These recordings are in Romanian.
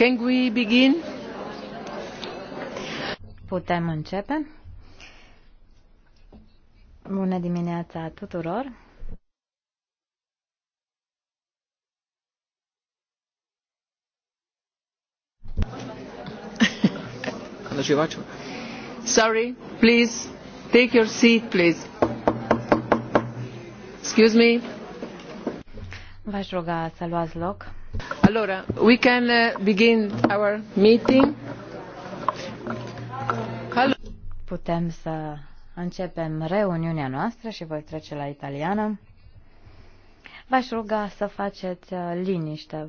Can we begin? Putem începe. Bună dimineața tuturor! Sorry, please, take your seat, please. Excuse me. V-aș ruga să luați loc. Allora, we can uh, begin our meeting. Putem să începem reuniunea noastră și voi trece la italiană. V-aș ruga să faceți uh, liniște.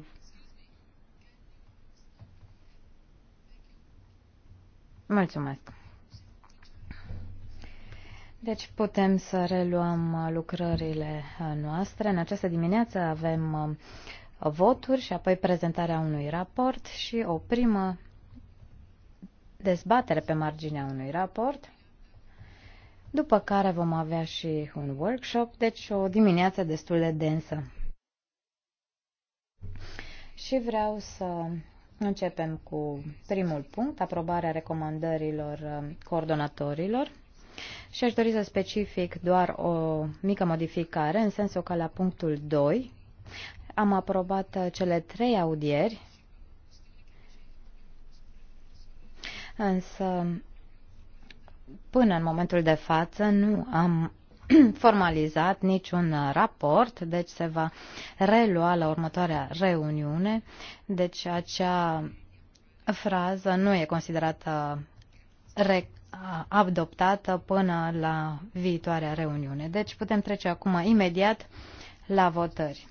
Mulțumesc. Deci putem să reluăm uh, lucrările noastre. În această dimineață avem voturi și apoi prezentarea unui raport și o primă dezbatere pe marginea unui raport, după care vom avea și un workshop, deci o dimineață destul de densă. Și vreau să începem cu primul punct, aprobarea recomandărilor uh, coordonatorilor. Și aș dori să specific doar o mică modificare, în sensul că la punctul 2 am aprobat uh, cele trei audieri, însă până în momentul de față nu am formalizat niciun uh, raport, deci se va relua la următoarea reuniune. Deci acea frază nu e considerată uh, adoptată până la viitoarea reuniune. Deci putem trece acum imediat la votări.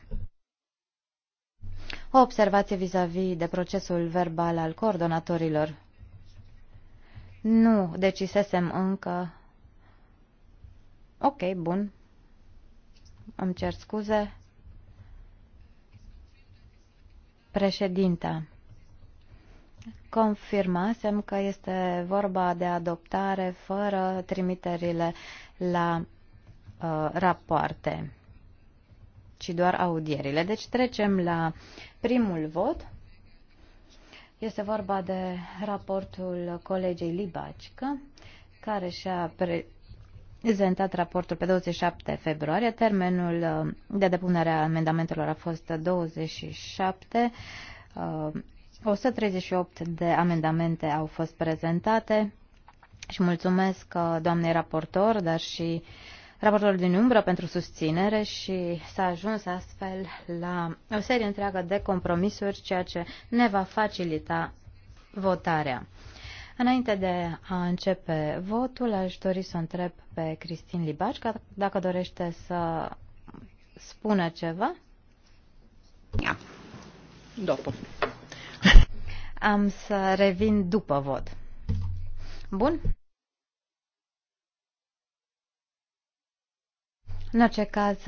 O observație vis-a-vis -vis de procesul verbal al coordonatorilor. Nu decisesem încă. Ok, bun. Îmi cer scuze. Președinta, confirmasem că este vorba de adoptare fără trimiterile la uh, rapoarte ci doar audierile. Deci trecem la primul vot. Este vorba de raportul colegei Libacică, care și-a prezentat raportul pe 27 februarie. Termenul uh, de depunere a amendamentelor a fost 27. 138 uh, de amendamente au fost prezentate și mulțumesc uh, doamnei raportor, dar și uh, raportorul din umbră pentru susținere și s-a ajuns astfel la o serie întreagă de compromisuri, ceea ce ne va facilita votarea. Înainte de a începe votul, aș dori să întreb pe Cristin Libașca dacă dorește să spună ceva. Ia. După. Am să revin după vot. Bun. În orice caz,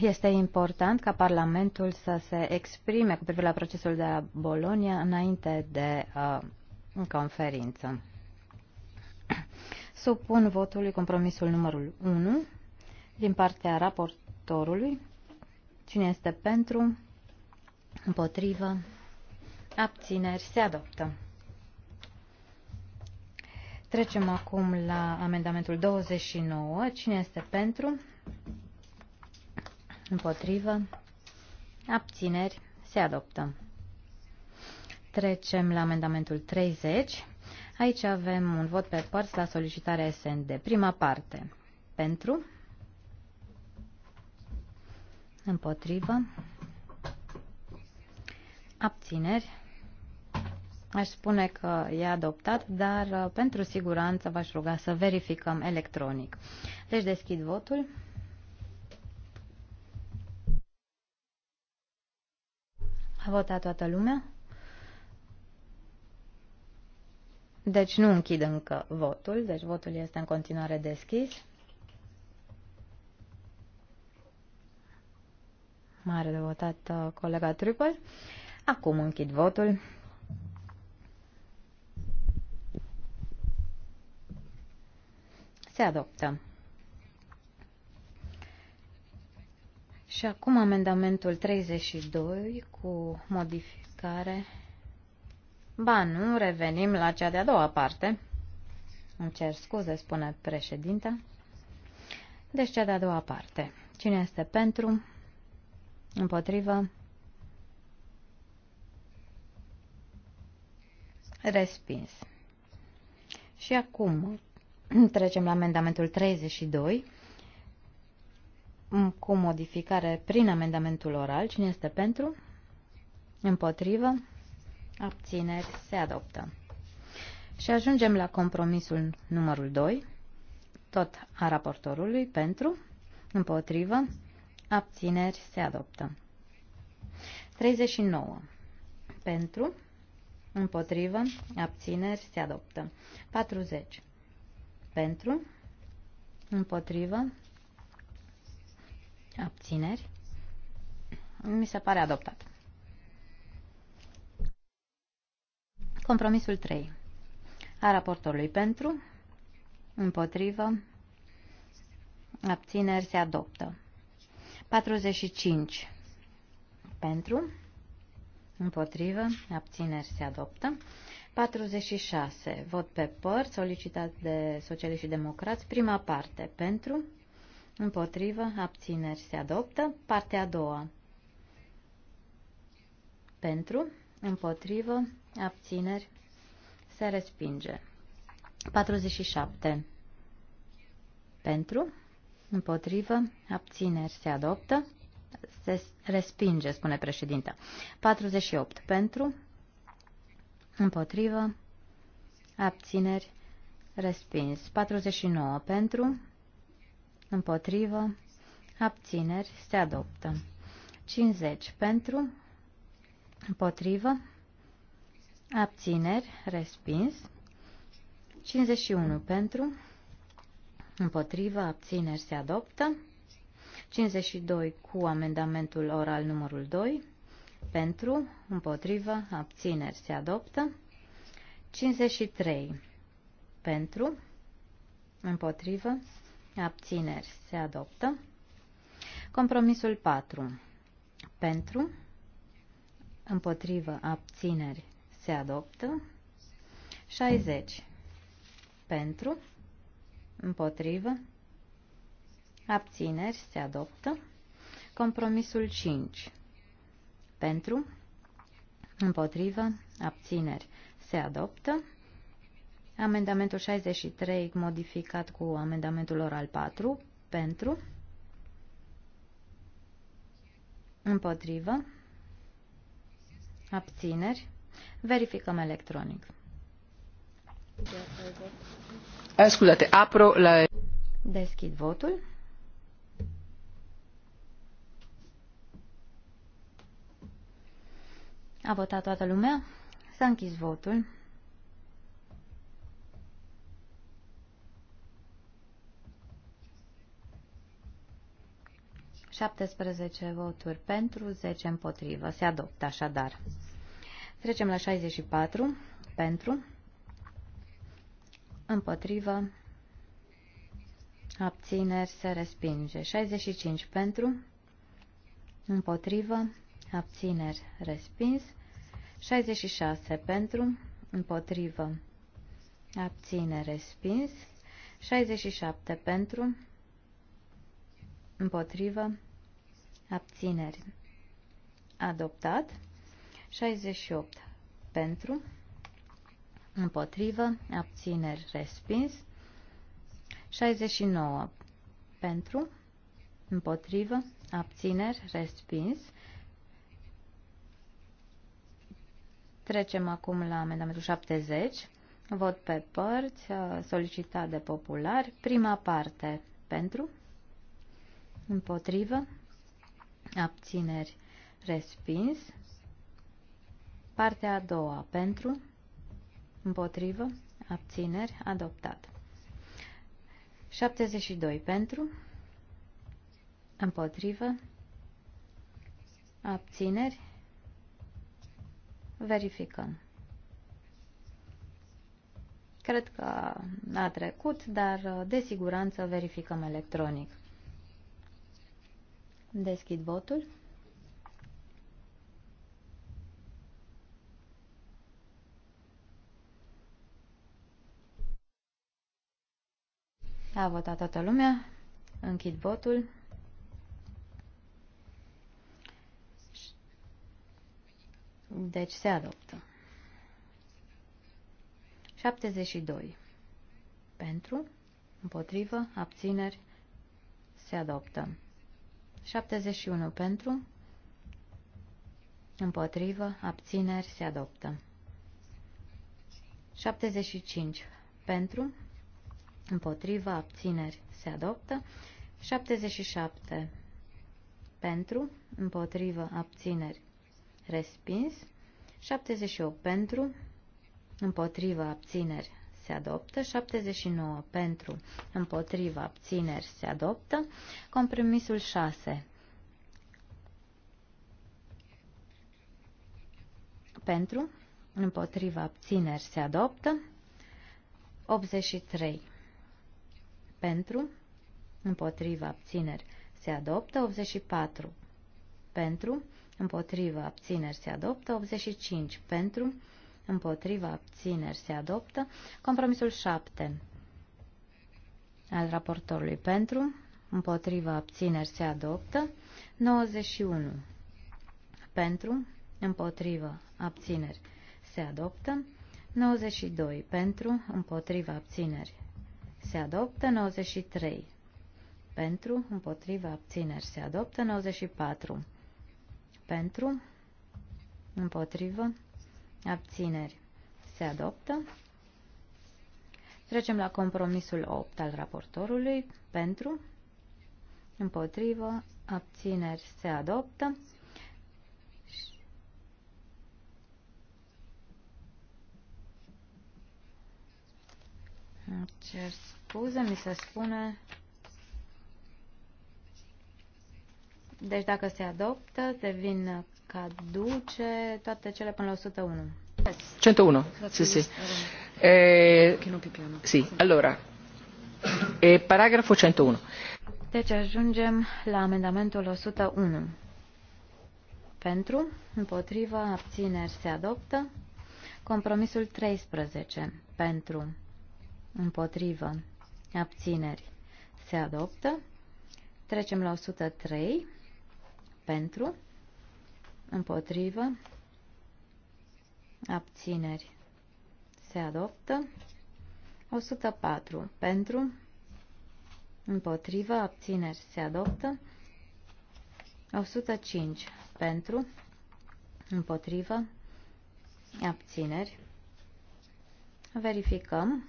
este important ca Parlamentul să se exprime cu privire la procesul de la Bolonia înainte de uh, conferință. Supun votului compromisul numărul 1 din partea raportorului. Cine este pentru? Împotrivă? Abțineri? Se adoptă. Trecem acum la amendamentul 29. Cine este pentru? Împotrivă. Abțineri. Se adoptă. Trecem la amendamentul 30. Aici avem un vot pe părți la solicitarea SND. Prima parte. Pentru. Împotrivă. Abțineri. Aș spune că e adoptat, dar uh, pentru siguranță v-aș ruga să verificăm electronic. Deci deschid votul. A votat toată lumea? Deci nu închid încă votul, deci votul este în continuare deschis. Mare de votat uh, colega Triple. Acum închid votul. Se adoptă. Și acum amendamentul 32 cu modificare. Ba, nu, revenim la cea de-a doua parte. Îmi cer scuze, spune președinta. Deci cea de-a doua parte. Cine este pentru? Împotrivă? Respins. Și acum trecem la amendamentul 32 Mm, cu modificare prin amendamentul oral. Cine este pentru? Împotrivă? Abțineri? Se adoptă. Și ajungem la compromisul numărul 2, tot a raportorului, pentru, împotrivă, abțineri, se adoptă. 39. Pentru, împotrivă, abțineri, se adoptă. 40. Pentru, împotrivă, Abțineri. Mi se pare adoptat. Compromisul 3. A raportorului pentru, împotrivă, abțineri se adoptă. 45. Pentru, împotrivă, abțineri se adoptă. 46. Vot pe părți solicitat de socialiști și democrați. Prima parte. Pentru, Împotrivă, abțineri se adoptă. Partea a doua. Pentru, împotrivă, abțineri se respinge. 47. Pentru, împotrivă, abțineri se adoptă. Se respinge, spune președinta. 48. Pentru, împotrivă, abțineri respins. 49. Pentru, împotrivă, abțineri, se adoptă. 50 pentru, împotrivă, abțineri, respins. 51 pentru, împotrivă, abțineri, se adoptă. 52 cu amendamentul oral numărul 2, pentru, împotrivă, abțineri, se adoptă. 53 pentru, împotrivă, abțineri se adoptă. Compromisul 4 pentru, împotrivă, abțineri se adoptă. 60 pentru, împotrivă, abțineri se adoptă. Compromisul 5 pentru, împotrivă, abțineri se adoptă. Amendamentul 63 modificat cu amendamentul oral 4 pentru, împotrivă, abțineri, verificăm electronic. Eh, scuzate, apro la... Deschid votul. A votat toată lumea? S-a închis votul. 17 voturi pentru, 10 împotrivă. Se adoptă așadar. Trecem la 64 pentru, împotrivă, abțineri, se respinge. 65 pentru, împotrivă, abțineri, respins. 66 pentru, împotrivă, abține, respins. 67 pentru, împotrivă, abțineri adoptat, 68 pentru, împotrivă, abțineri respins, 69 pentru, împotrivă, abțineri respins. Trecem acum la amendamentul 70, vot pe părți, solicitat de popular, prima parte pentru, împotrivă, abțineri, respins. Partea a doua, pentru, împotrivă, abțineri, adoptat. 72 pentru, împotrivă, abțineri, verificăm. Cred că a trecut, dar de siguranță verificăm electronic. Deschid votul. A votat toată lumea. Închid votul. Deci se adoptă. 72. Pentru, împotrivă, abțineri, se adoptă. 71 pentru, împotrivă, abțineri, se adoptă. 75 pentru, împotrivă, abțineri, se adoptă. 77 pentru, împotrivă, abțineri, respins. 78 pentru, împotrivă, abțineri, se adoptă, 79 pentru, împotriva, abțineri se adoptă, compromisul 6 pentru, împotriva, abțineri se adoptă, 83 pentru, împotriva, abțineri se adoptă, 84 pentru, împotriva, abțineri se adoptă, 85 pentru, împotriva, abțineri se adoptă. Compromisul 7 al raportorului pentru, împotriva, abțineri se adoptă. 91 pentru, împotriva, abțineri se adoptă. 92 pentru, împotriva, abțineri se adoptă. 93 pentru, împotriva, abțineri se adoptă. 94 pentru, împotrivă, abțineri, se adoptă. Trecem la compromisul 8 al raportorului, pentru, împotrivă, abțineri, se adoptă. Îmi cer scuze, mi se spune. Deci dacă se adoptă, devin caduce toate cele până la 101. 101, sì, sì. Eh, eh sì, allora, eh, paragrafo 101. Deci ajungem la amendamentul 101. Pentru, împotriva, abțineri se adoptă. Compromisul 13. Pentru, împotrivă, abțineri se adoptă. Trecem la 103. Pentru, Împotrivă. Abțineri. Se adoptă. 104. Pentru. Împotrivă. Abțineri. Se adoptă. 105. Pentru. Împotrivă. Abțineri. Verificăm,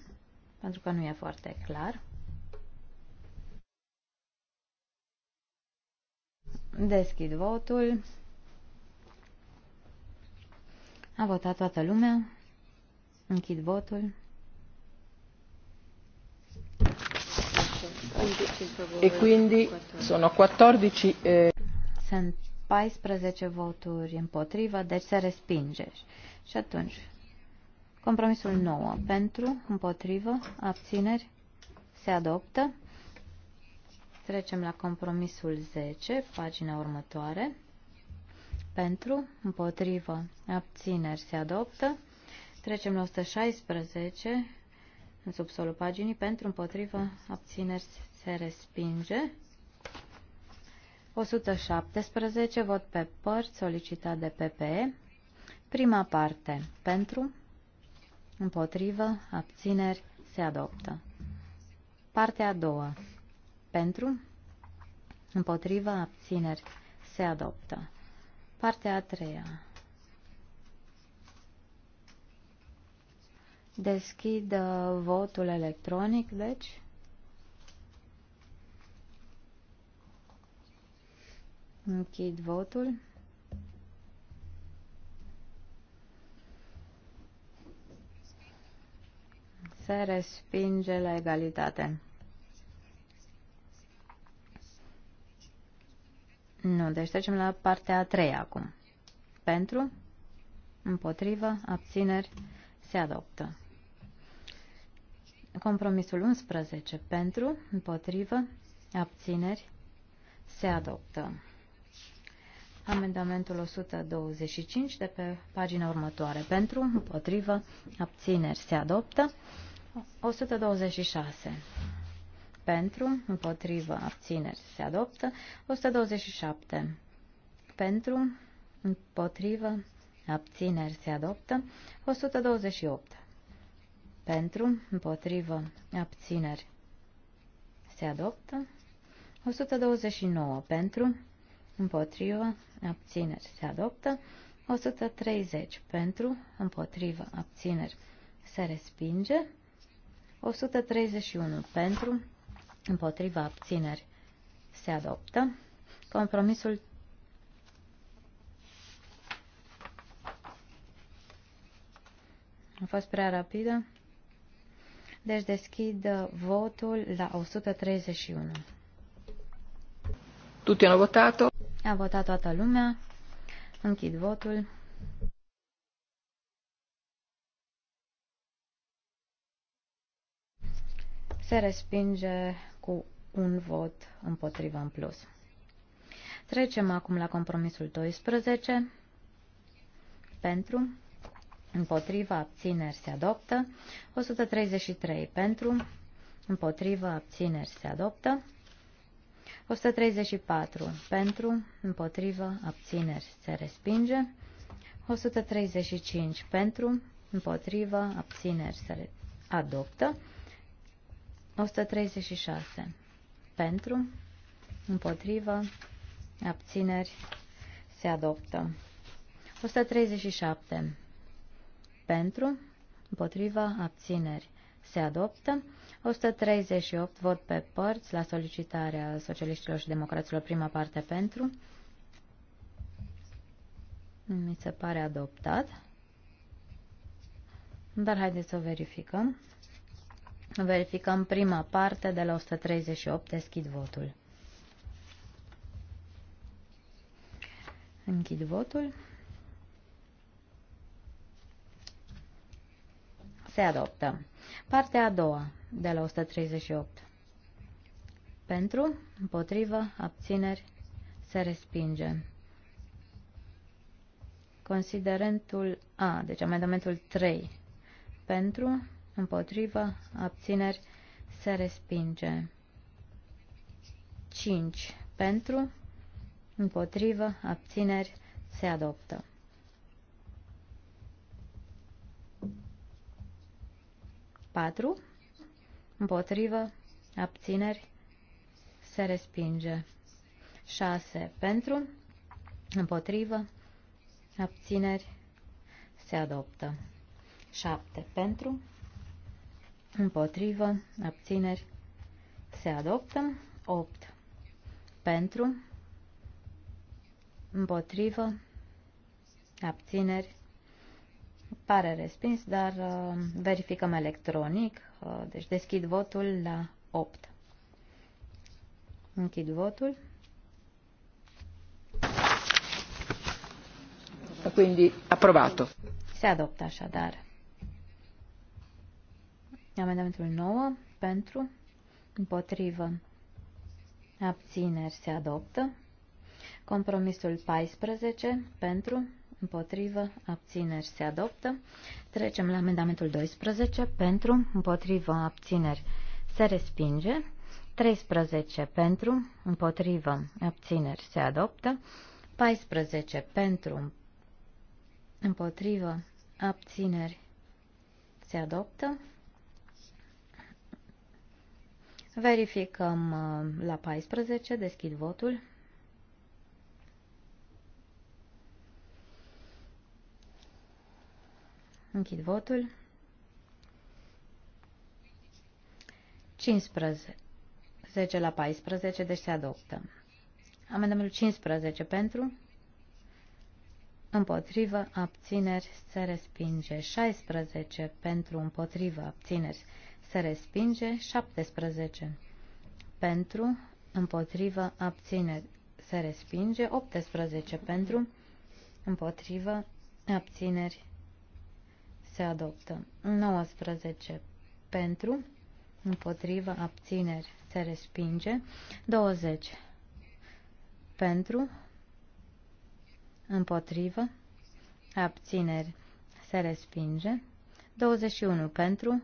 pentru că nu e foarte clar. Deschid votul. A votat toată lumea. Închid votul. E quindi sono 14 eh, Sunt 14 voturi împotriva, deci se respinge. Și atunci, compromisul 9 pentru, împotrivă, abțineri, se adoptă. Trecem la compromisul 10, pagina următoare pentru, împotrivă, abțineri se adoptă. Trecem la 116, în subsolul paginii, pentru, împotrivă, abțineri se respinge. 117, vot pe părți, solicitat de PPE. Prima parte, pentru, împotrivă, abțineri se adoptă. Partea a doua, pentru, împotrivă, abțineri se adoptă. Partea a treia. Deschid uh, votul electronic, deci. Închid votul. Se respinge la egalitate. Nu, deci trecem la partea a treia acum. Pentru, împotrivă, abțineri, se adoptă. Compromisul 11. Pentru, împotrivă, abțineri, se adoptă. Amendamentul 125 de pe pagina următoare. Pentru, împotrivă, abțineri, se adoptă. 126 pentru, împotrivă, abțineri, se adoptă. 127 pentru, împotrivă, abțineri, se adoptă. 128 pentru, împotrivă, abțineri, se adoptă. 129 pentru, împotrivă, abțineri, se adoptă. 130 pentru, împotrivă, abțineri, se respinge. 131 pentru, împotriva abțineri se adoptă. Compromisul a fost prea rapidă. Deci deschid uh, votul la 131. Tutti hanno votato. A votat toată lumea. Închid votul. Se respinge cu un vot împotriva în plus. Trecem acum la compromisul 12. Pentru, împotriva, abțineri se adoptă. 133 pentru, împotriva, abțineri se adoptă. 134 pentru, împotriva, abțineri se respinge. 135 pentru, împotriva, abțineri se adoptă. 136. Pentru, împotrivă, abțineri, se adoptă. 137. Pentru, împotrivă, abțineri, se adoptă. 138. Vot pe părți la solicitarea socialiștilor și democraților prima parte pentru. Mi se pare adoptat. Dar haideți să o verificăm. Verificăm prima parte de la 138, deschid votul. Închid votul. Se adoptă. Partea a doua de la 138. Pentru, împotrivă, abțineri, se respinge. Considerentul A, deci amendamentul 3. Pentru, împotrivă, abțineri, se respinge. 5. Pentru, împotrivă, abțineri, se adoptă. Patru. Împotrivă, abțineri, se respinge. 6. Pentru, împotrivă, abțineri, se adoptă. 7. Pentru, împotrivă, abțineri, se adoptă. 8 pentru, împotrivă, abțineri, pare respins, dar uh, verificăm electronic, uh, deci deschid votul la 8. Închid votul. Quindi approvato. Se adoptă așadar. Amendamentul 9 pentru, împotrivă, abțineri se adoptă. Compromisul 14 pentru, împotrivă, abțineri se adoptă. Trecem la amendamentul 12 pentru, împotrivă, abțineri se respinge. 13 pentru, împotrivă, abțineri se adoptă. 14 pentru, împotrivă, abțineri se adoptă. Verificăm uh, la 14, deschid votul. Închid votul. 15 10 la 14, deci se adoptă. Amendamentul 15 pentru, împotrivă, abțineri, se respinge. 16 pentru, împotrivă, abțineri, se respinge 17. Pentru, împotrivă, abțineri, se respinge 18. Pentru, împotrivă, abțineri, se adoptă 19. Pentru, împotrivă, abțineri, se respinge 20. Pentru, împotrivă, abțineri, se respinge 21. Pentru,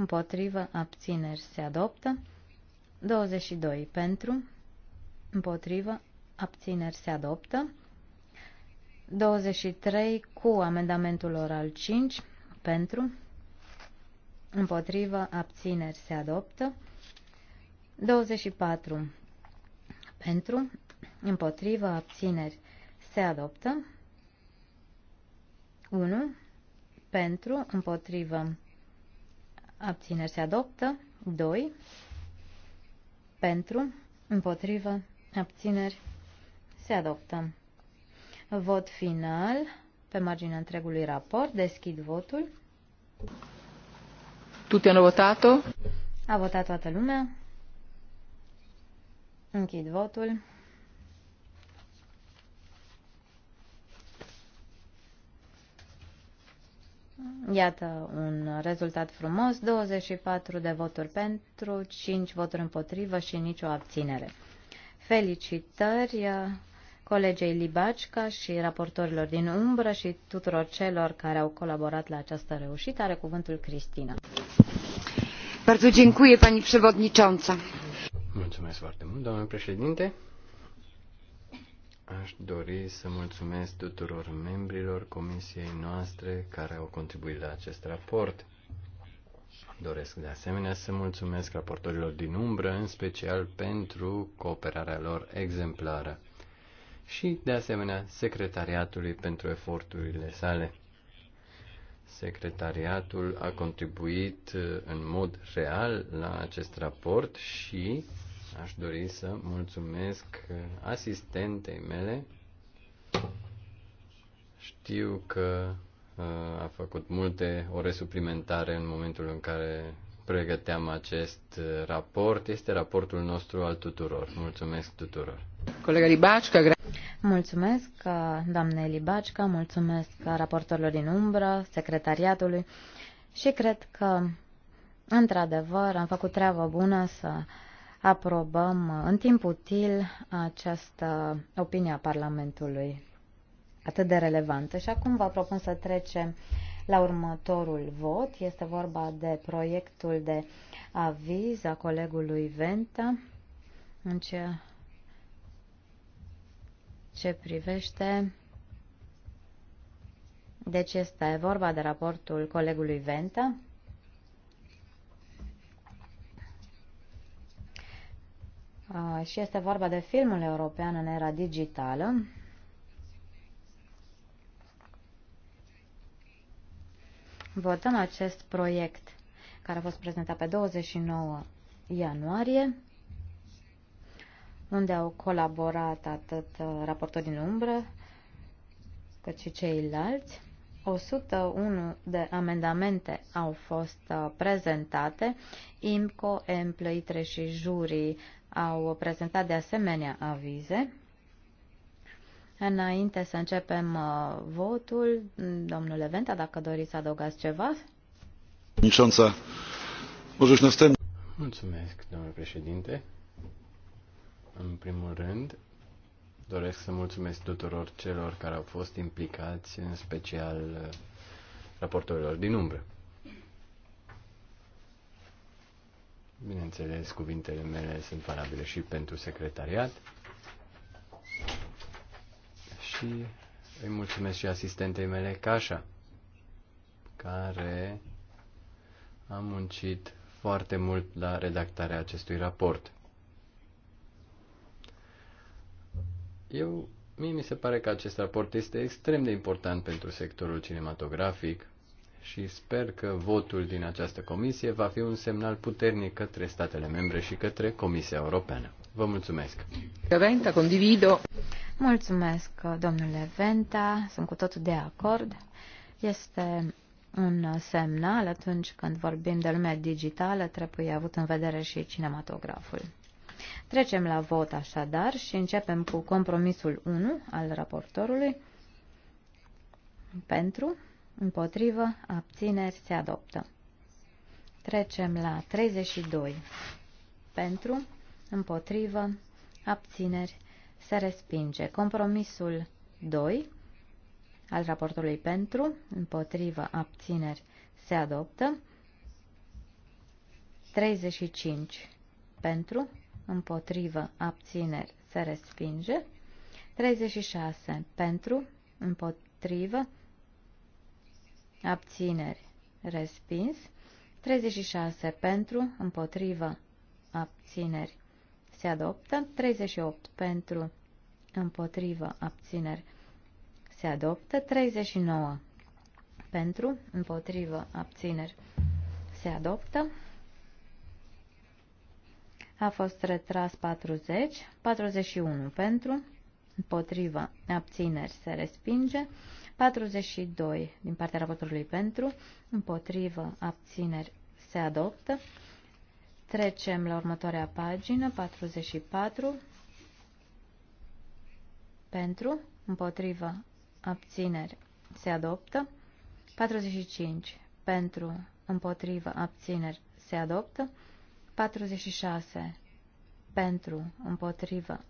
împotrivă, abțineri se adoptă. 22 pentru, împotrivă, abțineri se adoptă. 23 cu amendamentul oral 5 pentru, împotrivă, abțineri se adoptă. 24 pentru, împotrivă, abțineri se adoptă. 1 pentru, împotrivă, abțineri se adoptă, 2 pentru, împotrivă, abțineri se adoptă. Vot final pe marginea întregului raport. Deschid votul. Tutti hanno votato? A votat toată lumea. Închid votul. Iată un rezultat frumos, 24 de voturi pentru, 5 voturi împotrivă și nicio abținere. Felicitări uh, colegei Libacica și raportorilor din umbră și tuturor celor care au colaborat la această reușită. Are cuvântul Cristina. Bardzo dziękuję, pani przewodnicząca. Mulțumesc foarte mult, doamnă președinte. Aș dori să mulțumesc tuturor membrilor comisiei noastre care au contribuit la acest raport. Doresc de asemenea să mulțumesc raportorilor din umbră, în special pentru cooperarea lor exemplară și, de asemenea, secretariatului pentru eforturile sale. Secretariatul a contribuit uh, în mod real la acest raport și Aș dori să mulțumesc asistentei mele. Știu că uh, a făcut multe ore suplimentare în momentul în care pregăteam acest uh, raport. Este raportul nostru al tuturor. Mulțumesc tuturor. Colega Libacica, Mulțumesc, uh, doamne Libacica, mulțumesc raportorilor din umbră, secretariatului și cred că, într-adevăr, am făcut treabă bună să aprobăm în timp util această opinie a Parlamentului atât de relevantă. Și acum vă propun să trecem la următorul vot. Este vorba de proiectul de aviz a colegului Venta în ce, ce privește deci este vorba de raportul colegului Venta Ah, și este vorba de filmul european în era digitală. Votăm acest proiect care a fost prezentat pe 29 ianuarie, unde au colaborat atât ah, raportorii din umbră, cât și ceilalți. 101 de amendamente au fost ah, prezentate. IMCO, employee și jurii au prezentat de asemenea avize. Înainte să începem uh, votul, domnule Venta, dacă doriți să adăugați ceva. Niciunța. Mulțumesc, domnule președinte. În primul rând, doresc să mulțumesc tuturor celor care au fost implicați, în special uh, raportorilor din umbră. Bineînțeles, cuvintele mele sunt valabile și pentru secretariat. Și îi mulțumesc și asistentei mele, Cașa, care a muncit foarte mult la redactarea acestui raport. Eu, mie mi se pare că acest raport este extrem de important pentru sectorul cinematografic și sper că votul din această comisie va fi un semnal puternic către statele membre și către Comisia Europeană. Vă mulțumesc! Venta, condivido! Mulțumesc, domnule Venta, sunt cu totul de acord. Este un semnal atunci când vorbim de lumea digitală, trebuie avut în vedere și cinematograful. Trecem la vot așadar și începem cu compromisul 1 al raportorului. Pentru împotrivă, abțineri, se adoptă. Trecem la 32. Pentru, împotrivă, abțineri, se respinge. Compromisul 2 al raportului pentru, împotrivă, abțineri, se adoptă. 35 pentru, împotrivă, abțineri, se respinge. 36 pentru, împotrivă, abțineri, respins. 36 pentru, împotrivă, abțineri, se adoptă. 38 pentru, împotrivă, abțineri, se adoptă. 39 pentru, împotrivă, abțineri, se adoptă. A fost retras 40, 41 pentru, împotriva, abțineri se respinge, 42 din partea raportului pentru, împotrivă, abțineri se adoptă. Trecem la următoarea pagină, 44, pentru, împotrivă, abțineri se adoptă. 45 pentru, împotrivă, abțineri se adoptă. 46 pentru, împotrivă,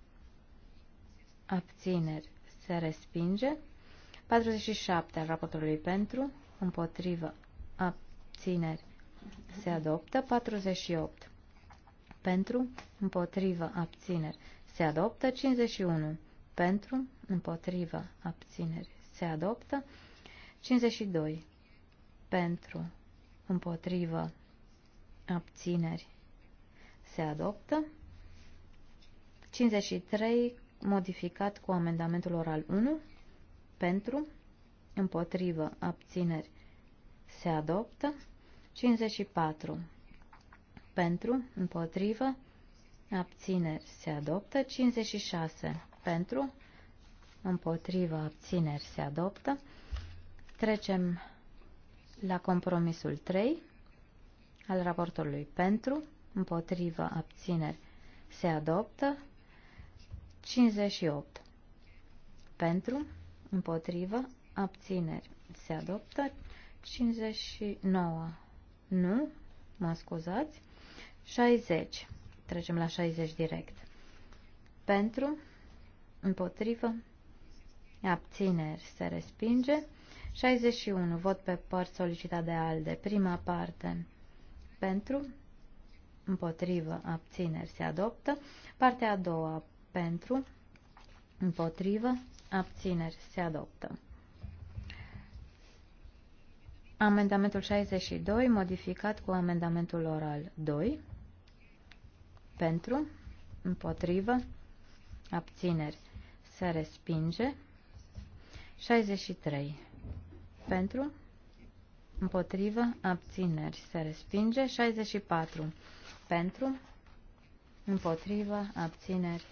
abțineri se respinge. 47 al raportului pentru, împotrivă, abțineri se adoptă. 48 pentru, împotrivă, abțineri se adoptă. 51 pentru, împotrivă, abțineri se adoptă. 52 pentru, împotrivă, abțineri se adoptă. 53 modificat cu amendamentul oral 1 pentru, împotrivă, abțineri se adoptă, 54 pentru, împotrivă, abțineri se adoptă, 56 pentru, împotrivă, abțineri se adoptă. Trecem la compromisul 3 al raportului pentru, împotrivă, abțineri se adoptă. 58. Pentru, împotrivă, abțineri. Se adoptă 59. Nu, mă scuzați. 60. Trecem la 60 direct. Pentru, împotrivă, abțineri. Se respinge. 61. Vot pe părți solicitat de ALDE. Prima parte. Pentru, împotrivă, abțineri. Se adoptă. Partea a doua pentru, împotrivă, abțineri se adoptă. Amendamentul 62, modificat cu amendamentul oral 2, pentru, împotrivă, abțineri se respinge. 63, pentru, împotrivă, abțineri se respinge. 64, pentru, împotrivă, abțineri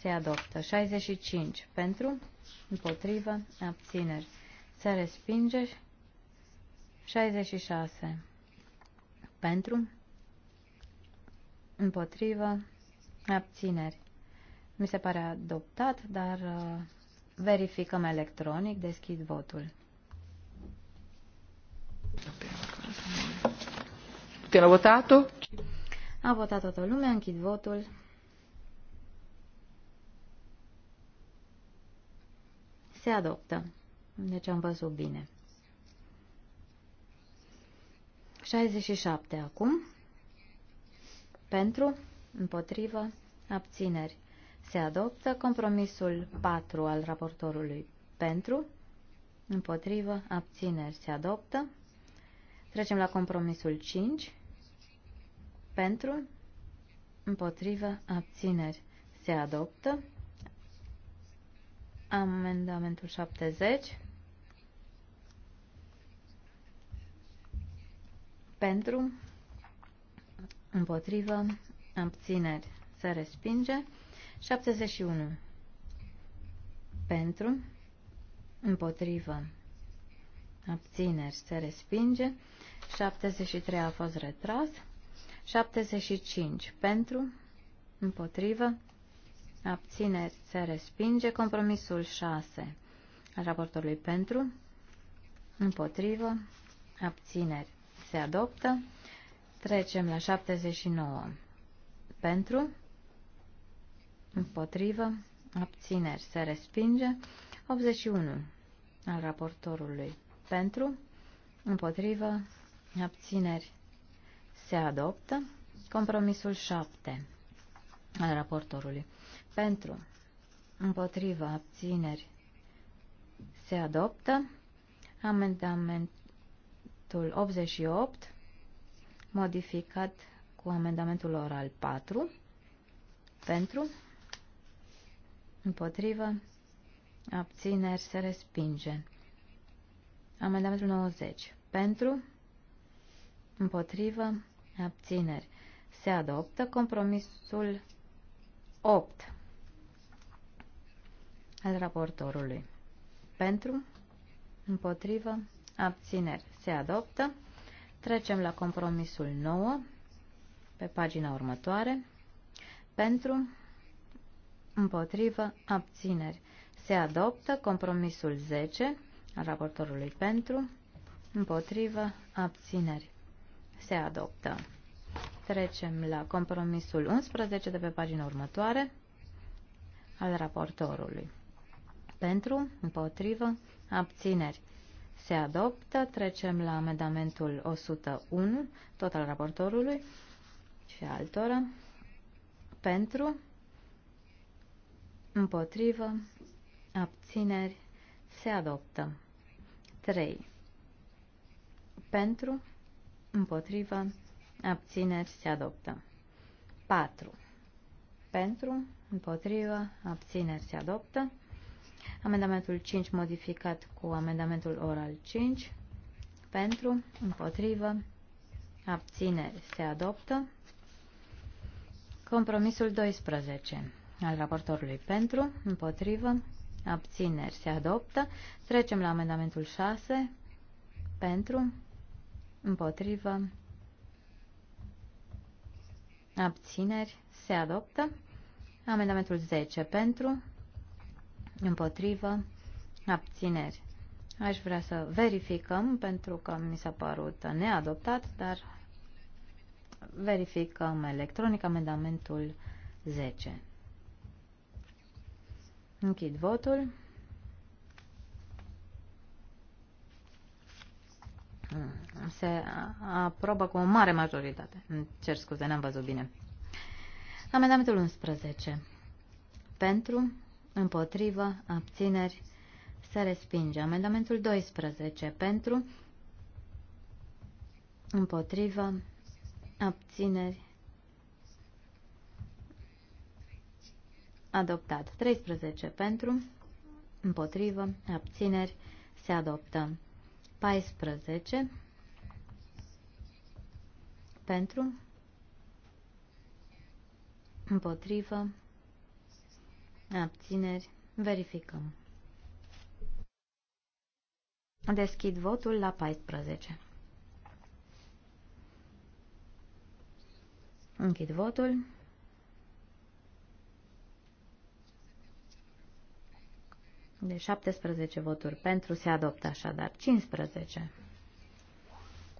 se adoptă. 65 pentru, împotrivă, abțineri, se respinge. 66 pentru, împotrivă, abțineri. Mi se pare adoptat, dar uh, verificăm electronic, deschid votul. Te-a votat A votat toată lumea, închid votul. se adoptă. Deci am văzut bine. 67 acum. Pentru, împotrivă, abțineri. Se adoptă compromisul 4 al raportorului. Pentru, împotrivă, abțineri. Se adoptă. Trecem la compromisul 5. Pentru, împotrivă, abțineri. Se adoptă. Amendamentul 70. Pentru, împotrivă, abțineri, se respinge. 71. Pentru, împotrivă, abțineri, se respinge. 73 a fost retras. 75. Pentru, împotrivă, abțineri, se respinge. Compromisul 6 al raportorului pentru, împotrivă, abțineri, se adoptă. Trecem la 79. Pentru, împotrivă, abțineri, se respinge. 81 al raportorului pentru, împotrivă, abțineri, se adoptă. Compromisul 7 al raportorului pentru, împotriva abțineri, se adoptă. Amendamentul 88, modificat cu amendamentul oral 4, pentru, împotriva abțineri, se respinge. Amendamentul 90, pentru, împotriva abțineri, se adoptă. Compromisul 8, al raportorului. Pentru, împotrivă, abțineri se adoptă. Trecem la compromisul 9 pe pagina următoare. Pentru, împotrivă, abțineri se adoptă. Compromisul 10 al raportorului pentru, împotrivă, abțineri se adoptă. Trecem la compromisul 11 de pe pagina următoare al raportorului pentru, împotrivă, abțineri. Se adoptă. Trecem la amendamentul 101, tot al raportorului și altora. Pentru, împotrivă, abțineri, se adoptă. 3. Pentru, împotrivă, abțineri, se adoptă. 4. Pentru, împotrivă, abțineri, se adoptă. Amendamentul 5 modificat cu amendamentul oral 5 pentru, împotrivă, abțineri se adoptă. Compromisul 12 al raportorului pentru, împotrivă, abțineri se adoptă. Trecem la amendamentul 6 pentru, împotrivă, abțineri se adoptă. Amendamentul 10 pentru, împotrivă, abțineri. Aș vrea să verificăm, pentru că mi s-a părut neadoptat, dar verificăm electronic amendamentul 10. Închid votul. Se aprobă cu o mare majoritate. Îmi cer scuze, n-am văzut bine. Amendamentul 11. Pentru, împotrivă, abțineri, se respinge. Amendamentul 12 pentru, împotrivă, abțineri, adoptat. 13 pentru, împotrivă, abțineri, se adoptă. 14 pentru, împotrivă, abțineri, verificăm. Deschid votul la 14. Închid votul. De 17 voturi pentru se adoptă așadar 15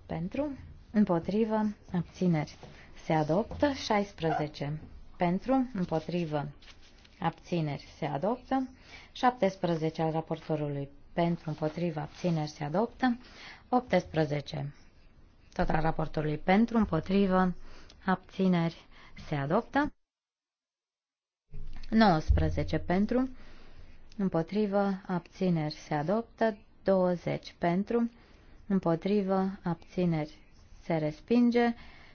pentru, împotrivă, abțineri. Se adoptă 16 pentru, împotrivă, abțineri se adoptă, 17 al raportorului pentru împotriva abțineri se adoptă, 18 tot al raportorului pentru împotrivă abțineri se adoptă, 19 pentru împotrivă abțineri se adoptă, 20 pentru împotrivă abțineri se respinge,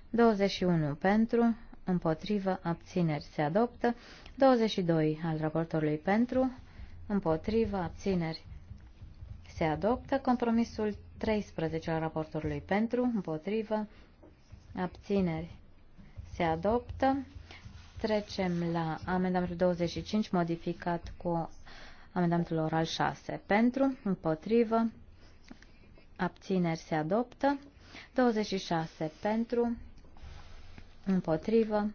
21 pentru împotrivă abțineri se adoptă, 22 al raportorului pentru, împotrivă, abțineri. Se adoptă compromisul 13 al raportorului pentru, împotrivă, abțineri. Se adoptă. Trecem la amendamentul 25, modificat cu amendamentul oral 6. Pentru, împotrivă, abțineri se adoptă. 26 pentru, împotrivă,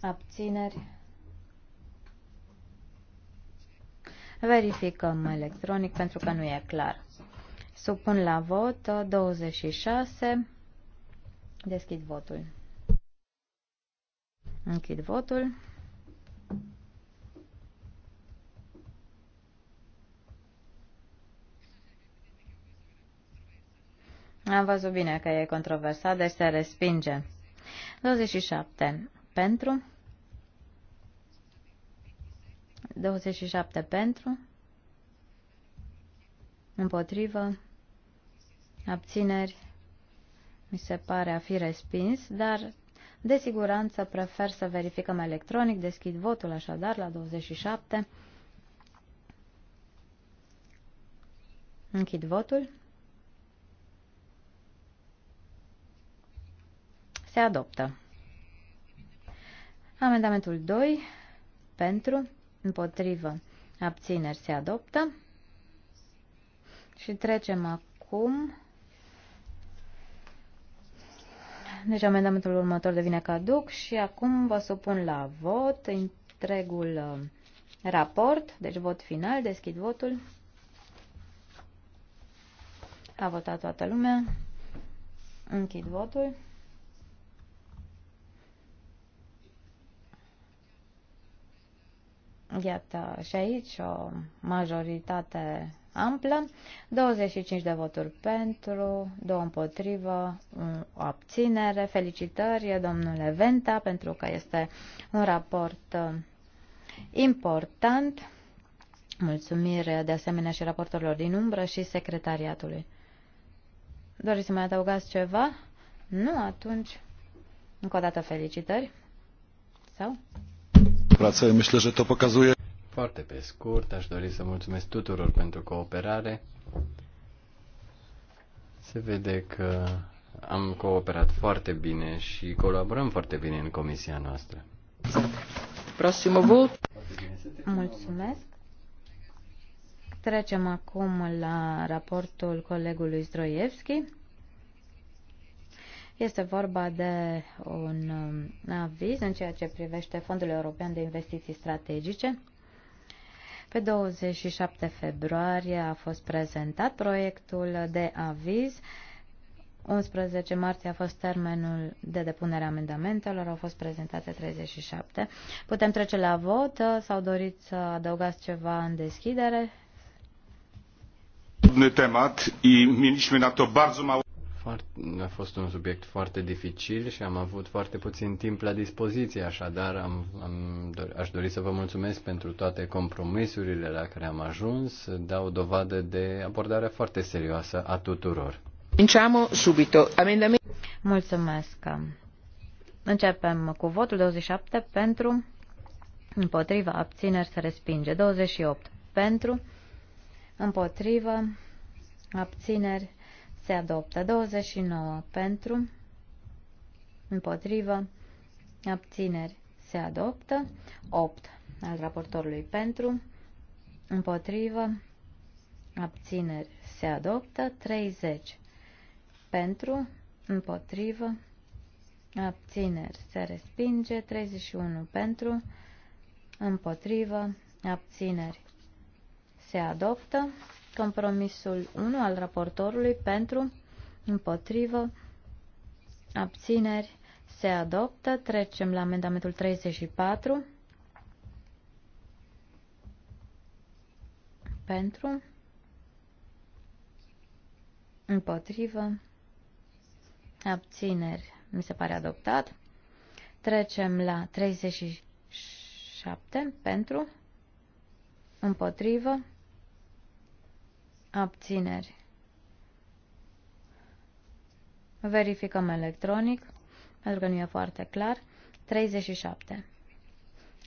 abțineri Verificăm electronic pentru că nu e clar. Supun la vot 26. Uh, Deschid votul. Închid votul. Am văzut bine că e controversat, deci se respinge. 27. Pentru. 27 pentru, împotrivă, abțineri, mi se pare a fi respins, dar de siguranță prefer să verificăm electronic, deschid votul așadar la 27, închid votul, se adoptă. Amendamentul 2 pentru împotrivă, abțineri se adoptă. Și trecem acum. Deci amendamentul următor devine caduc și acum vă supun la vot întregul uh, raport, deci vot final, deschid votul. A votat toată lumea. Închid votul. Iată, și aici o majoritate amplă, 25 de voturi pentru, 2 împotrivă, o abținere. Felicitări, domnule Venta, pentru că este un raport uh, important. Mulțumire de asemenea și raportorilor din umbră și secretariatului. Doriți să mai adăugați ceva? Nu, atunci, încă o dată felicitări. Sau? współpracę. Myślę, że to pokazuje. Foarte pe scurt, aș dori să mulțumesc tuturor pentru cooperare. Se vede că am cooperat foarte bine și colaborăm foarte bine în comisia noastră. Prosimul vot. Mulțumesc. Trecem acum la raportul colegului Zdroievski. Este vorba de un um, aviz în ceea ce privește Fondul European de Investiții Strategice. Pe 27 februarie a fost prezentat proiectul de aviz. 11 martie a fost termenul de depunere a amendamentelor, au fost prezentate 37. Putem trece la vot sau doriți să adăugați ceva în deschidere? Temat i mieliśmy na to bardzo mało foarte, a fost un subiect foarte dificil și am avut foarte puțin timp la dispoziție, așadar am, am, aș dori să vă mulțumesc pentru toate compromisurile la care am ajuns, dau dovadă de abordare foarte serioasă a tuturor. Înceamă subito. Amendament. Mulțumesc. Începem cu votul 27 pentru, împotriva, abțineri, să respinge. 28 pentru, împotriva, abțineri, se adoptă. 29 pentru, împotrivă, abțineri, se adoptă. 8 al raportorului pentru, împotrivă, abțineri, se adoptă. 30 pentru, împotrivă, abțineri, se respinge. 31 pentru, împotrivă, abțineri, se adoptă. Compromisul 1 al raportorului pentru, împotrivă, abțineri se adoptă. Trecem la amendamentul 34. Pentru, împotrivă, abțineri mi se pare adoptat. Trecem la 37 pentru, împotrivă, abțineri. Verificăm electronic, pentru că nu e foarte clar. 37.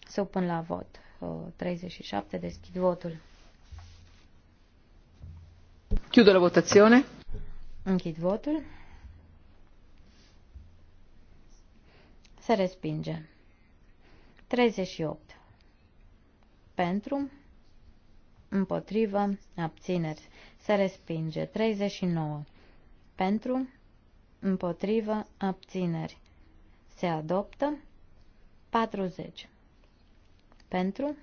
Supun la vot. 37. Deschid votul. Chiudă la votazione. Închid votul. Se respinge. 38. Pentru împotrivă, abțineri, se respinge. 39. Pentru, împotrivă, abțineri, se adoptă. 40. Pentru,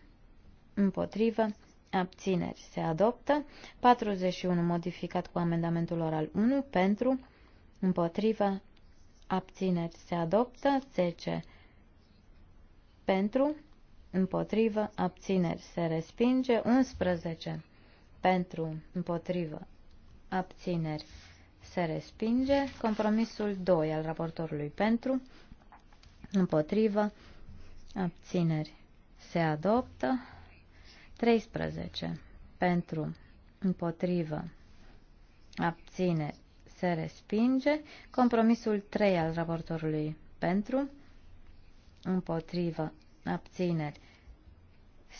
împotrivă, abțineri, se adoptă. 41. Modificat cu amendamentul oral 1. Pentru, împotrivă, abțineri, se adoptă. 10. Pentru, împotrivă, abțineri se respinge, 11 pentru, împotrivă, abțineri se respinge, compromisul 2 al raportorului pentru, împotrivă, abțineri se adoptă, 13 pentru, împotrivă, abțineri se respinge, compromisul 3 al raportorului pentru, împotrivă, abțineri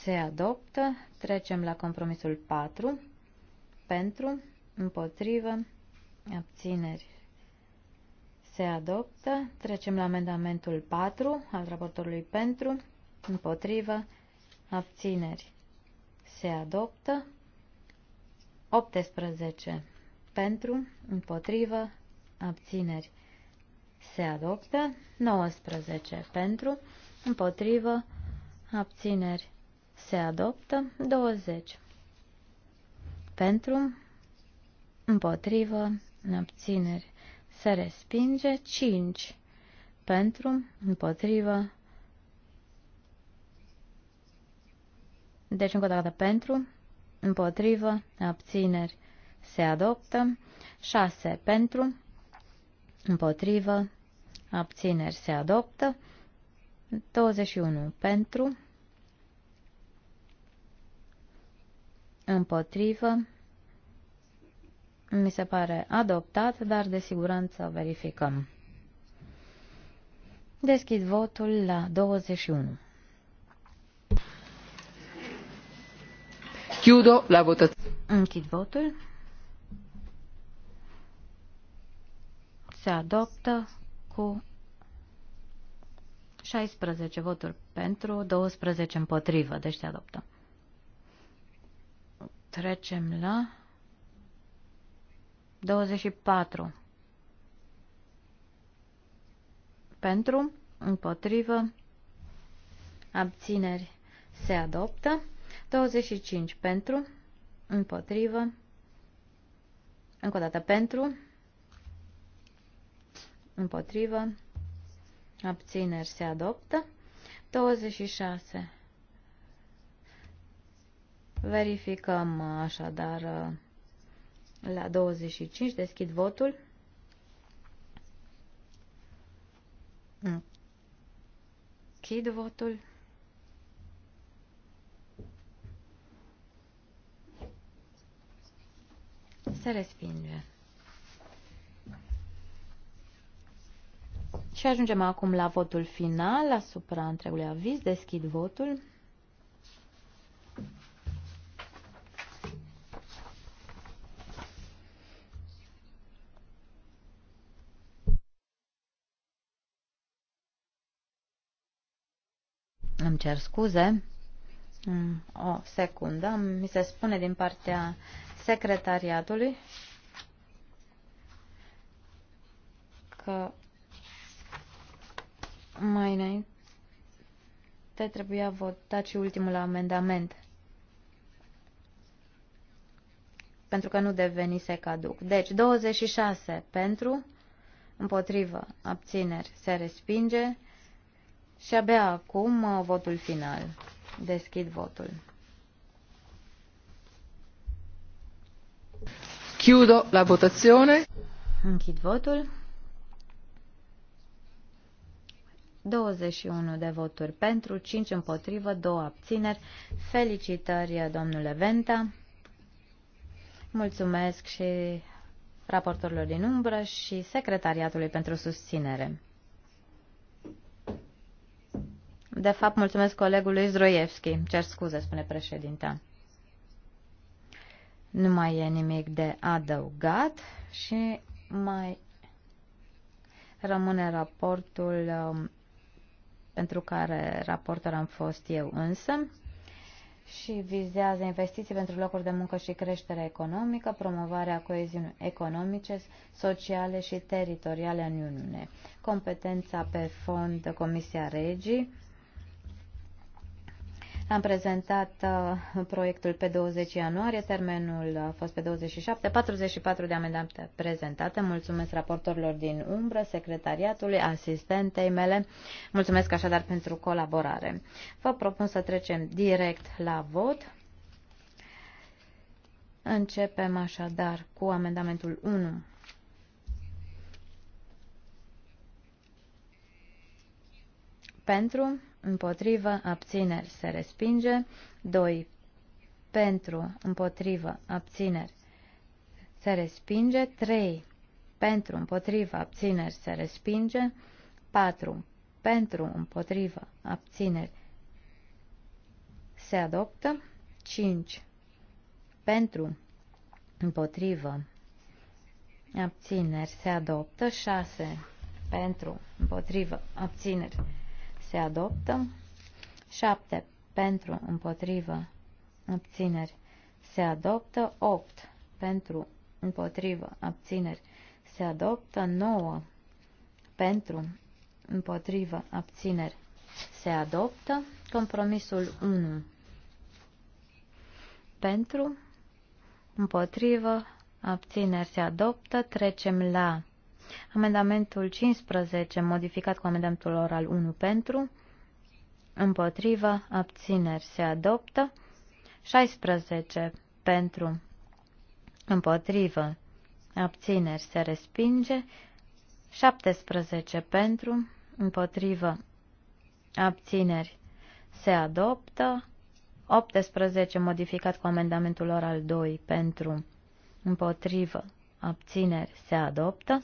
se adoptă. Trecem la compromisul 4. Pentru, împotrivă, abțineri se adoptă. Trecem la amendamentul 4 al raportorului pentru, împotrivă, abțineri se adoptă. 18. Pentru, împotrivă, abțineri se adoptă. 19. Pentru, împotrivă, abțineri se adoptă 20. Pentru, împotrivă, abțineri se respinge 5. Pentru, împotrivă, deci încă o dată pentru, împotrivă, abțineri se adoptă 6. Pentru, împotrivă, abțineri se adoptă 21. Pentru, împotrivă, mi se pare adoptat, dar de siguranță verificăm. Deschid votul la 21. Chiudo la votazione. Închid votul. Se adoptă cu 16 voturi pentru, 12 împotrivă, deci se adoptă. Trecem la 24. Pentru, împotrivă, abțineri se adoptă. 25 pentru, împotrivă, încă o dată pentru, împotrivă, abțineri se adoptă. 26 Verificăm așadar la 25, deschid votul. Închid votul. Se respinge. Și ajungem acum la votul final asupra întregului aviz. Deschid votul. Îmi cer scuze. Mm, o secundă. Mi se spune din partea secretariatului că mai înainte trebuia votat și ultimul amendament. Pentru că nu devenise caduc. Deci, 26 pentru, împotrivă, abțineri, se respinge. Și abia acum uh, votul final. Deschid votul. Chiudo la votazione. Închid votul. 21 de voturi pentru, 5 împotrivă, 2 abțineri. Felicitări, domnule Venta. Mulțumesc și raportorilor din umbră și secretariatului pentru susținere. De fapt, mulțumesc colegului Zdroievski. Cer scuze, spune președinta. Nu mai e nimic de adăugat și mai rămâne raportul um, pentru care raportor am fost eu însă și vizează investiții pentru locuri de muncă și creștere economică, promovarea coeziunii economice, sociale și teritoriale în Uniune. Competența pe fond Comisia Regii am prezentat uh, proiectul pe 20 ianuarie, termenul a fost pe 27, 44 de amendamente prezentate. Mulțumesc raportorilor din umbră, secretariatului, asistentei mele. Mulțumesc așadar pentru colaborare. Vă propun să trecem direct la vot. Începem așadar cu amendamentul 1. Pentru, împotrivă, abțineri, se respinge. 2. Pentru, împotrivă, abțineri, se respinge. 3. Pentru, împotrivă, abțineri, se respinge. 4. Pentru, împotrivă, abțineri, se adoptă. 5. Pentru, împotrivă, abțineri, se adoptă. 6. Pentru, împotrivă, abțineri, se adoptă. 7 pentru, împotrivă, abțineri, se adoptă. 8 pentru, împotrivă, abțineri, se adoptă. 9 pentru, împotrivă, abțineri, se adoptă. Compromisul 1 pentru, împotrivă, abțineri, se adoptă. Trecem la Amendamentul 15, modificat cu amendamentul oral 1 pentru, împotrivă, abțineri se adoptă. 16 pentru, împotrivă, abțineri se respinge. 17 pentru, împotrivă, abțineri se adoptă. 18 modificat cu amendamentul oral 2 pentru, împotrivă, abțineri se adoptă.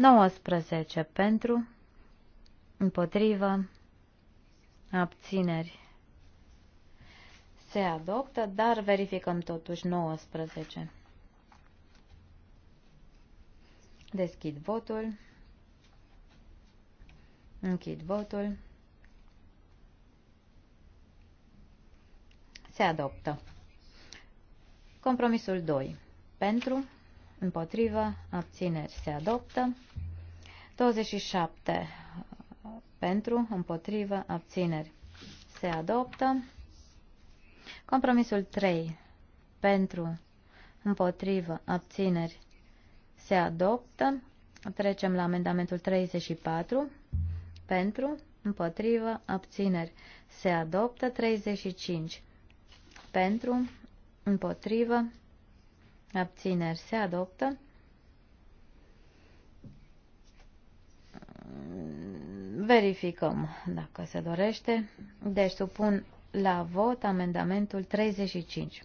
19 pentru, împotrivă, abțineri. Se adoptă, dar verificăm totuși 19. Deschid votul. Închid votul. Se adoptă. Compromisul 2. Pentru, împotrivă, abțineri se adoptă. 27 pentru, împotrivă, abțineri se adoptă. Compromisul 3 pentru, împotrivă, abțineri se adoptă. Trecem la amendamentul 34 pentru, împotrivă, abțineri se adoptă. 35 pentru, împotrivă, Abțineri se adoptă. Verificăm dacă se dorește. Deci supun la vot amendamentul 35.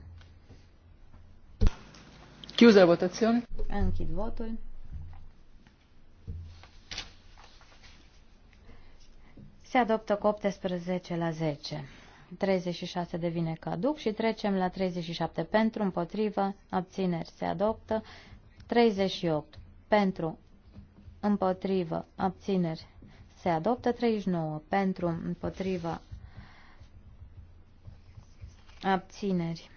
Chiuză votațiune. Închid votul. Se adoptă cu 18 la 10. 36 devine caduc și trecem la 37 pentru, împotrivă, abțineri se adoptă, 38 pentru, împotrivă, abțineri se adoptă, 39 pentru, împotrivă, abțineri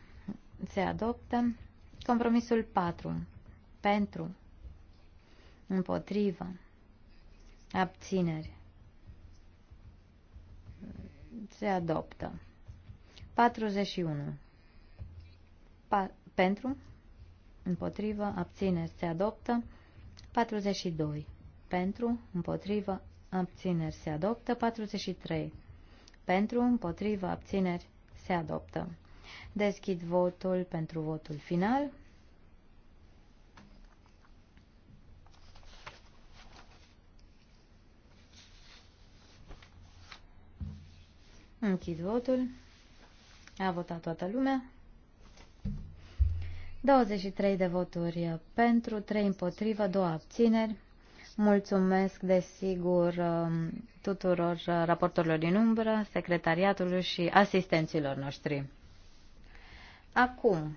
se adoptă, compromisul 4 pentru, împotrivă, abțineri se adoptă. 41. Pa pentru, împotrivă, abțineri, se adoptă. 42. Pentru, împotrivă, abțineri, se adoptă. 43. Pentru, împotrivă, abțineri, se adoptă. Deschid votul pentru votul final. Închid votul. A votat toată lumea. 23 de voturi pentru, 3 împotrivă, 2 abțineri. Mulțumesc, desigur, um, tuturor uh, raportorilor din umbră, secretariatului și asistenților noștri. Acum,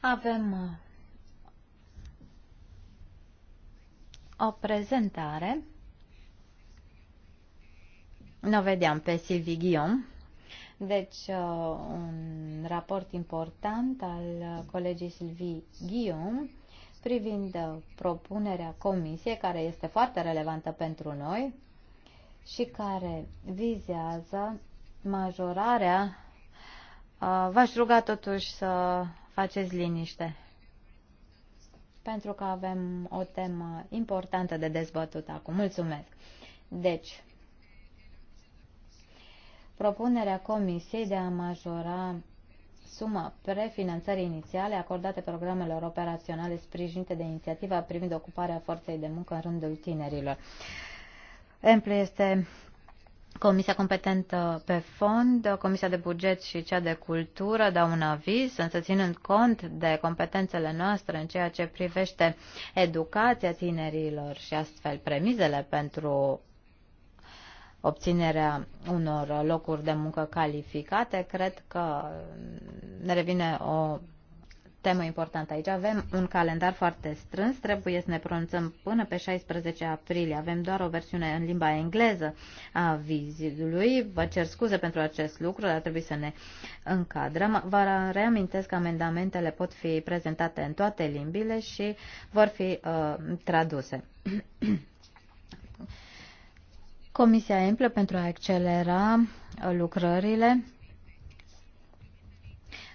avem uh, o prezentare. Nu o vedeam pe Sylvie Guillaume. Deci, uh, un raport important al colegii Sylvie Guillaume privind propunerea comisiei, care este foarte relevantă pentru noi și care vizează majorarea. Uh, v-aș ruga totuși să faceți liniște pentru că avem o temă importantă de dezbătut acum. Mulțumesc! Deci, propunerea Comisiei de a majora suma prefinanțării inițiale acordate programelor operaționale sprijinite de inițiativa privind ocuparea forței de muncă în rândul tinerilor. Emple este Comisia competentă pe fond, Comisia de buget și cea de cultură dau un aviz, însă ținând cont de competențele noastre în ceea ce privește educația tinerilor și astfel premizele pentru obținerea unor locuri de muncă calificate, cred că ne revine o temă importantă aici. Avem un calendar foarte strâns, trebuie să ne pronunțăm până pe 16 aprilie. Avem doar o versiune în limba engleză a vizitului. Vă cer scuze pentru acest lucru, dar trebuie să ne încadrăm. Vă reamintesc că amendamentele pot fi prezentate în toate limbile și vor fi uh, traduse. Comisia Emplă pentru a accelera uh, lucrările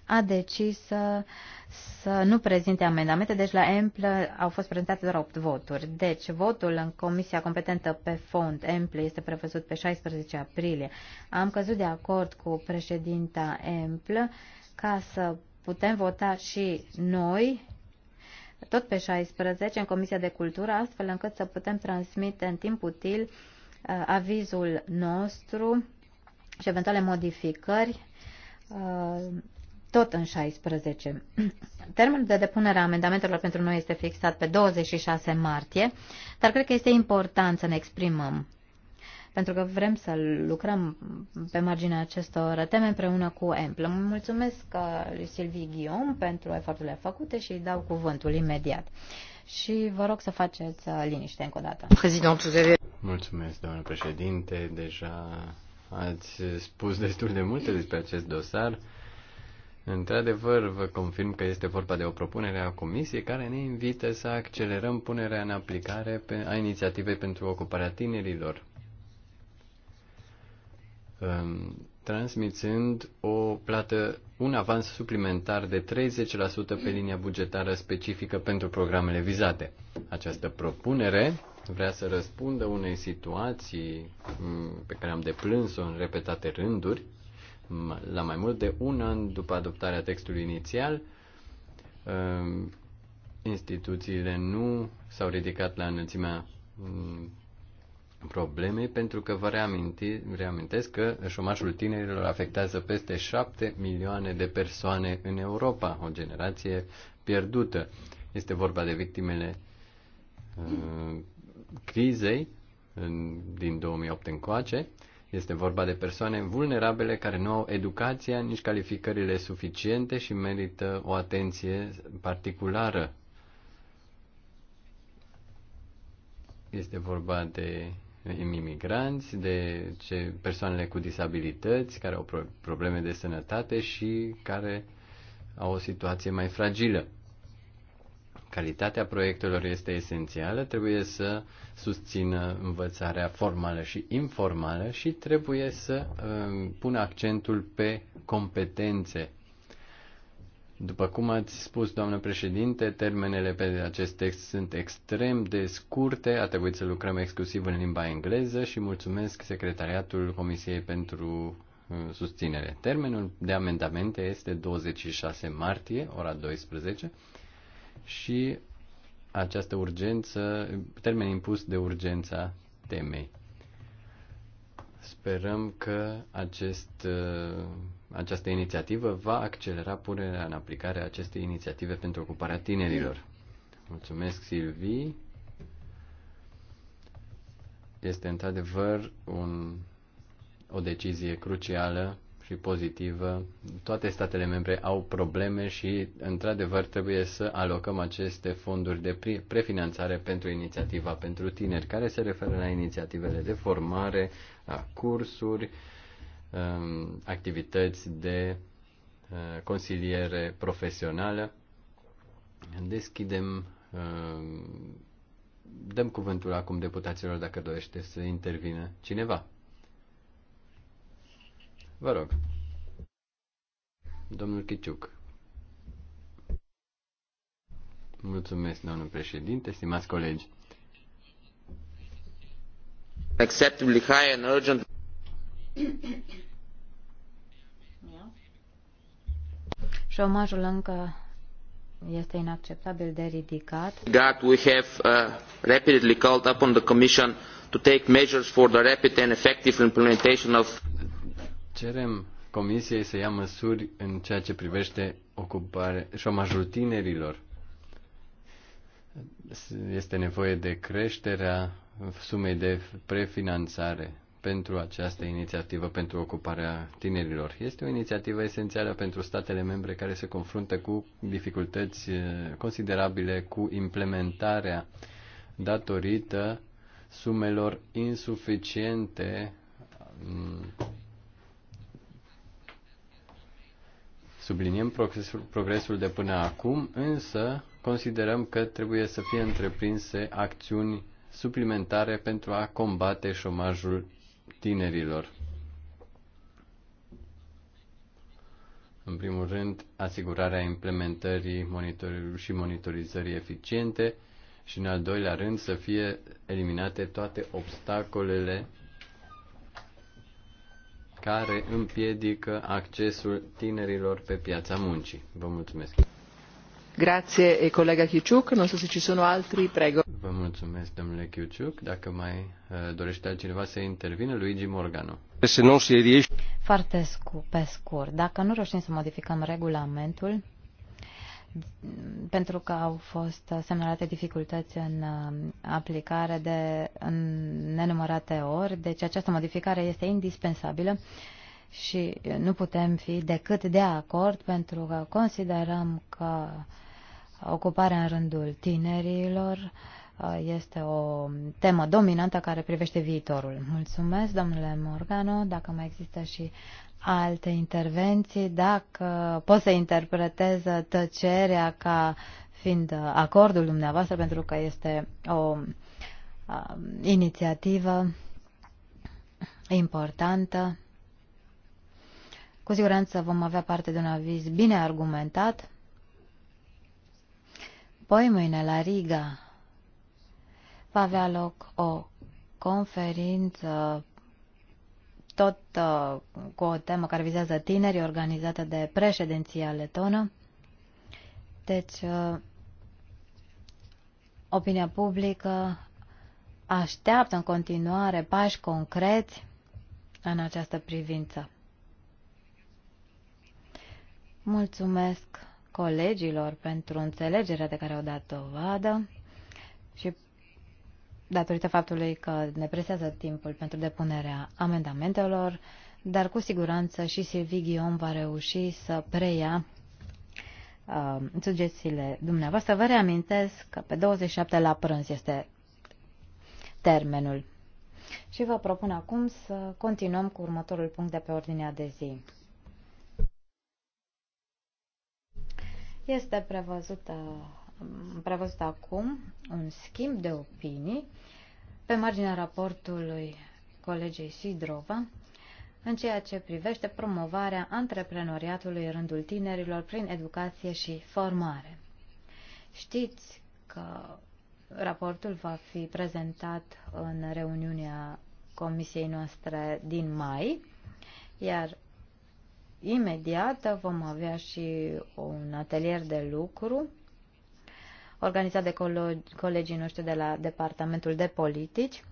a decis să uh, să nu prezinte amendamente, deci la EMPL au fost prezentate doar 8 voturi. Deci votul în comisia competentă pe fond EMPL este prevăzut pe 16 aprilie. Am căzut de acord cu președinta EMPL ca să putem vota și noi tot pe 16 în Comisia de Cultură, astfel încât să putem transmite în timp util uh, avizul nostru și eventuale modificări uh, tot în 16. Termenul de depunere a amendamentelor pentru noi este fixat pe 26 martie, dar cred că este important să ne exprimăm pentru că vrem să lucrăm pe marginea acestor teme împreună cu Emplă. Mulțumesc uh, lui Silvii Ghion pentru eforturile făcute și dau cuvântul imediat. Și vă rog să faceți uh, liniște încă o dată. Mulțumesc, doamnă președinte. Deja ați spus destul de multe despre acest dosar. Într-adevăr, vă confirm că este vorba de o propunere a Comisiei care ne invită să accelerăm punerea în aplicare a inițiativei pentru ocuparea tinerilor, transmițând o plată, un avans suplimentar de 30% pe linia bugetară specifică pentru programele vizate. Această propunere vrea să răspundă unei situații mm, pe care am deplâns-o în repetate rânduri, la mai mult de un an după adoptarea textului inițial, um, instituțiile nu s-au ridicat la înălțimea um, problemei pentru că vă reaminti, reamintesc că șomajul tinerilor afectează peste 7 milioane de persoane în Europa, o generație pierdută. Este vorba de victimele uh, crizei în, din 2008 încoace este vorba de persoane vulnerabile care nu au educația, nici calificările suficiente și merită o atenție particulară. Este vorba de imigranți, de ce, persoanele cu disabilități, care au pro- probleme de sănătate și care au o situație mai fragilă. Calitatea proiectelor este esențială, trebuie să susțină învățarea formală și informală și trebuie să um, pună accentul pe competențe. După cum ați spus, doamnă președinte, termenele pe acest text sunt extrem de scurte, a trebuit să lucrăm exclusiv în limba engleză și mulțumesc secretariatul Comisiei pentru uh, susținere. Termenul de amendamente este 26 martie, ora 12 și această urgență, termen impus de urgența temei. Sperăm că acest, uh, această inițiativă va accelera punerea în aplicare a acestei inițiative pentru ocuparea tinerilor. Mulțumesc, Silvii. Este într-adevăr un, o decizie crucială fi pozitivă. Toate statele membre au probleme și, într-adevăr, trebuie să alocăm aceste fonduri de prefinanțare pentru inițiativa pentru tineri, care se referă la inițiativele de formare, la cursuri, um, activități de uh, consiliere profesională. Deschidem um, dăm cuvântul acum deputaților dacă dorește să intervină cineva. Vă rog. Domnul Chiciuc. Mulțumesc, domnul președinte, stimați colegi. Acceptably high and urgent. Șomajul încă este inacceptabil de ridicat. God, we have uh, rapidly called upon the Commission to take measures for the rapid and effective implementation of Cerem Comisiei să ia măsuri în ceea ce privește ocupare, șomajul tinerilor. Este nevoie de creșterea sumei de prefinanțare pentru această inițiativă pentru ocuparea tinerilor. Este o inițiativă esențială pentru statele membre care se confruntă cu dificultăți eh, considerabile cu implementarea datorită sumelor insuficiente mm, Subliniem progresul, progresul de până acum, însă considerăm că trebuie să fie întreprinse acțiuni suplimentare pentru a combate șomajul tinerilor. În primul rând, asigurarea implementării monitor- și monitorizării eficiente și, în al doilea rând, să fie eliminate toate obstacolele care împiedică accesul tinerilor pe piața muncii. Vă mulțumesc. Grazie, colega Chiuciuc. Nu știu se ci sono altri, prego. Vă mulțumesc, domnule Chiuciuc. Dacă mai uh, dorește altcineva să intervină, Luigi Morgano. Foarte scurt, pe scurt, dacă nu reușim să modificăm regulamentul, pentru că au fost semnalate dificultăți în uh, aplicare de în nenumărate ori, deci această modificare este indispensabilă și nu putem fi decât de acord pentru că considerăm că ocuparea în rândul tinerilor uh, este o temă dominantă care privește viitorul. Mulțumesc, domnule Morgano. Dacă mai există și alte intervenții, dacă pot să interpretez tăcerea ca fiind acordul dumneavoastră, pentru că este o uh, inițiativă importantă. Cu siguranță vom avea parte de un aviz bine argumentat. Poi mâine la Riga va avea loc o conferință tot uh, cu o temă care vizează tinerii, organizată de președinția letonă. Deci, uh, opinia publică așteaptă în continuare pași concreți în această privință. Mulțumesc colegilor pentru înțelegerea de care au dat dovadă și datorită faptului că ne presează timpul pentru depunerea amendamentelor, dar cu siguranță și Silvi Ghion va reuși să preia uh, sugestiile dumneavoastră. Vă reamintesc că pe 27 la prânz este termenul. Și vă propun acum să continuăm cu următorul punct de pe ordinea de zi. Este prevăzută prevăzut acum un schimb de opinii pe marginea raportului colegei Sidrova în ceea ce privește promovarea antreprenoriatului în rândul tinerilor prin educație și formare. Știți că raportul va fi prezentat în reuniunea comisiei noastre din mai, iar imediat vom avea și un atelier de lucru organizat de colegii noștri de la Departamentul de Politici,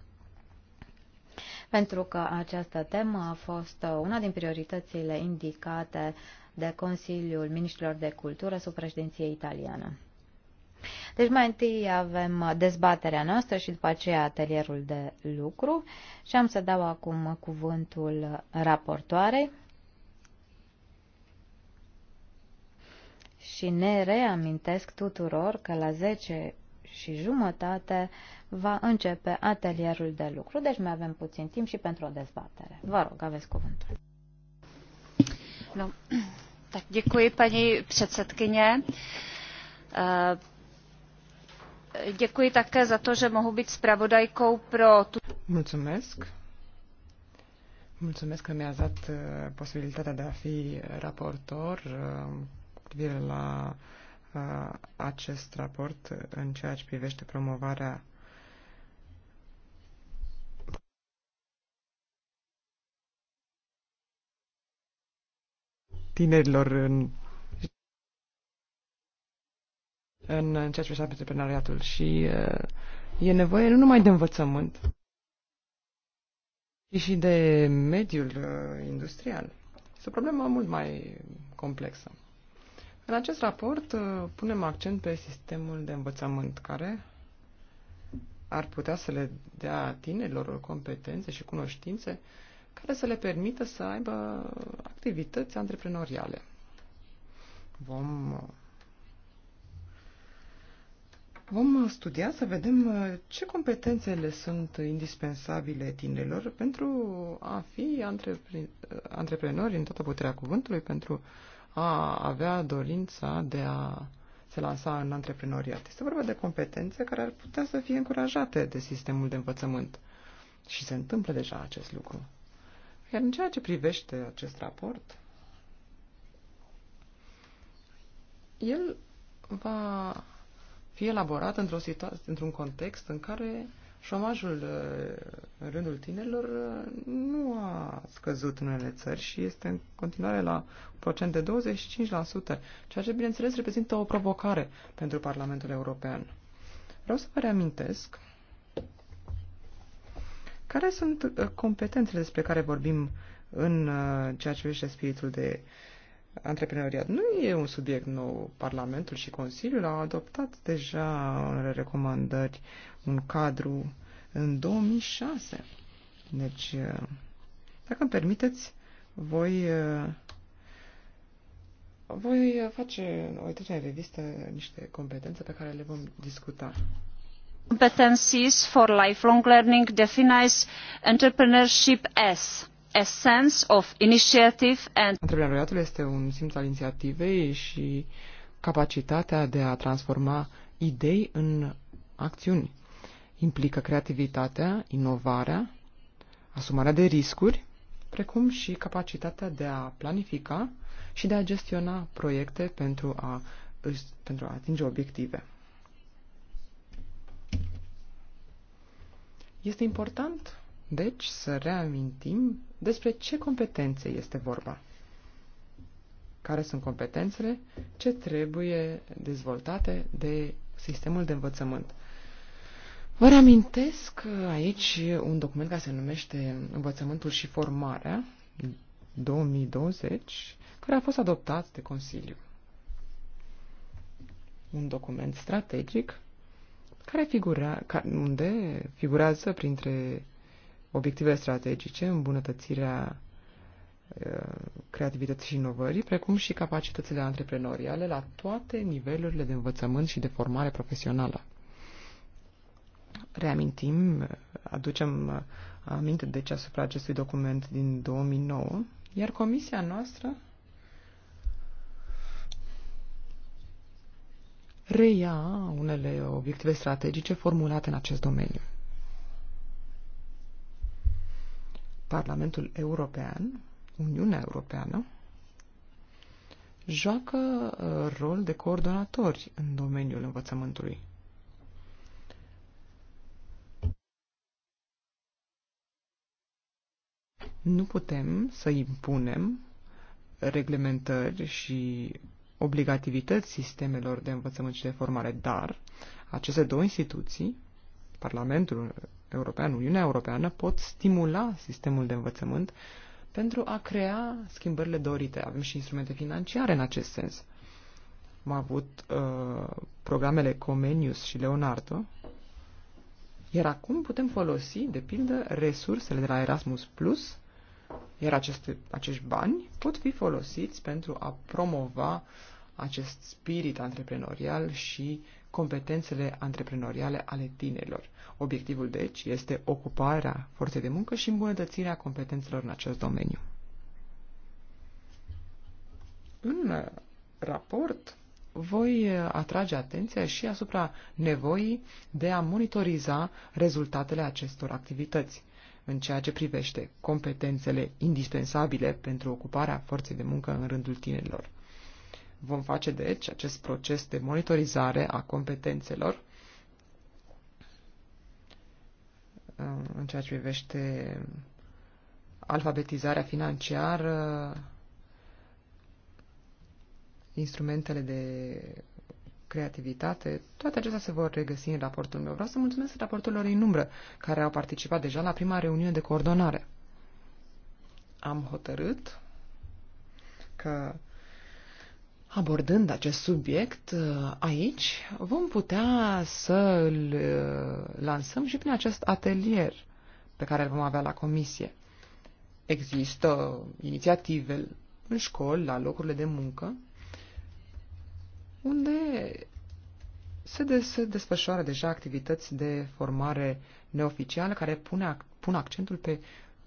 pentru că această temă a fost una din prioritățile indicate de Consiliul Ministrilor de Cultură sub președinție italiană. Deci mai întâi avem dezbaterea noastră și după aceea atelierul de lucru și am să dau acum cuvântul raportoarei. și ne reamintesc tuturor că la 10 și jumătate va începe atelierul de lucru, deci mai avem puțin timp și pentru o dezbatere. Vă rog, aveți cuvântul. No. Tak děkuji, paní předsedkyně. Eh, děkuji také za to, že mohu být zpravodajkou pro tu... Mulțumesc. Mulțumesc că mi a dat eh, posibilitatea de a fi raportor eh, privire la a, uh, acest raport în ceea ce privește promovarea tinerilor în în ceea ce privește antreprenoriatul și uh, e nevoie nu numai de învățământ, ci și de mediul uh, industrial. Este o problemă mult mai complexă. În acest raport uh, punem accent pe sistemul de învățământ care ar putea să le dea tinerilor competențe și cunoștințe care să le permită să aibă activități antreprenoriale. Vom uh, Vom studia să vedem uh, ce competențe le sunt indispensabile tinerilor pentru a fi antrepre- antreprenori în toată puterea cuvântului, pentru a avea dorința de a se lansa în antreprenoriat. Este vorba de competențe care ar putea să fie încurajate de sistemul de învățământ. Și se întâmplă deja acest lucru. Iar în ceea ce privește acest raport, el va fi elaborat într-un într, un context în care Șomajul uh, în rândul tinerilor uh, nu a scăzut în unele țări și este în continuare la un procent de 25%, ceea ce, bineînțeles, reprezintă o provocare pentru Parlamentul European. Vreau să vă reamintesc care sunt uh, competențele despre care vorbim în ceea ce privește spiritul de uh, antreprenoriat. Nu e un subiect nou. Parlamentul și Consiliul au adoptat deja în recomandări un cadru în 2006. Deci, eh, dacă îmi permiteți, voi, eh, voi face o trecere în revistă niște competențe pe care le vom discuta. Competencies for lifelong learning defines entrepreneurship as a sense of initiative and... Antreprenoriatul este un simț al inițiativei și capacitatea de a transforma idei în acțiuni. Implică creativitatea, inovarea, asumarea de riscuri, precum și capacitatea de a planifica și de a gestiona proiecte pentru a, pentru a atinge obiective. Este important deci să reamintim despre ce competențe este vorba. Care sunt competențele ce trebuie dezvoltate de sistemul de învățământ. Vă reamintesc aici un document care se numește Învățământul și formarea 2020, care a fost adoptat de Consiliu. Un document strategic care figura, unde figurează printre obiective strategice, îmbunătățirea creativității și inovării, precum și capacitățile antreprenoriale la toate nivelurile de învățământ și de formare profesională. Reamintim, aducem aminte deci asupra acestui document din 2009, iar comisia noastră reia unele obiective strategice formulate în acest domeniu. Parlamentul European, Uniunea Europeană, joacă uh, rol de coordonatori în domeniul învățământului. Nu putem să impunem reglementări și obligativități sistemelor de învățământ și de formare, dar aceste două instituții, Parlamentul European, Uniunea Europeană, pot stimula sistemul de învățământ pentru a crea schimbările dorite. Avem și instrumente financiare în acest sens. Am avut uh, programele Comenius și Leonardo, iar acum putem folosi, de pildă, resursele de la Erasmus Plus, iar aceste, acești bani pot fi folosiți pentru a promova acest spirit antreprenorial și competențele antreprenoriale ale tinerilor. Obiectivul, deci, este ocuparea forței de muncă și îmbunătățirea competențelor în acest domeniu. În uh, raport voi uh, atrage atenția și asupra nevoii de a monitoriza rezultatele acestor activități în ceea ce privește competențele indispensabile pentru ocuparea forței de muncă în rândul tinerilor. Vom face, deci, acest proces de monitorizare a competențelor uh, în ceea ce privește alfabetizarea financiară, instrumentele de creativitate, toate acestea se vor regăsi în raportul meu. Vreau să mulțumesc raporturilor în umbră care au participat deja la prima reuniune de coordonare. Am hotărât că abordând acest subiect uh, aici, vom putea să îl uh, lansăm și prin acest atelier pe care îl vom avea la comisie. Există inițiative în școli, la locurile de muncă, unde se, de, se desfășoară deja activități de formare neoficială care pune, ac pun accentul pe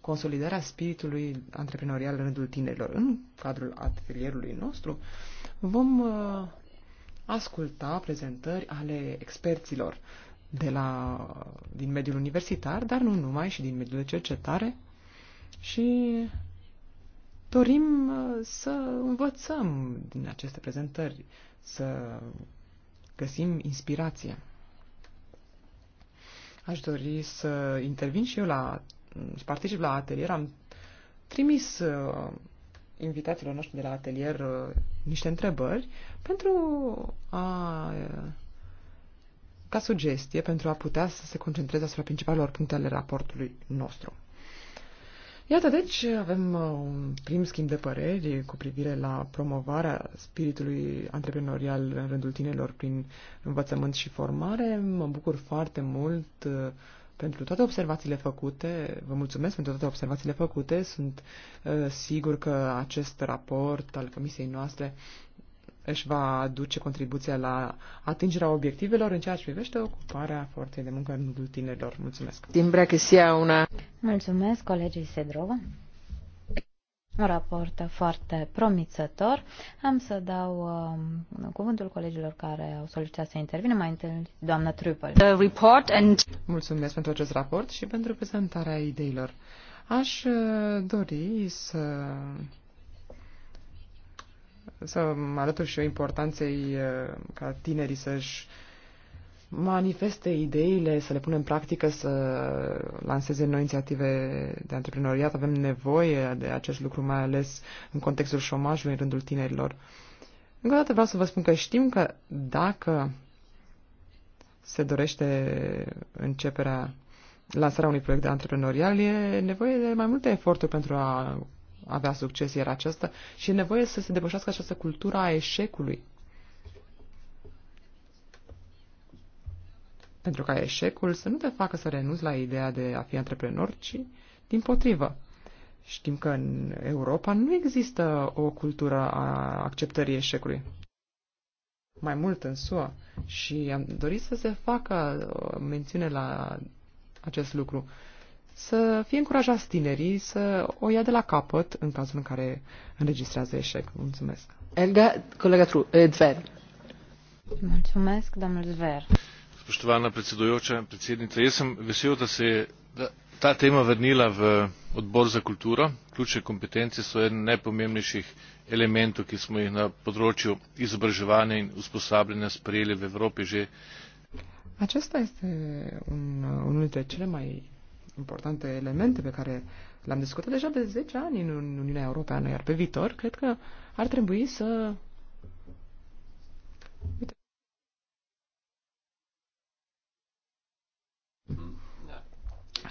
consolidarea spiritului antreprenorial în rândul tinerilor. În cadrul atelierului nostru vom uh, asculta prezentări ale experților de la, din mediul universitar, dar nu numai, și din mediul de cercetare. Și dorim uh, să învățăm din aceste prezentări, să găsim inspirație. Aș dori să intervin și eu la și particip la atelier, am trimis uh, invitațiilor noștri de la atelier uh, niște întrebări pentru a, uh, ca sugestie pentru a putea să se concentreze asupra principalelor puncte ale raportului nostru. Iată, deci, avem uh, un prim schimb de păreri cu privire la promovarea spiritului antreprenorial în rândul tinerilor prin învățământ și formare. Mă bucur foarte mult uh, pentru toate observațiile făcute. Vă mulțumesc pentru toate observațiile făcute. Sunt uh, sigur că acest raport al comisiei noastre își va aduce contribuția la atingerea obiectivelor în ceea ce privește ocuparea forței de muncă în rândul tinerilor. Mulțumesc. Timbra că sia una. Mulțumesc, colegii Sedrova un raport foarte promițător. Am să dau uh, cuvântul colegilor care au solicitat să intervină. Mai întâi, doamna Trupel. and... Mulțumesc pentru acest raport și pentru prezentarea ideilor. Aș uh, dori să să mă alătur și eu importanței uh, ca tinerii să-și uh, manifeste ideile, să le pună în practică, să lanseze noi inițiative de antreprenoriat. Avem nevoie de acest lucru, mai ales în contextul șomajului în rândul tinerilor. Încă o dată vreau să vă spun că știm că dacă se dorește începerea, lansarea unui proiect de antreprenorial, e nevoie de mai multe eforturi pentru a avea succes, iar aceasta și e nevoie să se depășească această cultură a eșecului pentru ca eșecul să nu te facă să renunți la ideea de a fi antreprenor, ci din potrivă. Știm că în Europa nu există o cultură a acceptării eșecului. Mai mult în SUA și am dorit să se facă uh, mențiune la acest lucru. Să fie încurajați tinerii să o ia de la capăt în cazul în care înregistrează eșec. Mulțumesc. Elga, colega Tru, eh, Zver. Mulțumesc, domnul Zver spoštovana predsedujoča predsednica jaz sem vesel da se je da ta tema vrnila v odbor za kulturo ključne kompetence so eden najpomembnejših elementov ki smo jih na področju izobraževanja in usposabljanja sprejeli v evropi že Acesta este un, unul dintre cele mai importante elemente pe care l-am discutat deja de 10 ani în Uniunea Europeană, iar pe viitor cred că ar trebui să Uite.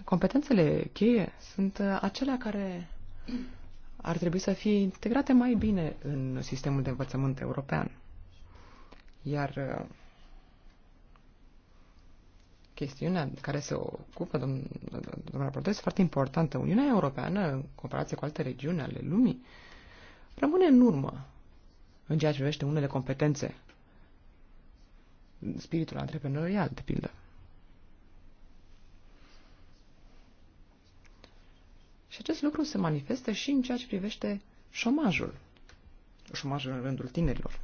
Competențele cheie sunt uh, acelea care ar trebui să fie integrate mai bine în sistemul de învățământ european. Iar uh, chestiunea care se ocupă, domnul raportor, este foarte importantă. Uniunea Europeană, în comparație cu alte regiuni ale lumii, rămâne în urmă în ceea ce privește unele competențe. Spiritul antreprenorial, de pildă. Și acest lucru se manifestă și în ceea ce privește șomajul, șomajul în rândul tinerilor.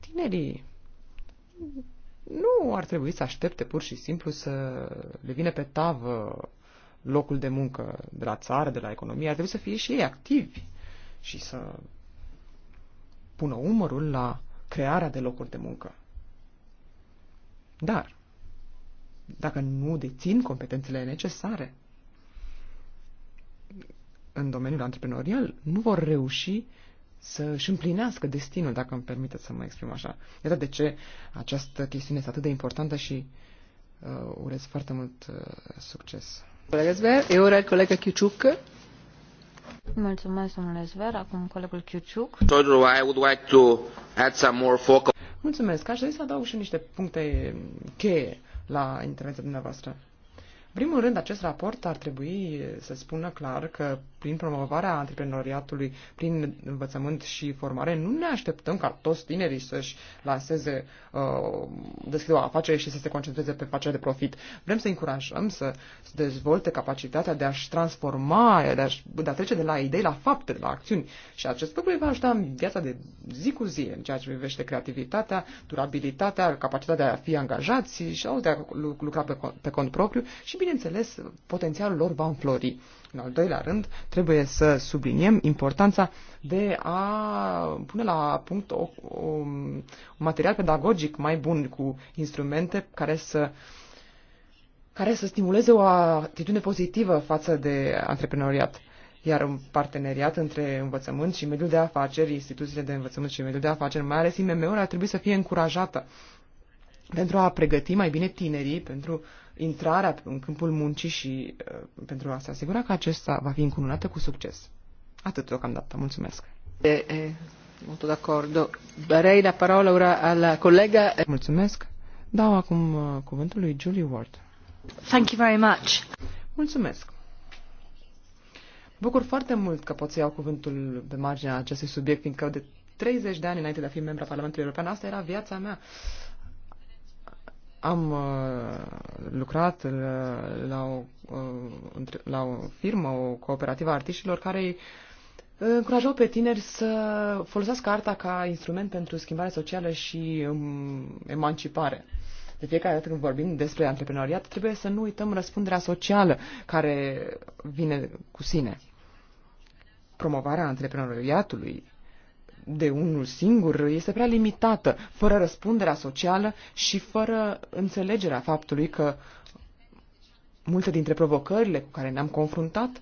Tinerii nu ar trebui să aștepte pur și simplu să le vină pe tavă locul de muncă de la țară, de la economie, ar trebui să fie și ei activi și să pună umărul la crearea de locuri de muncă. Dar dacă nu dețin competențele necesare în domeniul antreprenorial, nu vor reuși să își împlinească destinul, dacă îmi permiteți să mă exprim așa. Iată de ce această chestiune este atât de importantă și uh, urez foarte mult uh, succes. Colega Zver, eu urez colega Chiuciuc. Mulțumesc, domnule Zver. Acum colegul Chiuciuc. I would like to add some more focus. Mulțumesc. Aș dori să adaug și niște puncte cheie la intervenția dumneavoastră. În primul rând, acest raport ar trebui să spună clar că prin promovarea antreprenoriatului, prin învățământ și formare, nu ne așteptăm ca toți tinerii să-și lanseze, uh, deschidă o afacere și să se concentreze pe facerea de profit. Vrem să încurajăm să, să dezvolte capacitatea de a-și transforma, de a, de a trece de la idei la fapte, de la acțiuni. Și acest lucru îi va ajuta în viața de zi cu zi, în ceea ce privește creativitatea, durabilitatea, capacitatea de a fi angajați și de a lucra pe, pe cont propriu și, bineînțeles, potențialul lor va înflori. În al doilea rând, trebuie să subliniem importanța de a pune la punct o, o, un material pedagogic mai bun cu instrumente care să care să stimuleze o atitudine pozitivă față de antreprenoriat iar un parteneriat între învățământ și mediul de afaceri, instituțiile de învățământ și mediul de afaceri, mai ales IMM-uri, ar trebui să fie încurajată pentru a pregăti mai bine tinerii pentru intrarea în câmpul muncii și uh, pentru a se asigura că acesta va fi încununată cu succes. Atât deocamdată. Mulțumesc. E, e, molto d'accordo. Darei la parola ora alla collega. Mulțumesc. Dau acum uh, cuvântul lui Julie Ward. Thank you very much. Mulțumesc. Bucur foarte mult că pot să iau cuvântul pe marginea acestui subiect, fiindcă de 30 de ani înainte de a fi membra Parlamentului European, asta era viața mea. Uh, am uh, lucrat la, la, o, uh, la o firmă, o cooperativă a artiștilor care uh, încurajau pe tineri să folosească arta ca instrument pentru schimbare socială și um, emancipare. De fiecare dată când vorbim despre antreprenoriat, trebuie să nu uităm răspunderea socială care vine cu sine. Promovarea antreprenoriatului de unul singur este prea limitată, fără răspunderea socială și fără înțelegerea faptului că multe dintre provocările cu care ne-am confruntat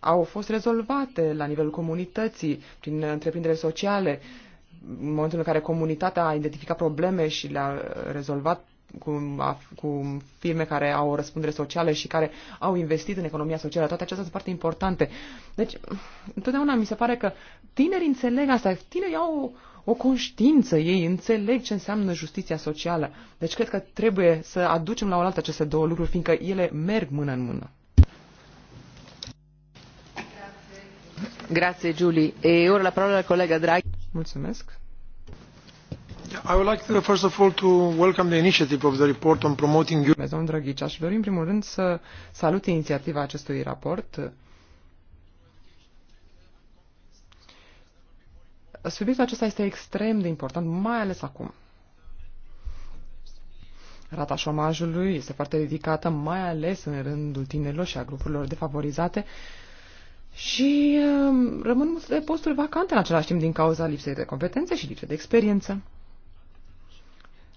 au fost rezolvate la nivelul comunității, prin întreprindere sociale, în momentul în care comunitatea a identificat probleme și le-a rezolvat cu, cu firme care au o răspundere socială și care au investit în economia socială. Toate acestea sunt foarte importante. Deci, întotdeauna mi se pare că tinerii înțeleg asta. Tinerii au o conștiință, ei înțeleg ce înseamnă justiția socială. Deci cred că trebuie să aducem la oaltă aceste două lucruri, fiindcă ele merg mână în mână. Grazie Julie. E ora la parola al collega Draghi. Mulțumesc. I would aș dori în primul rând să salut inițiativa acestui raport. Subiectul acesta este extrem de important, mai ales acum. Rata șomajului este foarte ridicată, mai ales în rândul tinerilor și a grupurilor defavorizate și um, rămân multe posturi vacante în același timp din cauza lipsei de competențe și lipsei de experiență.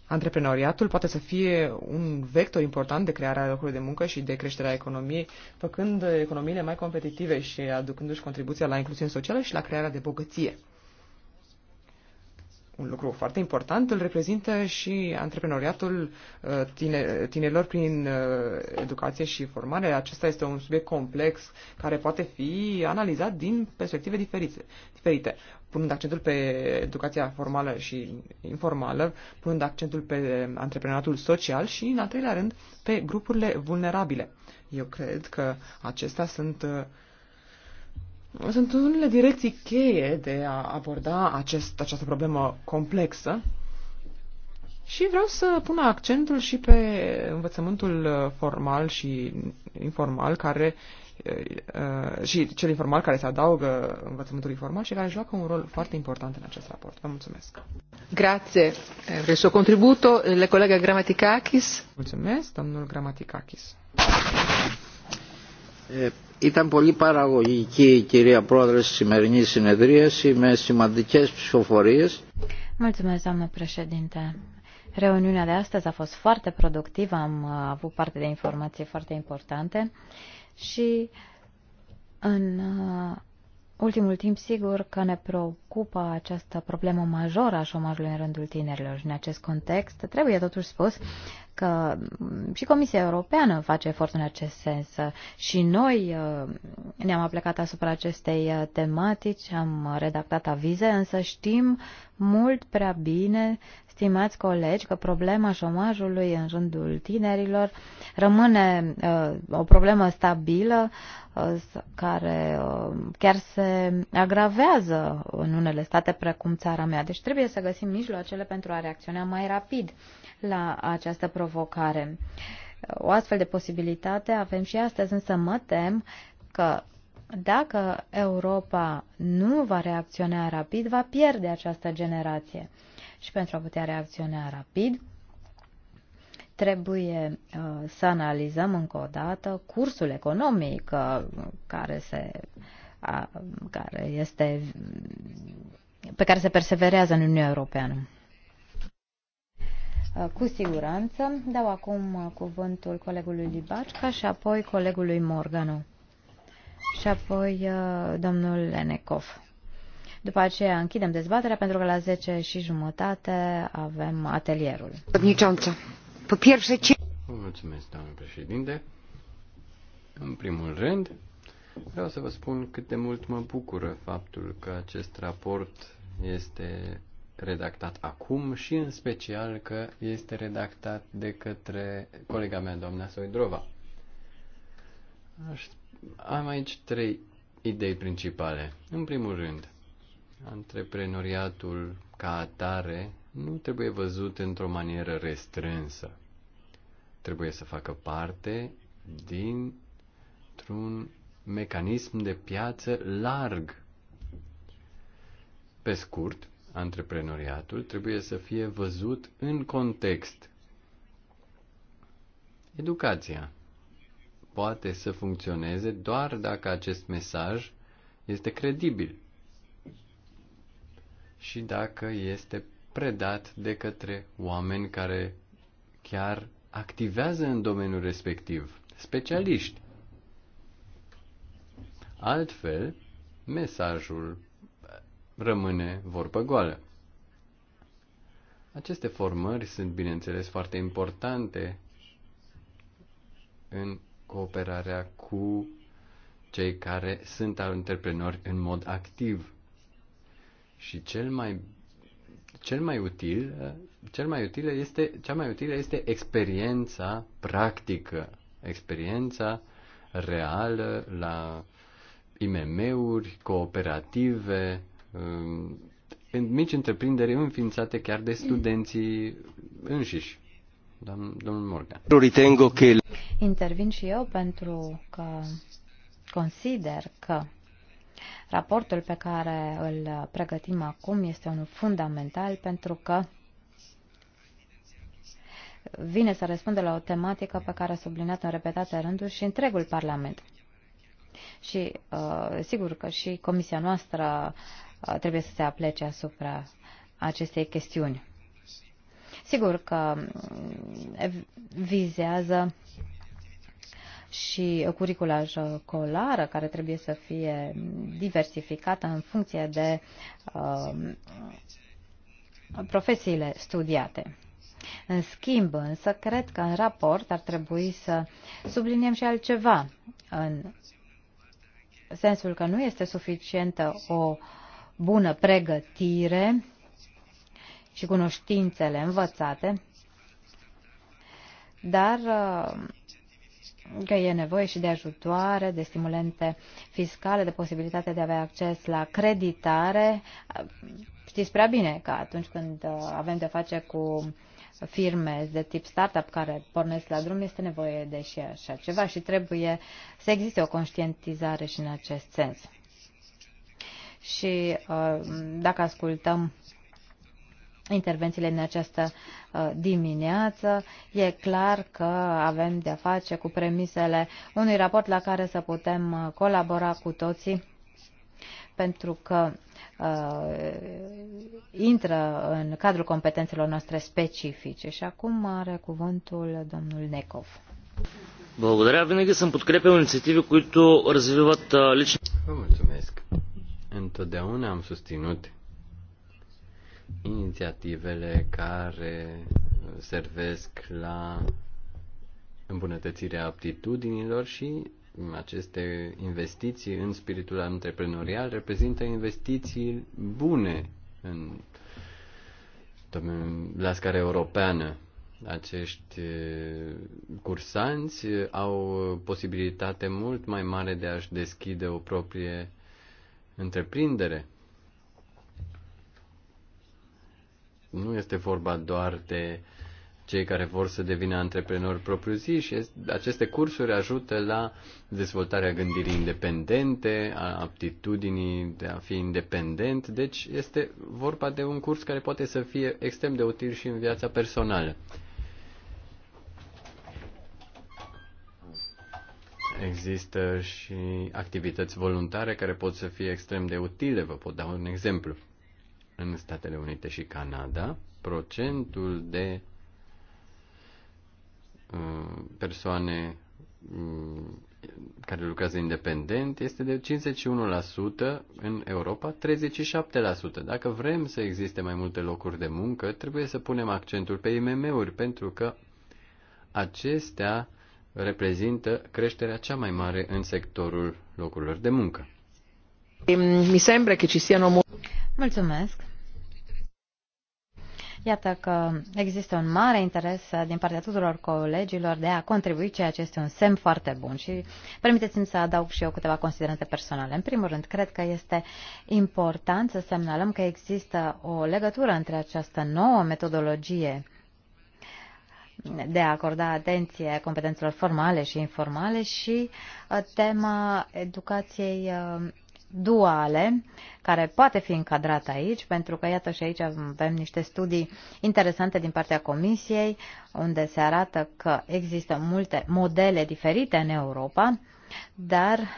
Antreprenoriatul poate să fie un vector important de crearea locurilor de muncă și de creșterea economiei, făcând economiile mai competitive și aducându-și contribuția la incluziune socială și la crearea de bogăție un lucru foarte important îl reprezintă și antreprenoriatul uh, tine, tinerilor prin uh, educație și formare. Acesta este un subiect complex care poate fi analizat din perspective diferite. diferite. Punând accentul pe educația formală și informală, punând accentul pe antreprenatul social și, în al treilea rând, pe grupurile vulnerabile. Eu cred că acestea sunt uh, sunt unele direcții cheie de a aborda acest, această problemă complexă și vreau să pun accentul și pe învățământul uh, formal și informal care uh, uh, și cel informal care se adaugă învățământului formal și care joacă un rol foarte important în acest raport. Vă mulțumesc. Grazie Vreau eh, il contributo, le collega Gramaticakis. Mulțumesc, domnul Gramaticakis. Ήταν πολύ παραγωγική η κυρία Πρόεδρος της σημερινής συνεδρίαση με σημαντικές Mulțumesc, doamnă președinte. Reuniunea de astăzi a fost foarte productivă, am avut parte de informații foarte importante și în uh, ultimul timp sigur că ne preocupă această problemă majoră a șomajului în rândul tinerilor și în acest context trebuie totuși spus că și Comisia Europeană face efort în acest sens și noi uh, ne-am aplicat asupra acestei uh, tematici, am redactat avize, însă știm mult prea bine, stimați colegi, că problema șomajului în rândul tinerilor rămâne uh, o problemă stabilă care chiar se agravează în unele state precum țara mea. Deci trebuie să găsim mijloacele pentru a reacționa mai rapid la această provocare. O astfel de posibilitate avem și astăzi, însă mă tem că dacă Europa nu va reacționa rapid, va pierde această generație. Și pentru a putea reacționa rapid, trebuie uh, să analizăm încă o dată cursul economic uh, care, se, uh, care este, pe care se perseverează în Uniunea Europeană. Uh, cu siguranță. Dau acum uh, cuvântul colegului Libacca și apoi colegului Morganu și apoi uh, domnul Lenecov. După aceea închidem dezbaterea pentru că la 10 și jumătate avem atelierul. mulțumesc, doamnă președinte. În primul rând, vreau să vă spun cât de mult mă bucură faptul că acest raport este redactat acum și în special că este redactat de către colega mea, doamna Soidrova. Aș, am aici trei idei principale. În primul rând, antreprenoriatul ca atare nu trebuie văzut într-o manieră restrânsă. Trebuie să facă parte dintr-un mecanism de piață larg. Pe scurt, antreprenoriatul trebuie să fie văzut în context. Educația poate să funcționeze doar dacă acest mesaj este credibil și dacă este predat de către oameni care chiar activează în domeniul respectiv, specialiști. Altfel, mesajul rămâne vorbă goală. Aceste formări sunt, bineînțeles, foarte importante în cooperarea cu cei care sunt antreprenori în mod activ. Și cel mai cel mai util, cel mai util este, cea mai utilă este experiența practică, experiența reală la IMM-uri, cooperative, mici întreprinderi înființate chiar de studenții înșiși. Domnul Morgan. Ritengo că... Intervin și eu pentru că consider că raportul pe care îl pregătim acum este unul fundamental pentru că vine să răspundă la o tematică pe care a subliniat în repetate rânduri și întregul Parlament. Și uh, sigur că și comisia noastră Uh, trebuie să se aplece asupra acestei chestiuni. Sigur că mm, vizează și curicula școlară care trebuie să fie diversificată în funcție de uh, profesiile studiate. În schimb, însă, cred că în raport ar trebui să subliniem și altceva, în sensul că nu este suficientă o uh, bună pregătire și cunoștințele învățate, dar uh, că e nevoie și de ajutoare, de stimulente fiscale, de posibilitatea de a avea acces la creditare. Uh, știți prea bine că atunci când uh, avem de face cu firme de tip startup care pornesc la drum, este nevoie de și așa ceva și trebuie să existe o conștientizare și în acest sens și uh, dacă ascultăm intervențiile în această uh, dimineață, e clar că avem de-a face cu premisele unui raport la care să putem uh, colabora cu toții, pentru că uh, intră în cadrul competențelor noastre specifice. Și acum are cuvântul domnul Necov. mulțumesc! Vă Mulțumesc. Întotdeauna am susținut inițiativele care servesc la îmbunătățirea aptitudinilor și aceste investiții în spiritul antreprenorial reprezintă investiții bune în, la scară europeană. Acești eh, cursanți au posibilitate mult mai mare de a-și deschide o proprie întreprindere. Nu este vorba doar de cei care vor să devină antreprenori propriu-zi și aceste cursuri ajută la dezvoltarea gândirii independente, a aptitudinii de a fi independent, deci este vorba de un curs care poate să fie extrem de util și în viața personală. Există și activități voluntare care pot să fie extrem de utile. Vă pot da un exemplu. În Statele Unite și Canada, procentul de uh, persoane mm, care lucrează independent este de 51%, în Europa 37%. Dacă vrem să existe mai multe locuri de muncă, trebuie să punem accentul pe IMM-uri, pentru că acestea reprezintă creșterea cea mai mare în sectorul locurilor de muncă. Mi sembra că ci siano... Mulțumesc! Iată că există un mare interes din partea tuturor colegilor de a contribui, ceea ce este un semn foarte bun. Și permiteți-mi să adaug și eu câteva considerente personale. În primul rând, cred că este important să semnalăm că există o legătură între această nouă metodologie de a acorda atenție competențelor formale și informale și uh, tema educației uh, duale, care poate fi încadrată aici, pentru că iată și aici avem niște studii interesante din partea Comisiei, unde se arată că există multe modele diferite în Europa, dar uh,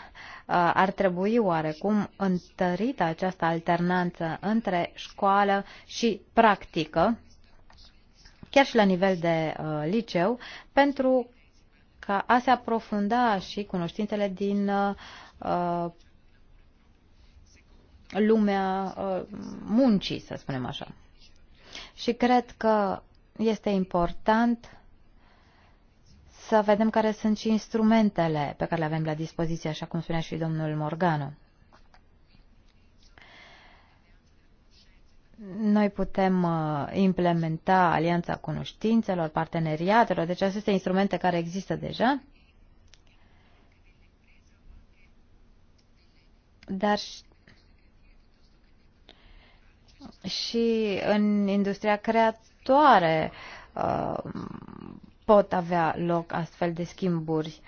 ar trebui oarecum întărită această alternanță între școală și practică, chiar și la nivel de uh, liceu, pentru ca a se aprofunda și cunoștințele din uh, lumea uh, muncii, să spunem așa. Și cred că este important să vedem care sunt și instrumentele pe care le avem la dispoziție, așa cum spunea și domnul Morganu. noi putem uh, implementa Alianța Cunoștințelor, parteneriatelor, deci aceste instrumente care există deja, dar și în industria creatoare uh, pot avea loc astfel de schimburi.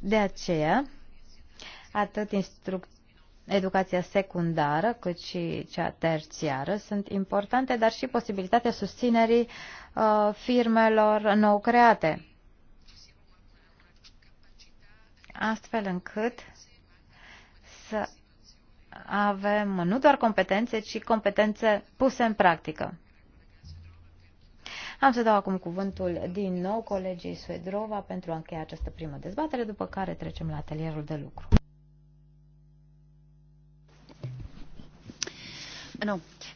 De aceea, atât instructorii educația secundară cât și cea terțiară sunt importante, dar și posibilitatea susținerii uh, firmelor nou create. Astfel încât să avem nu doar competențe, ci competențe puse în practică. Am să dau acum cuvântul din nou colegii Suedrova pentru a încheia această primă dezbatere, după care trecem la atelierul de lucru.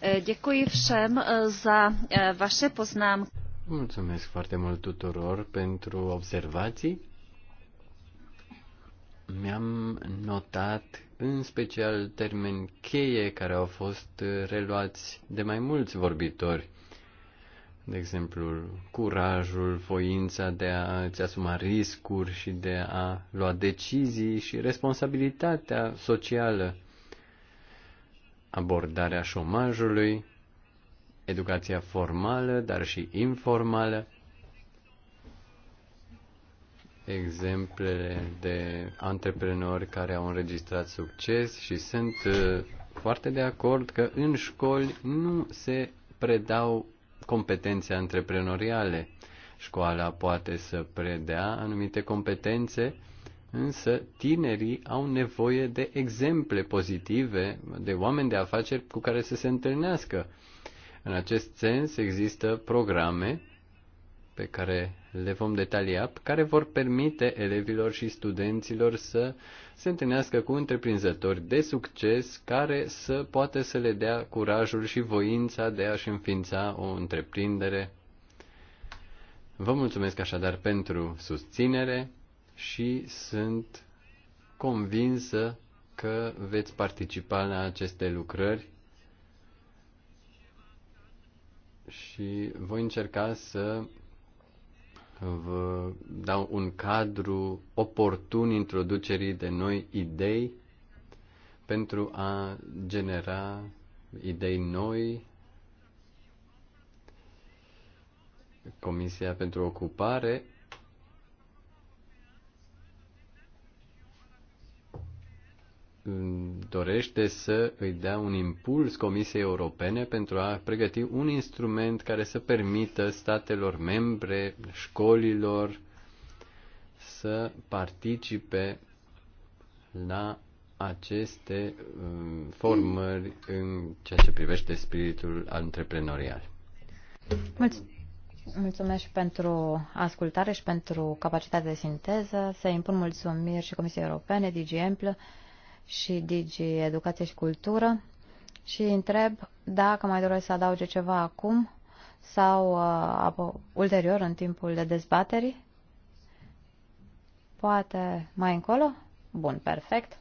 Eh, děkuji všem eh, za eh, vaše poznámky. Mulțumesc foarte mult tuturor pentru observații. Mi-am notat în special termeni cheie care au fost reluați de mai mulți vorbitori. De exemplu, curajul, voința de a ți asuma riscuri și de a lua decizii și responsabilitatea socială abordarea șomajului, educația formală, dar și informală, exemple de antreprenori care au înregistrat succes și sunt uh, foarte de acord că în școli nu se predau competențe antreprenoriale. Școala poate să predea anumite competențe, Însă tinerii au nevoie de exemple pozitive, de oameni de afaceri cu care să se întâlnească. În acest sens există programe pe care le vom detalia, care vor permite elevilor și studenților să se întâlnească cu întreprinzători de succes care să poată să le dea curajul și voința de a-și înființa o întreprindere. Vă mulțumesc așadar pentru susținere și sunt convinsă că veți participa la aceste lucrări și voi încerca să vă dau un cadru oportun introducerii de noi idei pentru a genera idei noi. Comisia pentru Ocupare dorește să îi dea un impuls Comisiei Europene pentru a pregăti un instrument care să permită statelor membre, școlilor, să participe la aceste um, formări în ceea ce privește spiritul antreprenorial. Mulțumesc. Mulțumesc și pentru ascultare și pentru capacitatea de sinteză. Se impun mulțumiri și Comisiei Europene, DG și Digi Educație și Cultură și întreb dacă mai doresc să adauge ceva acum sau uh, ulterior în timpul de dezbaterii. Poate mai încolo? Bun, perfect.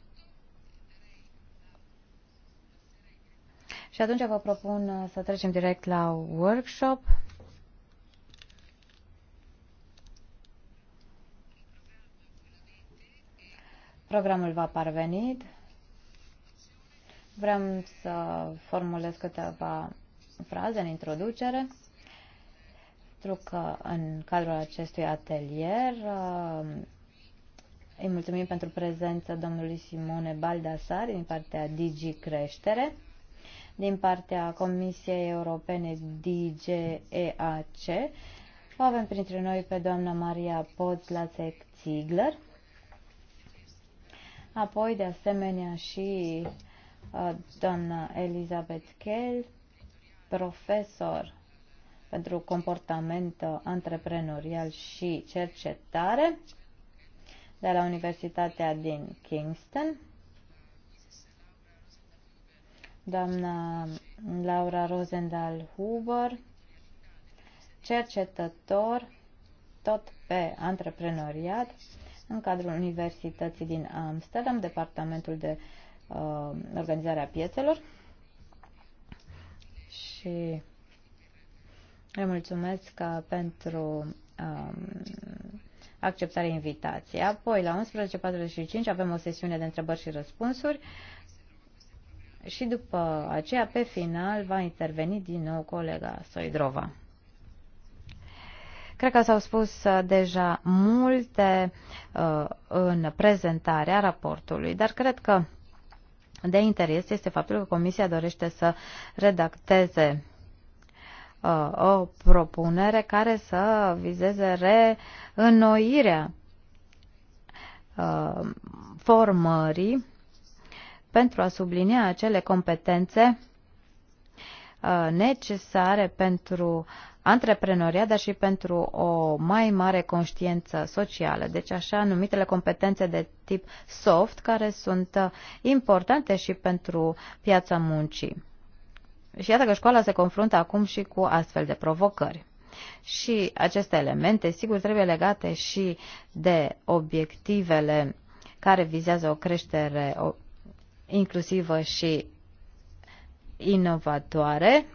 Și atunci vă propun uh, să trecem direct la workshop. Programul va parvenit Vrem să formulez câteva fraze în introducere, pentru că în cadrul acestui atelier uh, îi mulțumim pentru prezența domnului Simone Baldassari din partea Digi Creștere, din partea Comisiei Europene DGEAC. O avem printre noi pe doamna Maria Podlacek-Ziegler, apoi de asemenea și Uh, doamna Elizabeth Kell, profesor pentru comportament antreprenorial și cercetare de la Universitatea din Kingston. Doamna Laura Rosendahl Huber, cercetător tot pe antreprenoriat în cadrul Universității din Amsterdam, Departamentul de uh, uh, organizarea piețelor. Și le mulțumesc uh, pentru uh, acceptarea invitației. Apoi, la 11.45 avem o sesiune de întrebări și răspunsuri și după aceea, pe final, va interveni din nou colega Soidrova. Cred că s-au spus uh, deja multe uh, în prezentarea raportului, dar cred că de interes este faptul că Comisia dorește să redacteze uh, o propunere care să vizeze reînnoirea uh, formării pentru a sublinia acele competențe uh, necesare pentru antreprenoria, dar și pentru o mai mare conștiență socială, deci așa numitele competențe de tip soft, care sunt uh, importante și pentru piața muncii. Și iată că școala se confruntă acum și cu astfel de provocări. Și aceste elemente, sigur, trebuie legate și de obiectivele care vizează o creștere inclusivă și inovatoare,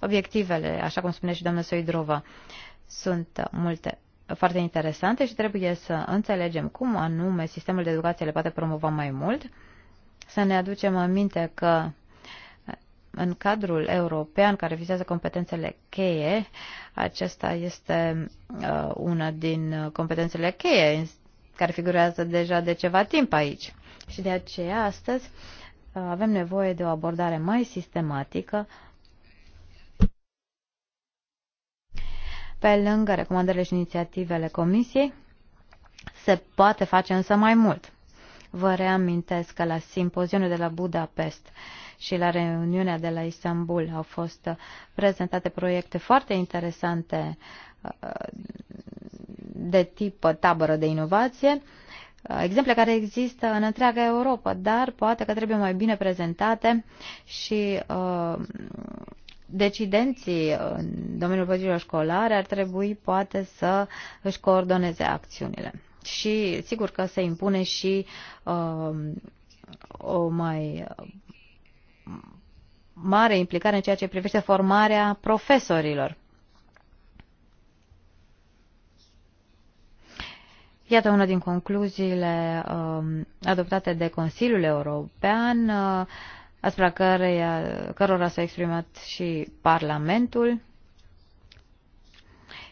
Obiectivele, așa cum spune și doamna Soidrova, sunt multe foarte interesante și trebuie să înțelegem cum anume sistemul de educație le poate promova mai mult, să ne aducem aminte că în cadrul european care vizează competențele cheie, acesta este uh, una din competențele cheie care figurează deja de ceva timp aici. Și de aceea astăzi uh, avem nevoie de o abordare mai sistematică Pe lângă recomandările și inițiativele Comisiei, se poate face însă mai mult. Vă reamintesc că la simpozionul de la Budapest și la reuniunea de la Istanbul au fost prezentate proiecte foarte interesante uh, de tip tabără de inovație, uh, exemple care există în întreaga Europa, dar poate că trebuie mai bine prezentate și uh, decidenții în domeniul politicilor școlare ar trebui poate să își coordoneze acțiunile. Și sigur că se impune și uh, o mai um, mare implicare în ceea ce privește formarea profesorilor. Iată una din concluziile uh, adoptate de Consiliul European. Uh, asupra căreia, cărora s-a exprimat și Parlamentul.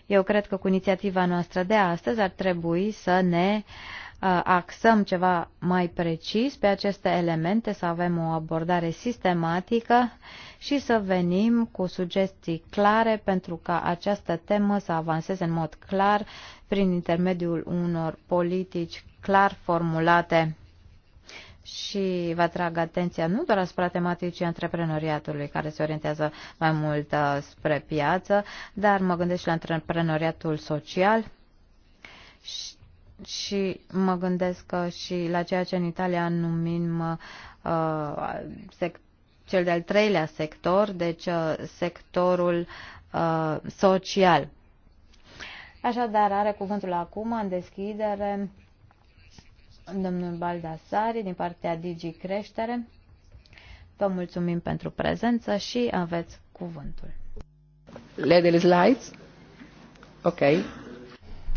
Eu cred că cu inițiativa noastră de astăzi ar trebui să ne uh, axăm ceva mai precis pe aceste elemente, să avem o abordare sistematică și să venim cu sugestii clare pentru ca această temă să avanseze în mod clar prin intermediul unor politici clar formulate și vă atrag atenția nu doar asupra tematicii antreprenoriatului, care se orientează mai mult uh, spre piață, dar mă gândesc și la antreprenoriatul social și, și mă gândesc și la ceea ce în Italia numim uh, cel de-al treilea sector, deci uh, sectorul uh, social. Așadar, are cuvântul acum în deschidere domnul Baldassari din partea Digi Creștere. Vă mulțumim pentru prezență și aveți cuvântul. Ladies the slides. Ok.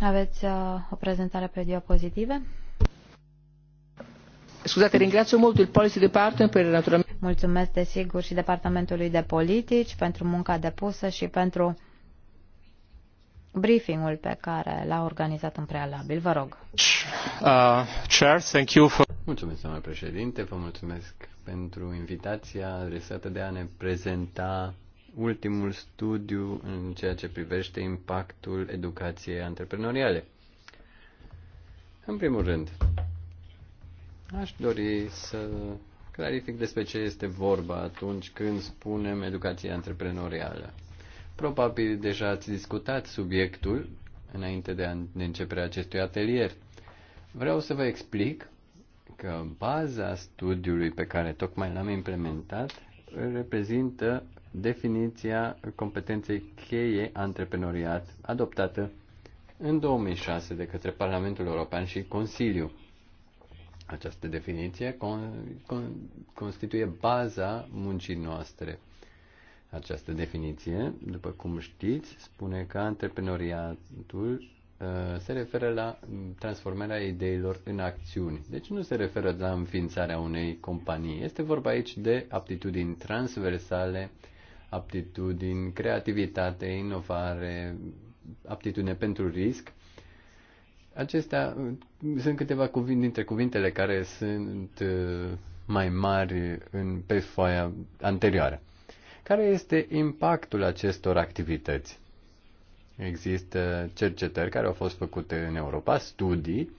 Aveți uh, o prezentare pe diapozitive? Scuzate, ringrazio molto il Policy Department per naturalmente... Mulțumesc, desigur, și Departamentului de Politici pentru munca depusă și pentru briefingul pe care l-a organizat în prealabil. Vă rog. Uh, chair, thank you for... Mulțumesc, doamna președinte, vă mulțumesc pentru invitația adresată de a ne prezenta ultimul studiu în ceea ce privește impactul educației antreprenoriale. În primul rând, aș dori să clarific despre ce este vorba atunci când spunem educație antreprenorială. Probabil deja ați discutat subiectul înainte de, a, începerea acestui atelier. Vreau să vă explic că baza studiului pe care tocmai l-am implementat reprezintă definiția competenței cheie antreprenoriat adoptată în 2006 de către Parlamentul European și Consiliu. Această definiție con, con, constituie baza muncii noastre această definiție, după cum știți, spune că antreprenoriatul uh, se referă la transformarea ideilor în acțiuni. Deci nu se referă la înființarea unei companii. Este vorba aici de aptitudini transversale, aptitudini, creativitate, inovare, aptitudine pentru risc. Acestea uh, sunt câteva cuvinte dintre cuvintele care sunt uh, mai mari în, pe foaia anterioară. Care este impactul acestor activități? Există cercetări care au fost făcute în Europa, studii.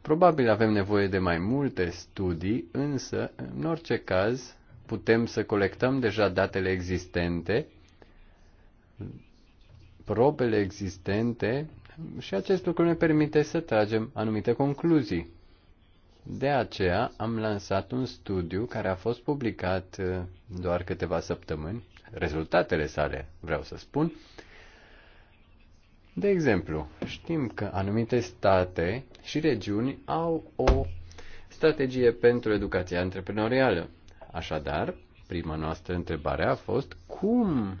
Probabil avem nevoie de mai multe studii, însă, în orice caz, putem să colectăm deja datele existente, probele existente și acest lucru ne permite să tragem anumite concluzii. De aceea am lansat un studiu care a fost publicat uh, doar câteva săptămâni, rezultatele sale, vreau să spun. De exemplu, știm că anumite state și regiuni au o strategie pentru educația antreprenorială. Așadar, prima noastră întrebare a fost cum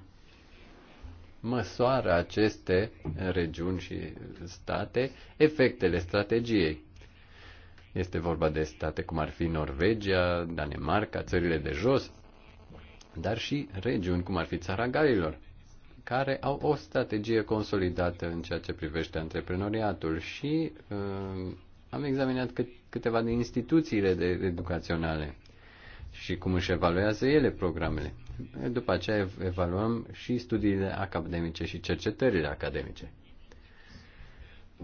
măsoară aceste regiuni și state efectele strategiei. Este vorba de state cum ar fi Norvegia, Danemarca, țările de jos, dar și regiuni cum ar fi țara Galilor, care au o strategie consolidată în ceea ce privește antreprenoriatul și uh, am examinat cât, câteva din instituțiile de, educaționale și cum își evaluează ele programele. După aceea evaluăm și studiile academice și cercetările academice.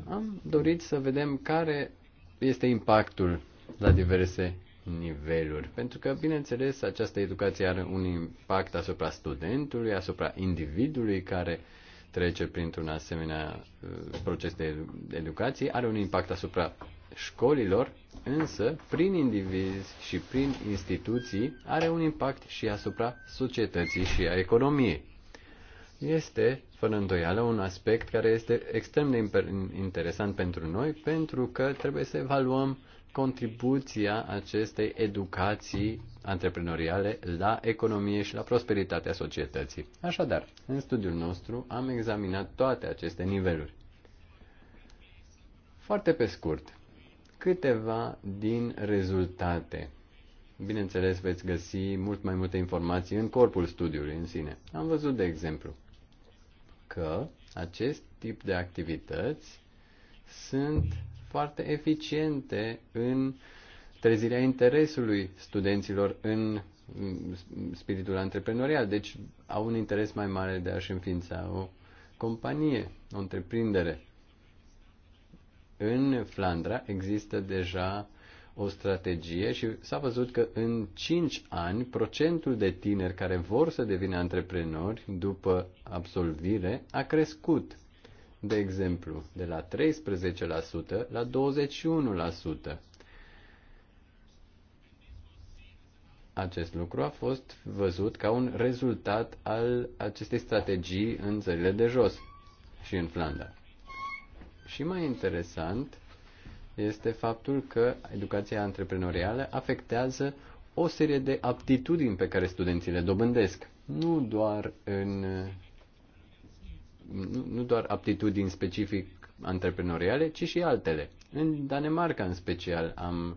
Am dorit să vedem care este impactul la diverse niveluri. Pentru că, bineînțeles, această educație are un impact asupra studentului, asupra individului care trece printr-un asemenea uh, proces de educație, are un impact asupra școlilor, însă, prin indivizi și prin instituții, are un impact și asupra societății și a economiei. Este fără îndoială, un aspect care este extrem de interesant pentru noi, pentru că trebuie să evaluăm contribuția acestei educații antreprenoriale la economie și la prosperitatea societății. Așadar, în studiul nostru am examinat toate aceste niveluri. Foarte pe scurt, câteva din rezultate. Bineînțeles, veți găsi mult mai multe informații în corpul studiului în sine. Am văzut, de exemplu, că acest tip de activități sunt foarte eficiente în trezirea interesului studenților în spiritul antreprenorial. Deci au un interes mai mare de a-și înființa o companie, o întreprindere. În Flandra există deja o strategie și s-a văzut că în 5 ani procentul de tineri care vor să devină antreprenori după absolvire a crescut, de exemplu, de la 13% la 21%. Acest lucru a fost văzut ca un rezultat al acestei strategii în țările de jos și în Flanda. Și mai interesant, este faptul că educația antreprenorială afectează o serie de aptitudini pe care studenții le dobândesc, nu doar în nu, nu doar aptitudini specific antreprenoriale, ci și altele. În Danemarca în special am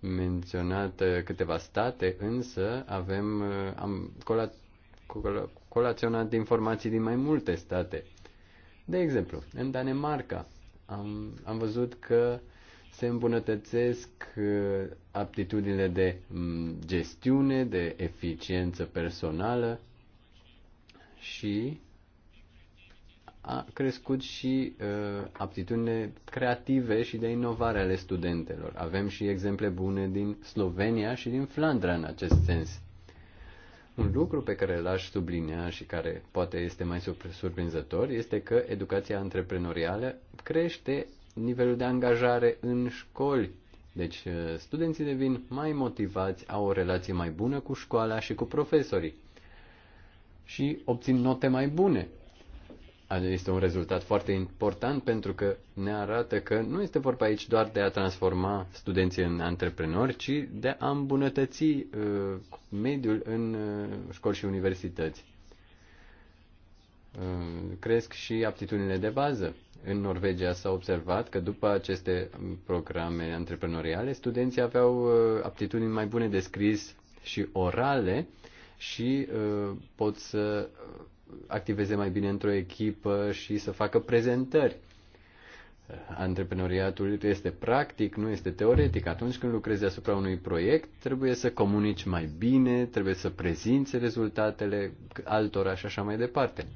menționat uh, câteva state, însă avem uh, am colat, colat, colaționat informații din mai multe state. De exemplu, în Danemarca am, am văzut că se îmbunătățesc uh, aptitudinile de mm, gestiune, de eficiență personală și a crescut și uh, aptitudine creative și de inovare ale studentelor. Avem și exemple bune din Slovenia și din Flandra în acest sens. Un lucru pe care l-aș sublinea și care poate este mai surprinzător este că educația antreprenorială crește nivelul de angajare în școli. Deci uh, studenții devin mai motivați, au o relație mai bună cu școala și cu profesorii și obțin note mai bune. Este un rezultat foarte important pentru că ne arată că nu este vorba aici doar de a transforma studenții în antreprenori, ci de a îmbunătăți uh, mediul în uh, școli și universități. Uh, cresc și aptitudinile de bază în Norvegia s-a observat că după aceste programe antreprenoriale, studenții aveau uh, aptitudini mai bune de scris și orale și uh, pot să uh, activeze mai bine într-o echipă și să facă prezentări. Antreprenoriatul este practic, nu este teoretic. Atunci când lucrezi asupra unui proiect, trebuie să comunici mai bine, trebuie să prezinți rezultatele altora și așa mai departe.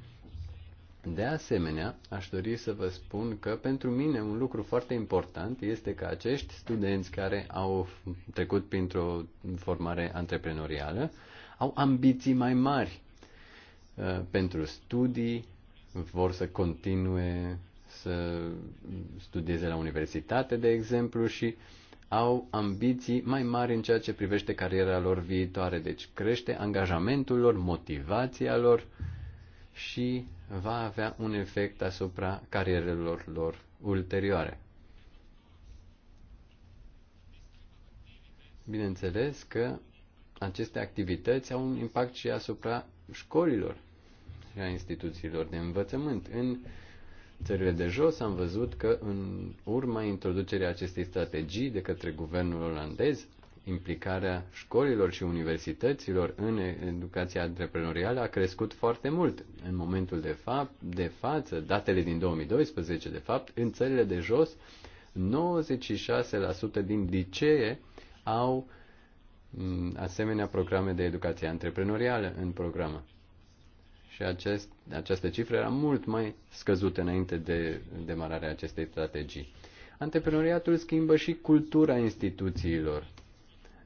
De asemenea, aș dori să vă spun că pentru mine un lucru foarte important este că acești studenți care au trecut printr-o formare antreprenorială au ambiții mai mari uh, pentru studii, vor să continue să studieze la universitate, de exemplu, și au ambiții mai mari în ceea ce privește cariera lor viitoare. Deci crește angajamentul lor, motivația lor, și va avea un efect asupra carierelor lor ulterioare. Bineînțeles că aceste activități au un impact și asupra școlilor și a instituțiilor de învățământ. În țările de jos am văzut că în urma introducerii acestei strategii de către guvernul olandez, implicarea școlilor și universităților în educația antreprenorială a crescut foarte mult. În momentul de, fa- de față, datele din 2012, de fapt, în țările de jos, 96% din licee au mm, asemenea programe de educație antreprenorială în programă. Și acest, această cifră era mult mai scăzută înainte de demararea acestei strategii. Antreprenoriatul schimbă și cultura instituțiilor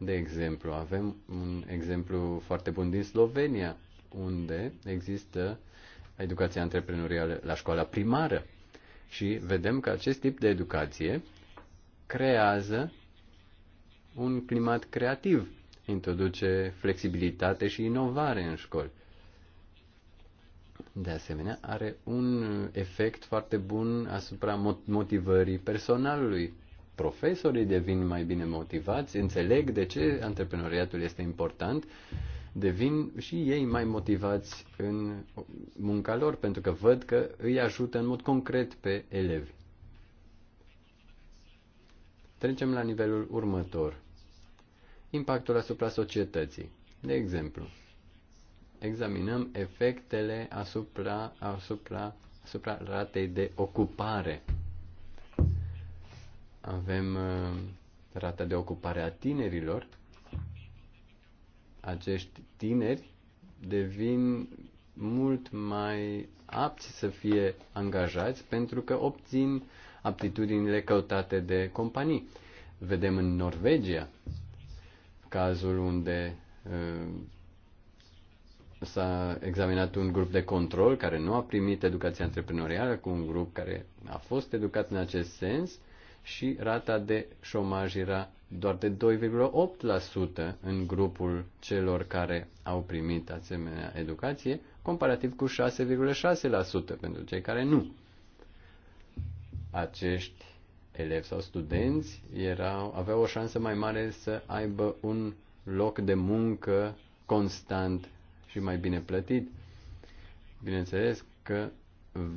de exemplu. Avem un exemplu foarte bun din Slovenia, unde există educația antreprenorială la școala primară. Și vedem că acest tip de educație creează un climat creativ, introduce flexibilitate și inovare în școli. De asemenea, are un efect foarte bun asupra motivării personalului profesorii devin mai bine motivați, înțeleg de ce antreprenoriatul este important, devin și ei mai motivați în munca lor, pentru că văd că îi ajută în mod concret pe elevi. Trecem la nivelul următor. Impactul asupra societății. De exemplu, examinăm efectele asupra, asupra, asupra ratei de ocupare avem uh, rata de ocupare a tinerilor. Acești tineri devin mult mai apți să fie angajați pentru că obțin aptitudinile căutate de companii. Vedem în Norvegia cazul unde uh, s-a examinat un grup de control care nu a primit educația antreprenorială cu un grup care a fost educat în acest sens și rata de șomaj era doar de 2,8% în grupul celor care au primit asemenea educație, comparativ cu 6,6% pentru cei care nu. Acești elevi sau studenți erau, aveau o șansă mai mare să aibă un loc de muncă constant și mai bine plătit. Bineînțeles că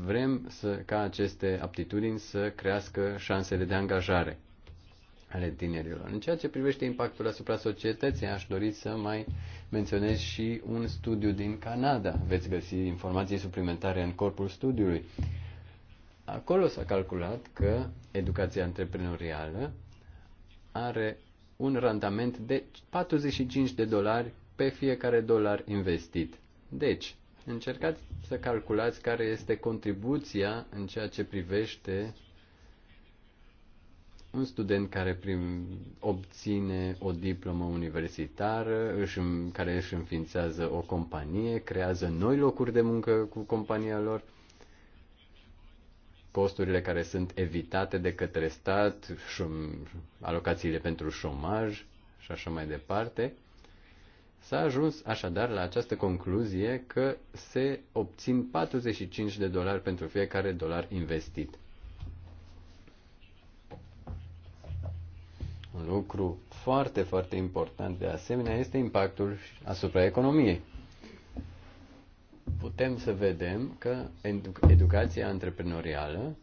vrem să, ca aceste aptitudini să crească șansele de angajare ale tinerilor. În ceea ce privește impactul asupra societății, aș dori să mai menționez și un studiu din Canada. Veți găsi informații suplimentare în corpul studiului. Acolo s-a calculat că educația antreprenorială are un randament de 45 de dolari pe fiecare dolar investit. Deci, Încercați să calculați care este contribuția în ceea ce privește un student care prim, obține o diplomă universitară, își, care își înființează o companie, creează noi locuri de muncă cu compania lor, costurile care sunt evitate de către stat, șom, alocațiile pentru șomaj și așa mai departe. S-a ajuns așadar la această concluzie că se obțin 45 de dolari pentru fiecare dolar investit. Un lucru foarte, foarte important de asemenea este impactul asupra economiei. Putem să vedem că educația antreprenorială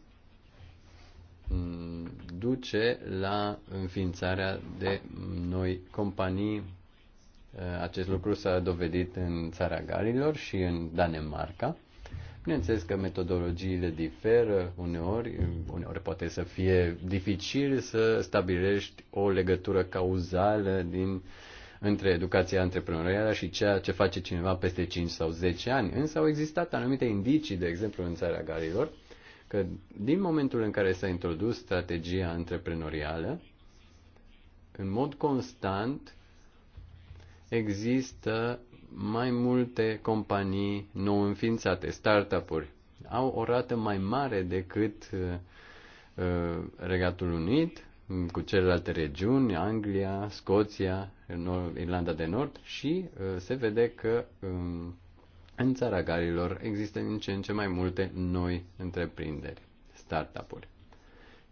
mm, duce la înființarea de noi companii Uh, acest lucru s-a dovedit în țara Galilor și în Danemarca. Bineînțeles că metodologiile diferă uneori, uneori poate să fie dificil să stabilești o legătură cauzală din, între educația antreprenorială și ceea ce face cineva peste 5 sau 10 ani. Însă au existat anumite indicii, de exemplu în țara Galilor, că din momentul în care s-a introdus strategia antreprenorială, în mod constant, există mai multe companii nou înființate, startup-uri. Au o rată mai mare decât uh, Regatul Unit, cu celelalte regiuni, Anglia, Scoția, Irlanda de Nord și uh, se vede că um, în țara galilor există din ce în ce mai multe noi întreprinderi, startup-uri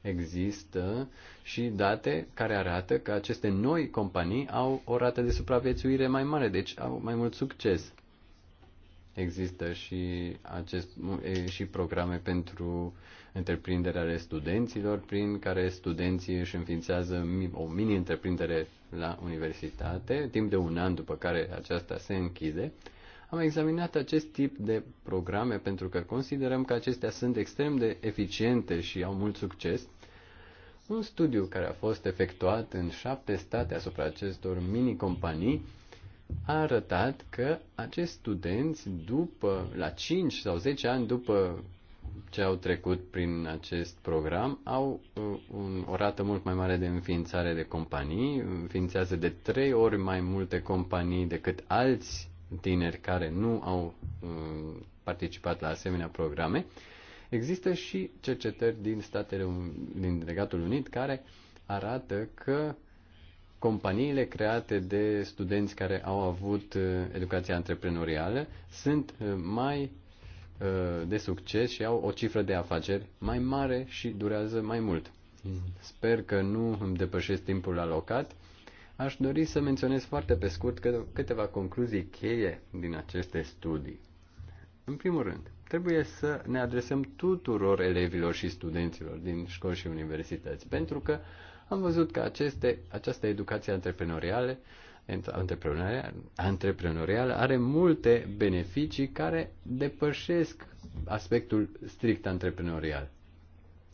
există și date care arată că aceste noi companii au o rată de supraviețuire mai mare, deci au mai mult succes. Există și, acest, și programe pentru întreprinderea ale studenților, prin care studenții își înființează o mini-întreprindere la universitate, timp de un an după care aceasta se închide am examinat acest tip de programe pentru că considerăm că acestea sunt extrem de eficiente și au mult succes. Un studiu care a fost efectuat în șapte state asupra acestor mini-companii a arătat că acești studenți, după, la 5 sau 10 ani după ce au trecut prin acest program, au uh, un, o rată mult mai mare de înființare de companii, înființează de 3 ori mai multe companii decât alți tineri care nu au uh, participat la asemenea programe. Există și cercetări din statele din Regatul Unit care arată că companiile create de studenți care au avut uh, educația antreprenorială sunt uh, mai de succes și au o cifră de afaceri mai mare și durează mai mult. Mm. Sper că nu îmi depășesc timpul alocat Aș dori să menționez foarte pe scurt câteva concluzii cheie din aceste studii. În primul rând, trebuie să ne adresăm tuturor elevilor și studenților din școli și universități, pentru că am văzut că aceste, această educație antreprenorială, antreprenorială are multe beneficii care depășesc aspectul strict antreprenorial.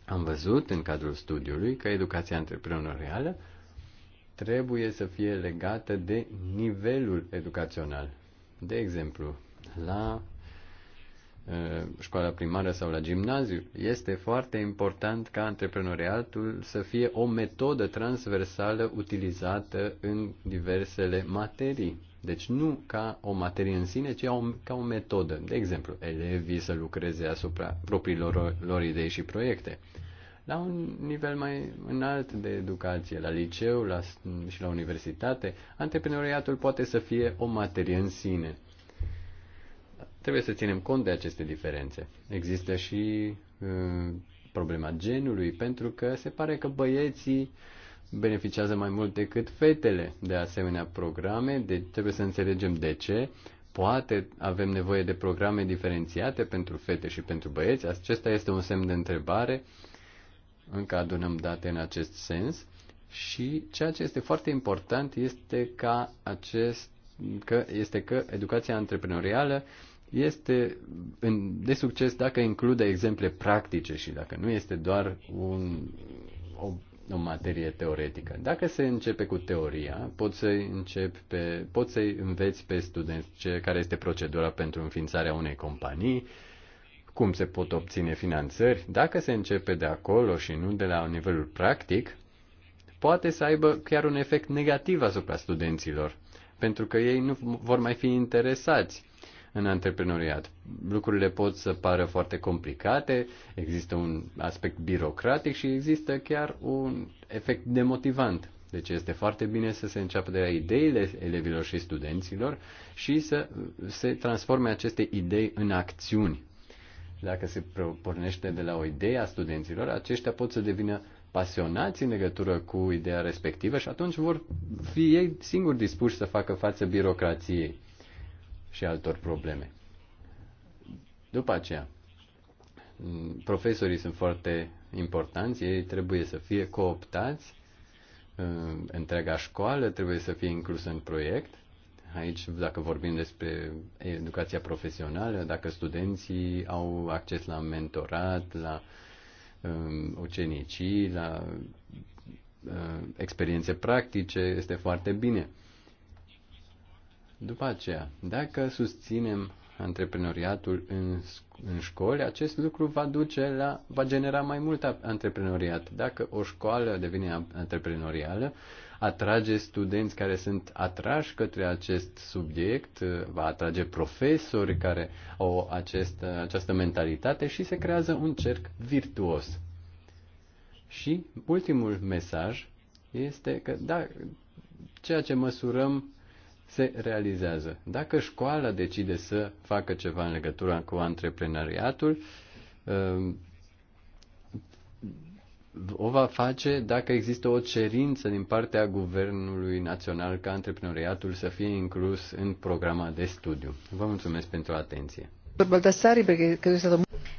Am văzut în cadrul studiului că educația antreprenorială trebuie să fie legată de nivelul educațional. De exemplu, la uh, școala primară sau la gimnaziu, este foarte important ca antreprenoriatul să fie o metodă transversală utilizată în diversele materii. Deci nu ca o materie în sine, ci ca o metodă. De exemplu, elevii să lucreze asupra propriilor lor idei și proiecte la un nivel mai înalt de educație, la liceu la, și la universitate, antreprenoriatul poate să fie o materie în sine. Trebuie să ținem cont de aceste diferențe. Există și uh, problema genului, pentru că se pare că băieții beneficiază mai mult decât fetele de asemenea programe, deci trebuie să înțelegem de ce. Poate avem nevoie de programe diferențiate pentru fete și pentru băieți. Acesta este un semn de întrebare. Uh, încă adunăm date în acest sens și ceea ce este foarte important este ca acest că este că educația antreprenorială este de succes dacă include exemple practice și dacă nu este doar un, o, o materie teoretică. Dacă se începe cu teoria, poți să încep pe, poți să înveți pe studenți ce, care este procedura pentru înființarea unei companii, cum se pot obține finanțări, dacă se începe de acolo și nu de la un nivelul practic, poate să aibă chiar un efect negativ asupra studenților, pentru că ei nu vor mai fi interesați în antreprenoriat. Lucrurile pot să pară foarte complicate, există un aspect birocratic și există chiar un efect demotivant. Deci este foarte bine să se înceapă de la ideile elevilor și studenților și să se transforme aceste idei în acțiuni dacă se pornește de la o idee a studenților, aceștia pot să devină pasionați în legătură cu ideea respectivă și atunci vor fi ei singuri dispuși să facă față birocrației și altor probleme. După aceea, profesorii sunt foarte importanți, ei trebuie să fie cooptați, uh, întreaga școală trebuie să fie inclusă în proiect aici, dacă vorbim despre educația profesională, dacă studenții au acces la mentorat, la um, ucenicii, la uh, experiențe practice, este foarte bine. După aceea, dacă susținem antreprenoriatul în, în școli, acest lucru va duce la, va genera mai mult antreprenoriat. Dacă o școală devine antreprenorială, atrage studenți care sunt atrași către acest subiect, va atrage profesori care au acest, această mentalitate și se creează un cerc virtuos. Și ultimul mesaj este că da, ceea ce măsurăm se realizează. Dacă școala decide să facă ceva în legătură cu antreprenariatul, um, o va face dacă există o cerință din partea Guvernului Național ca antreprenoriatul să fie inclus în programa de studiu. Vă mulțumesc pentru atenție.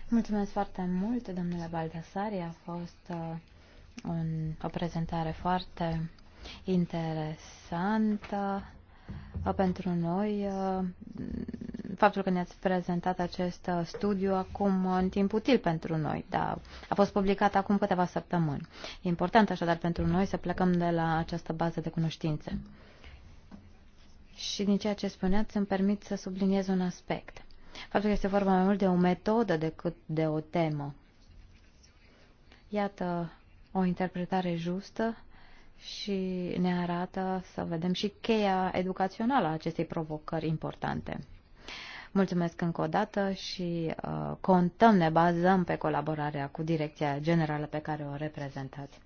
Mulțumesc foarte mult, domnule Baldassari. A fost uh, un, o prezentare foarte interesantă Uh, pentru noi uh, faptul că ne-ați prezentat acest uh, studiu acum în timp util pentru noi. Da, a fost publicat acum câteva săptămâni. E important așadar pentru noi să plecăm de la această bază de cunoștințe. Și din ceea ce spuneați, îmi permit să subliniez un aspect. Faptul că este vorba mai mult de o metodă decât de o temă. Iată o interpretare justă și ne arată să vedem și cheia educațională a acestei provocări importante. Mulțumesc încă o dată și uh, contăm, ne bazăm pe colaborarea cu direcția generală pe care o reprezentați.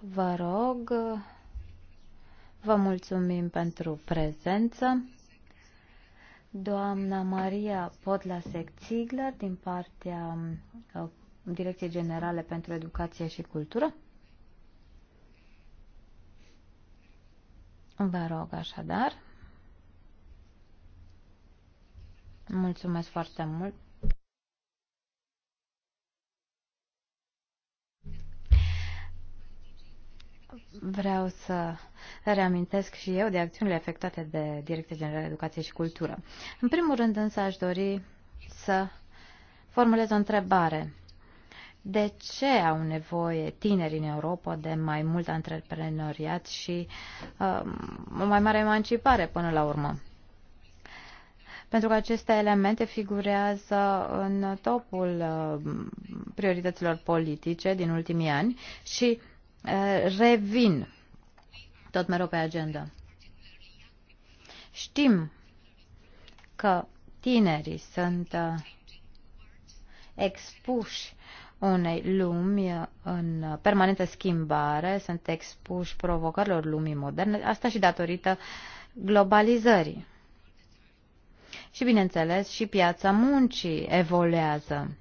Vă rog, vă mulțumim pentru prezență. Doamna Maria Podlasek-Ziegler din partea uh, Direcție Generale pentru Educație și Cultură? Vă rog așadar. Mulțumesc foarte mult. Vreau să reamintesc și eu de acțiunile efectuate de Direcția Generală Educație și Cultură. În primul rând însă aș dori să formulez o întrebare de ce au nevoie tinerii în Europa de mai mult antreprenoriat și uh, o mai mare emancipare până la urmă. Pentru că aceste elemente figurează în topul uh, priorităților politice din ultimii ani și uh, revin tot mereu pe agenda. Știm că tinerii sunt uh, expuși unei lumi în permanentă schimbare, sunt expuși provocărilor lumii moderne, asta și datorită globalizării. Și, bineînțeles, și piața muncii evoluează.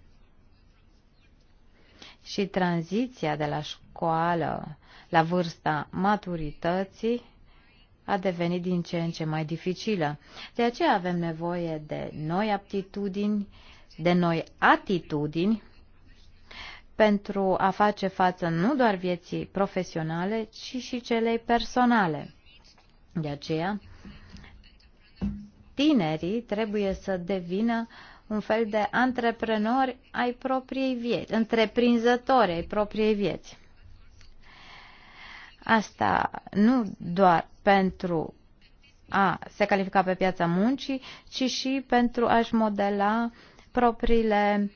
Și tranziția de la școală la vârsta maturității a devenit din ce în ce mai dificilă. De aceea avem nevoie de noi aptitudini, de noi atitudini pentru a face față nu doar vieții profesionale, ci și celei personale. De aceea, tinerii trebuie să devină un fel de antreprenori ai propriei vieți, întreprinzători ai propriei vieți. Asta nu doar pentru a se califica pe piața muncii, ci și pentru a-și modela propriile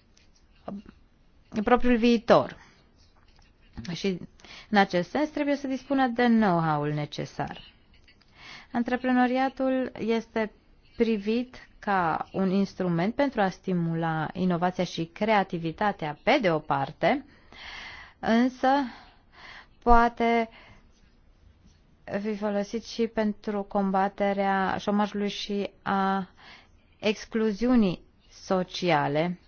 propriul viitor. Și în acest sens trebuie să dispună de know-how-ul necesar. Antreprenoriatul este privit ca un instrument pentru a stimula inovația și creativitatea pe de o parte, însă poate fi folosit și pentru combaterea șomajului și a excluziunii sociale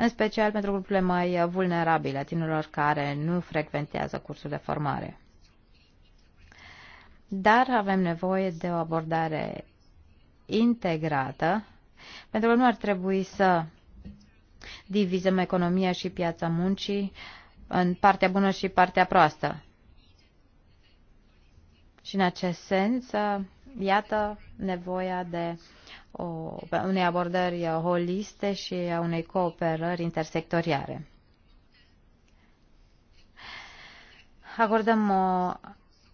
în special pentru grupurile mai uh, vulnerabile, tinerilor care nu frecventează cursuri de formare. Dar avem nevoie de o abordare integrată, pentru că nu ar trebui să divizăm economia și piața muncii în partea bună și partea proastă. Și în acest sens, uh, iată nevoia de o, unei abordări holiste și a unei cooperări intersectoriare. Acordăm o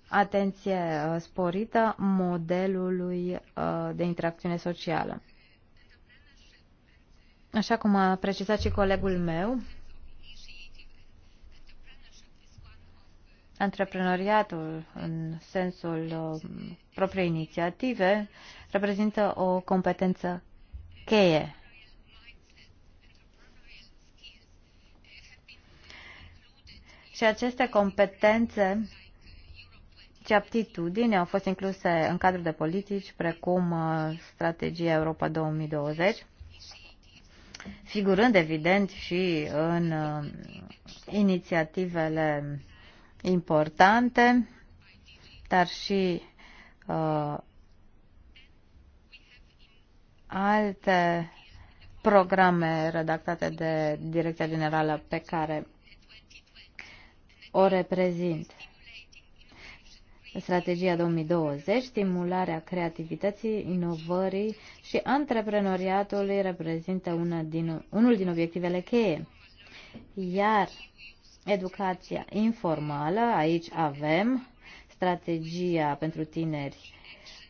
atenție sporită modelului de interacțiune socială. Așa cum a precizat și colegul meu, antreprenoriatul în sensul uh, propriei inițiative reprezintă o competență cheie. Și aceste competențe și aptitudini au fost incluse în cadrul de politici precum uh, strategia Europa 2020 figurând evident și în uh, inițiativele importante, dar și uh, alte programe redactate de Direcția Generală pe care o reprezint. Strategia 2020, stimularea creativității, inovării și antreprenoriatului reprezintă una din, unul din obiectivele cheie. Iar Educația informală, aici avem strategia pentru tineri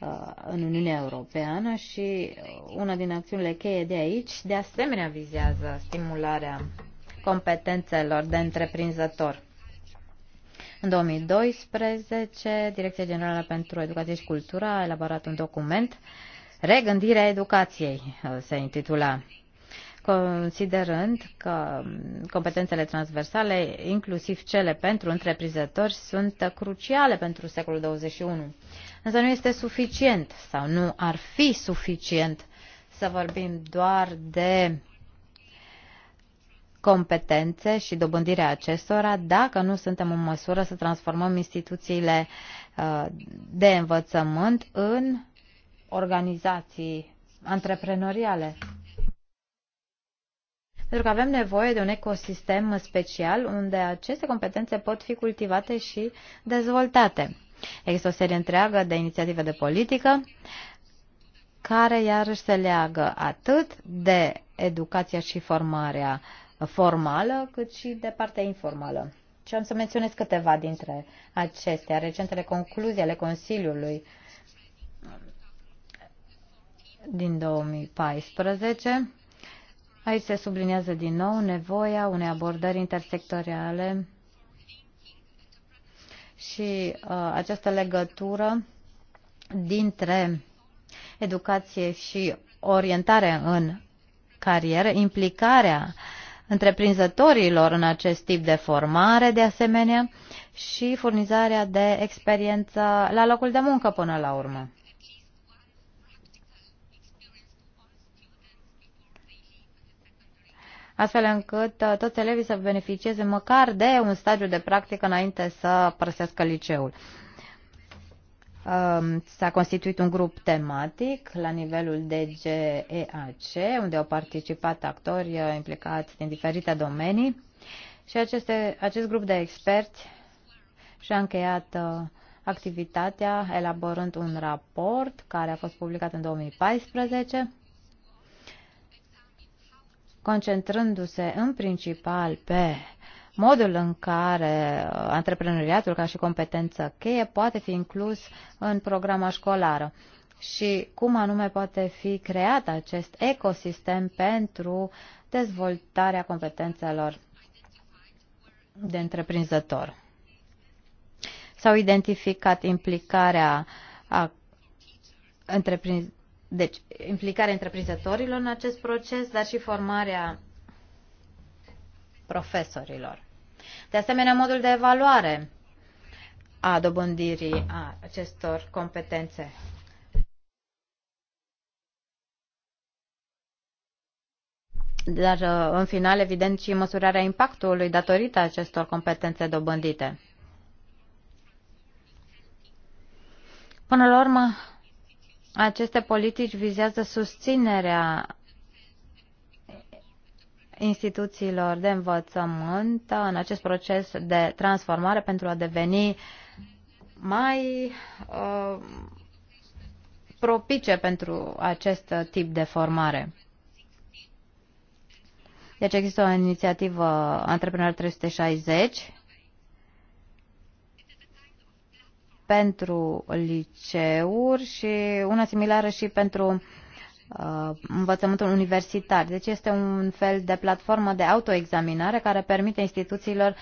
uh, în Uniunea Europeană și uh, una din acțiunile cheie de aici, de asemenea, vizează stimularea competențelor de întreprinzător. În 2012, Direcția Generală pentru Educație și Cultura a elaborat un document Regândirea educației uh, se intitula considerând că competențele transversale, inclusiv cele pentru întreprinzători, sunt cruciale pentru secolul 21. Însă nu este suficient sau nu ar fi suficient să vorbim doar de competențe și dobândirea acestora dacă nu suntem în măsură să transformăm instituțiile uh, de învățământ în organizații antreprenoriale. Pentru că avem nevoie de un ecosistem special unde aceste competențe pot fi cultivate și dezvoltate. Există o serie întreagă de inițiative de politică care iarăși se leagă atât de educația și formarea formală, cât și de partea informală. Și am să menționez câteva dintre acestea. Recentele concluzii ale Consiliului din 2014 Aici se subliniază din nou nevoia unei abordări intersectoriale și uh, această legătură dintre educație și orientare în carieră, implicarea întreprinzătorilor în acest tip de formare, de asemenea, și furnizarea de experiență la locul de muncă până la urmă. astfel încât uh, toți elevii să beneficieze măcar de un stagiu de practică înainte să părăsească liceul. Um, s-a constituit un grup tematic la nivelul DGEAC, unde au participat actori uh, implicați din diferite domenii și aceste, acest grup de experți și-a încheiat uh, activitatea elaborând un raport care a fost publicat în 2014 concentrându-se în principal pe modul în care uh, antreprenoriatul ca și competență cheie poate fi inclus în programa școlară și cum anume poate fi creat acest ecosistem pentru dezvoltarea competențelor de întreprinzător. S-au identificat implicarea a întreprin- deci, implicarea întreprinzătorilor în acest proces, dar și formarea profesorilor. De asemenea, modul de evaluare a dobândirii a acestor competențe. Dar, în final, evident, și măsurarea impactului datorită acestor competențe dobândite. Până la urmă, aceste politici vizează susținerea instituțiilor de învățământ în acest proces de transformare pentru a deveni mai uh, propice pentru acest tip de formare. Deci există o inițiativă Antreprenor 360 pentru liceuri și una similară și pentru uh, învățământul universitar. Deci este un fel de platformă de autoexaminare care permite instituțiilor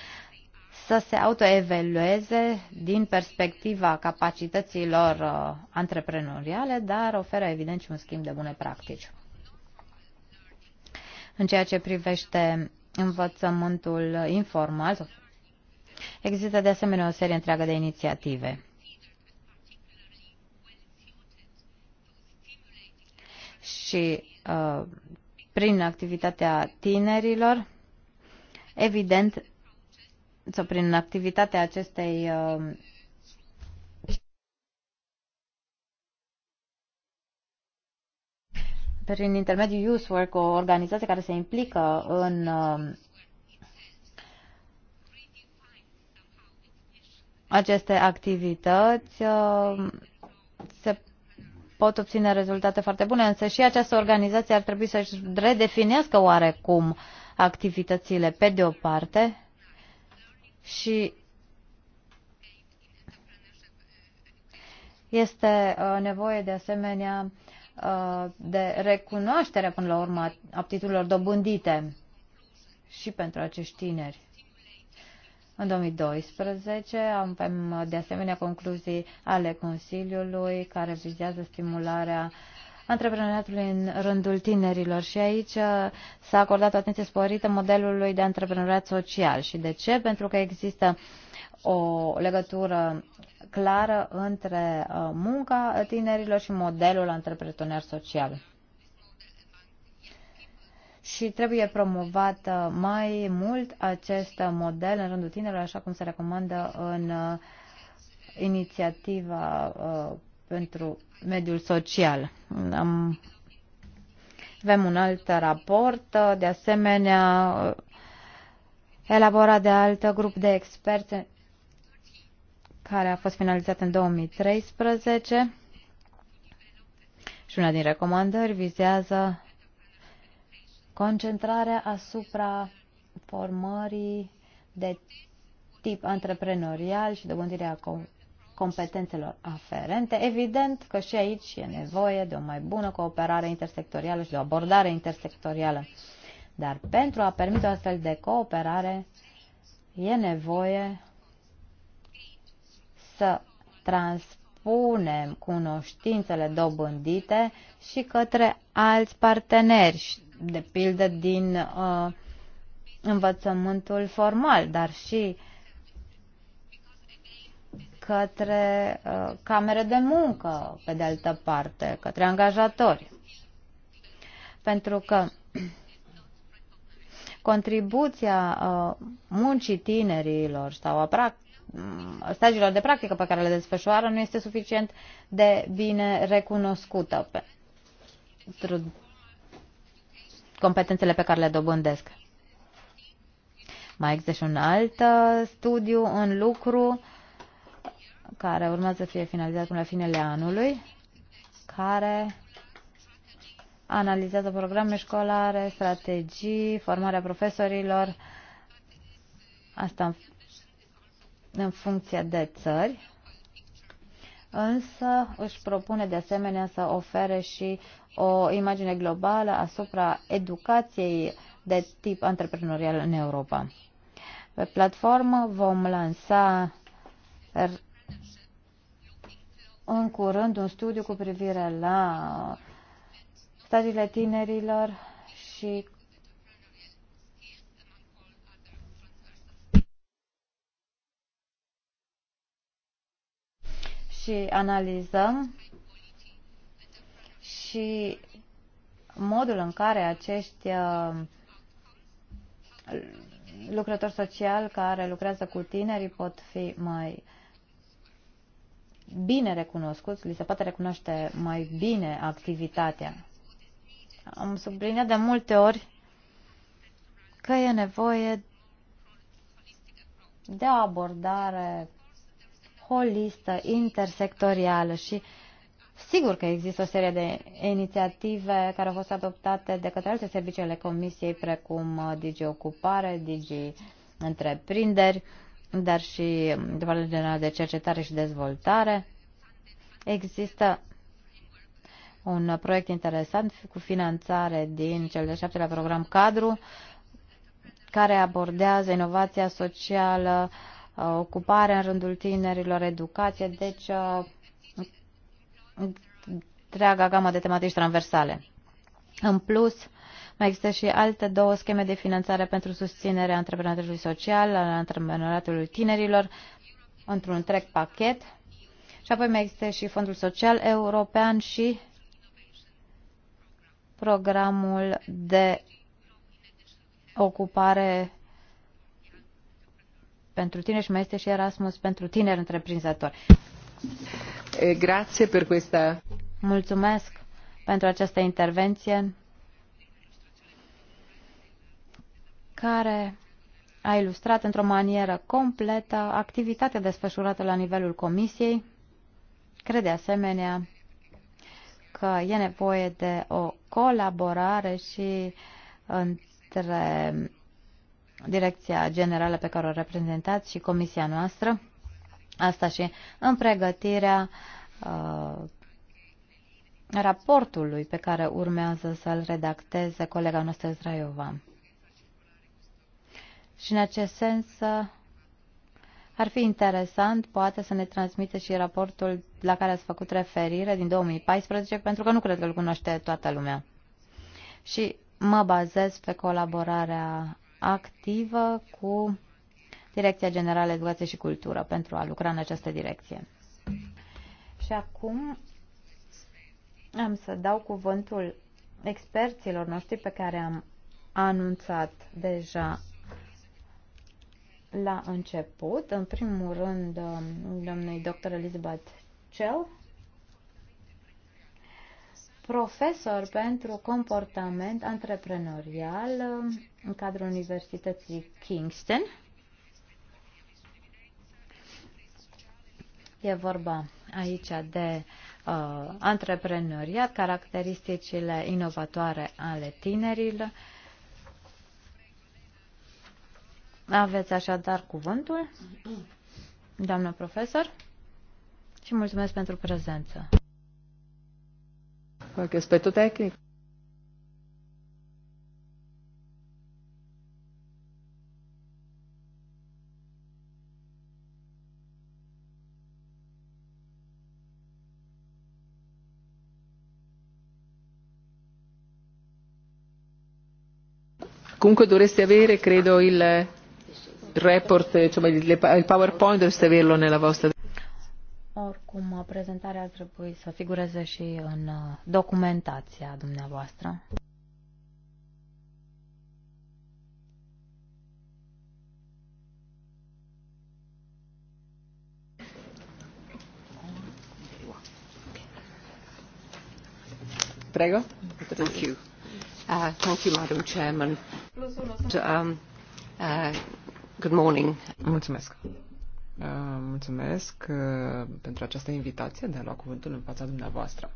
să se autoevalueze din perspectiva capacităților uh, antreprenoriale, dar oferă evident și un schimb de bune practici. În ceea ce privește învățământul informal, există de asemenea o serie întreagă de inițiative. și uh, prin activitatea tinerilor, evident, sau prin activitatea acestei uh, prin intermediul Youth Work, o organizație care se implică în uh, aceste activități, uh, se pot obține rezultate foarte bune, însă și această organizație ar trebui să-și redefinească oarecum activitățile pe de o parte și este uh, nevoie de asemenea uh, de recunoaștere până la urmă titlurilor dobândite și pentru acești tineri. În 2012 avem de asemenea concluzii ale Consiliului care vizează stimularea antreprenoriatului în rândul tinerilor și aici uh, s-a acordat o atenție sporită modelului de antreprenoriat social. Și de ce? Pentru că există o legătură clară între uh, munca tinerilor și modelul antreprenorial social și trebuie promovat uh, mai mult acest model în rândul tinerilor, așa cum se recomandă în uh, inițiativa uh, pentru mediul social. Am, avem un alt raport, de asemenea elaborat de alt grup de experți care a fost finalizat în 2013 și una din recomandări vizează Concentrarea asupra formării de tip antreprenorial și dobândirea competențelor aferente. Evident că și aici e nevoie de o mai bună cooperare intersectorială și de o abordare intersectorială. Dar pentru a permite o astfel de cooperare, e nevoie să transpunem cunoștințele dobândite și către alți parteneri de pildă din uh, învățământul formal, dar și către uh, camere de muncă, pe de altă parte, către angajatori. Pentru că contribuția uh, muncii tinerilor sau a prac- mm, stagiilor de practică pe care le desfășoară nu este suficient de bine recunoscută pentru competențele pe care le dobândesc. Mai există și un alt uh, studiu în lucru care urmează să fie finalizat până la finele anului, care analizează programe școlare, strategii, formarea profesorilor, asta în funcție de țări însă își propune de asemenea să ofere și o imagine globală asupra educației de tip antreprenorial în Europa. Pe platformă vom lansa în curând un studiu cu privire la stadiile tinerilor și și analizăm și modul în care acești uh, lucrători sociali care lucrează cu tinerii pot fi mai bine recunoscuți, li se poate recunoaște mai bine activitatea. Am subliniat de multe ori că e nevoie de o abordare holistă, intersectorială și sigur că există o serie de inițiative care au fost adoptate de către alte servicii ale Comisiei, precum uh, Digi Ocupare, Digi Întreprinderi, dar și Departamentul um, General de Cercetare și Dezvoltare. Există un uh, proiect interesant cu finanțare din cel de șaptelea program cadru care abordează inovația socială, Uh, ocupare în rândul tinerilor, educație, deci uh, întreaga gamă de tematici transversale. În plus, mai există și alte două scheme de finanțare pentru susținerea antreprenorului social, al antreprenoratului tinerilor, într-un întreg pachet. Și apoi mai există și Fondul Social European și programul de ocupare pentru tine și mai este și Erasmus pentru tineri întreprinzători. Grazie per questa... Mulțumesc pentru această intervenție care a ilustrat într-o manieră completă activitatea desfășurată la nivelul Comisiei. Cred de asemenea că e nevoie de o colaborare și între direcția generală pe care o reprezentați și comisia noastră, asta și în pregătirea uh, raportului pe care urmează să-l redacteze colega noastră Zraiova. Și în acest sens uh, ar fi interesant poate să ne transmite și raportul la care ați făcut referire din 2014, pentru că nu cred că îl cunoaște toată lumea. Și mă bazez pe colaborarea activă cu Direcția Generală Educație și Cultură pentru a lucra în această direcție. Și acum am să dau cuvântul experților noștri pe care am anunțat deja la început. În primul rând, domnului dr. Elizabeth Cel, profesor pentru comportament antreprenorial în cadrul Universității Kingston. E vorba aici de uh, antreprenoriat, caracteristicile inovatoare ale tinerilor. Aveți așadar cuvântul, doamnă profesor, și mulțumesc pentru prezență. Okay, comunque dovreste avere credo il report insomma il powerpoint dovreste averlo nella vostra oricum prezentarea ar trebui să figureze și în uh, documentația dumneavoastră. Prego. Thank you. Uh, um, uh, mulțumesc. Uh, pentru această invitație de a lua cuvântul în fața dumneavoastră.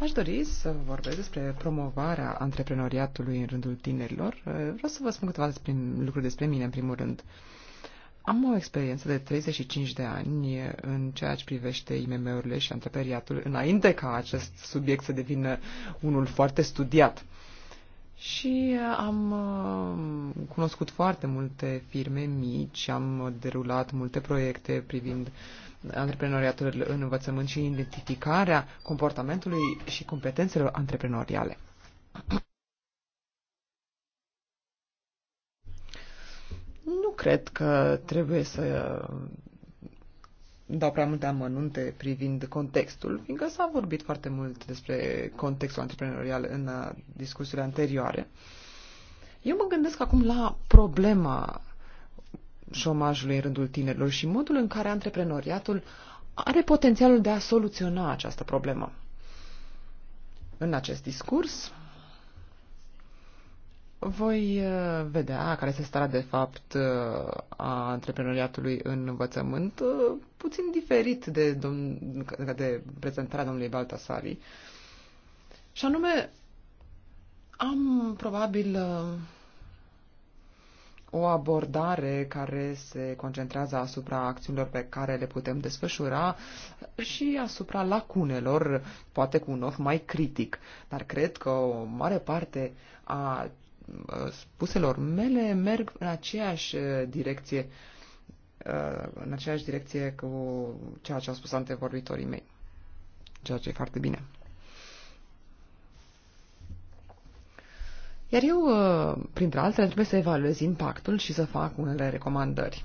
Aș dori să vorbesc despre promovarea antreprenoriatului în rândul tinerilor. Vreau să vă spun câteva despre, lucruri despre mine, în primul rând. Am o experiență de 35 de ani în ceea ce privește IMM-urile și antreprenoriatul, înainte ca acest subiect să devină unul foarte studiat. Și uh, am uh, cunoscut foarte multe firme mici, am derulat multe proiecte privind antreprenoriatul în învățământ și identificarea comportamentului și competențelor antreprenoriale. Nu cred că trebuie să dau prea multe amănunte privind contextul, fiindcă s-a vorbit foarte mult despre contextul antreprenorial în uh, discursurile anterioare. Eu mă gândesc acum la problema șomajului în rândul tinerilor și modul în care antreprenoriatul are potențialul de a soluționa această problemă. În acest discurs voi uh, vedea care este starea de fapt uh, a antreprenoriatului în învățământ, uh, puțin diferit de, dom- de prezentarea domnului Baltasari. Și anume, am probabil o abordare care se concentrează asupra acțiunilor pe care le putem desfășura și asupra lacunelor, poate cu un ochi mai critic. Dar cred că o mare parte a spuselor mele merg în aceeași uh, direcție, uh, în aceeași direcție cu ceea ce au spus antevorbitorii mei, ceea ce e foarte bine. Iar eu, uh, printre altele, trebuie să evaluez impactul și să fac unele recomandări.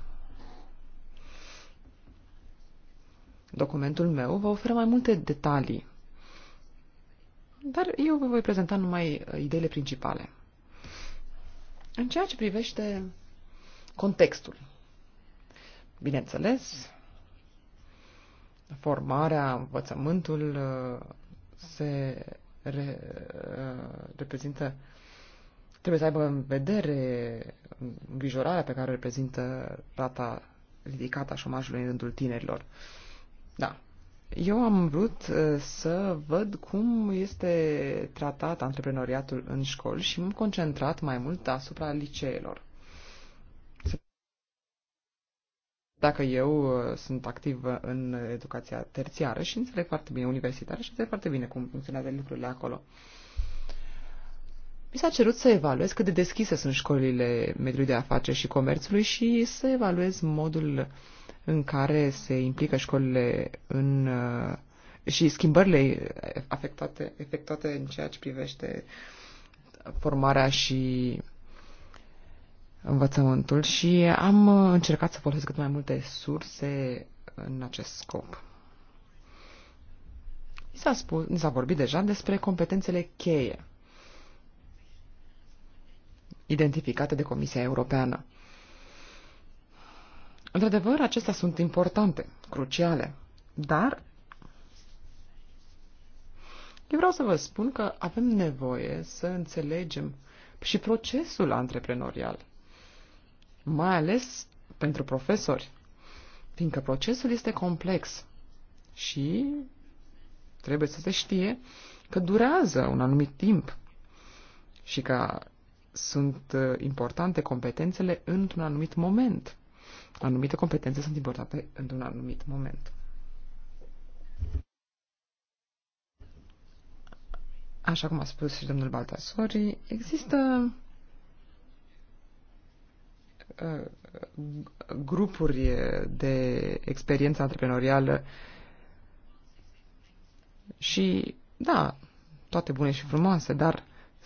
Documentul meu vă oferă mai multe detalii, dar eu vă voi prezenta numai ideile principale. În ceea ce privește contextul, bineînțeles, formarea, învățământul uh, se re, uh, reprezintă, trebuie să aibă în vedere îngrijorarea pe care reprezintă rata ridicată a șomajului în rândul tinerilor. Da, eu am vrut uh, să văd cum este tratat antreprenoriatul în școli și m-am concentrat mai mult asupra liceelor. Dacă eu uh, sunt activ în educația terțiară și înțeleg foarte bine universitară și înțeleg foarte bine cum funcționează lucrurile acolo. Mi s-a cerut să evaluez cât de deschise sunt școlile mediului de afaceri și comerțului și să evaluez modul uh, în care se implică școlile în, uh, și schimbările afectate, efectuate în ceea ce privește formarea și învățământul și am uh, încercat să folosesc cât mai multe surse în acest scop. Mi s-a, spus, mi s-a vorbit deja despre competențele cheie identificate de Comisia Europeană. Într-adevăr, acestea sunt importante, cruciale, dar eu vreau să vă spun că avem nevoie să înțelegem și procesul antreprenorial, mai ales pentru profesori, fiindcă procesul este complex și trebuie să se știe că durează un anumit timp și că sunt uh, importante competențele într-un anumit moment anumite competențe sunt importante într-un anumit moment. Așa cum a spus și domnul Baltasori, există uh, grupuri de experiență antreprenorială și, da, toate bune și frumoase, dar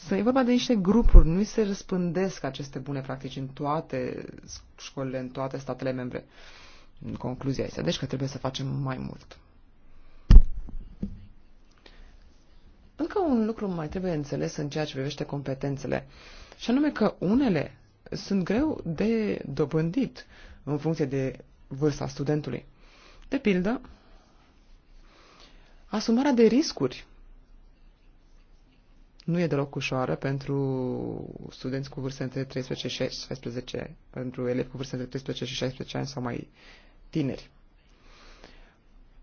să e vorba de niște grupuri, nu se răspândesc aceste bune practici în toate școlile, în toate statele membre. Concluzia este deci că trebuie să facem mai mult. Încă un lucru mai trebuie înțeles în ceea ce privește competențele, și anume că unele sunt greu de dobândit în funcție de vârsta studentului. De pildă, asumarea de riscuri nu e deloc ușoară pentru studenți cu vârste între 13 și 16, pentru elevi cu vârste între 13 și 16 ani sau mai tineri.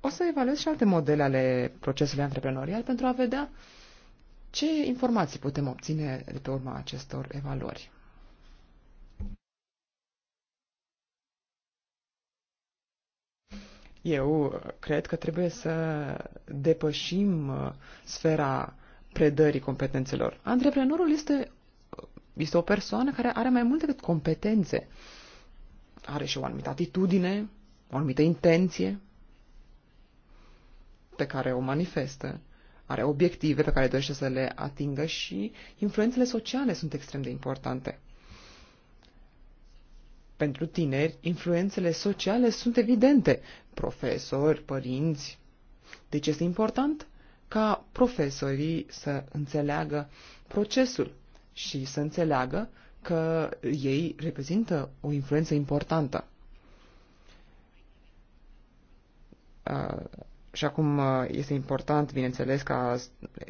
O să evaluez și alte modele ale procesului antreprenorial pentru a vedea ce informații putem obține de pe urma acestor evaluări. Eu cred că trebuie să depășim uh, sfera predării competențelor. Antreprenorul este, este o persoană care are mai mult decât competențe. Are și o anumită atitudine, o anumită intenție pe care o manifestă. Are obiective pe care dorește să le atingă și influențele sociale sunt extrem de importante. Pentru tineri, influențele sociale sunt evidente. Profesori, părinți. De deci ce este important? profesorii să înțeleagă procesul și să înțeleagă că ei reprezintă o influență importantă. Și acum este important, bineînțeles, ca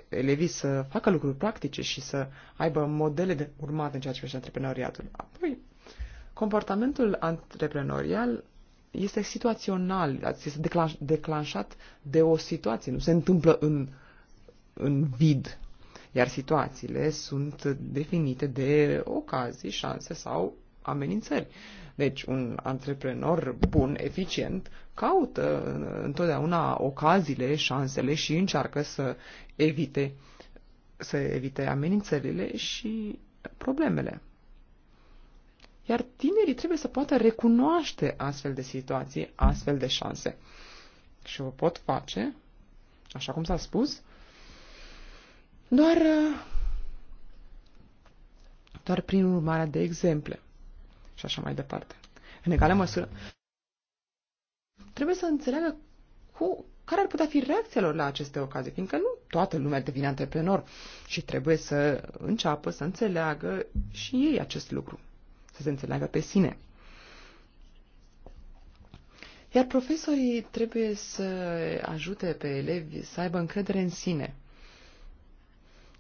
elevii să facă lucruri practice și să aibă modele de urmat în ceea ce privește antreprenoriatul. Apoi, comportamentul antreprenorial este situațional, este declanșat de o situație, nu se întâmplă în uh, în vid, iar situațiile sunt definite de ocazii, șanse sau amenințări. Deci un antreprenor bun, eficient, caută întotdeauna ocaziile, șansele și încearcă să evite, să evite amenințările și problemele. Iar tinerii trebuie să poată recunoaște astfel de situații, astfel de șanse. Și o pot face, așa cum s-a spus, doar, uh, doar prin urmarea de exemple și așa mai departe. În egală măsură, trebuie să înțeleagă cu, care ar putea fi reacția lor la aceste ocazii, fiindcă nu toată lumea devine antreprenor și trebuie să înceapă să înțeleagă și ei acest lucru, să se înțeleagă pe sine. Iar profesorii trebuie să ajute pe elevi să aibă încredere în sine,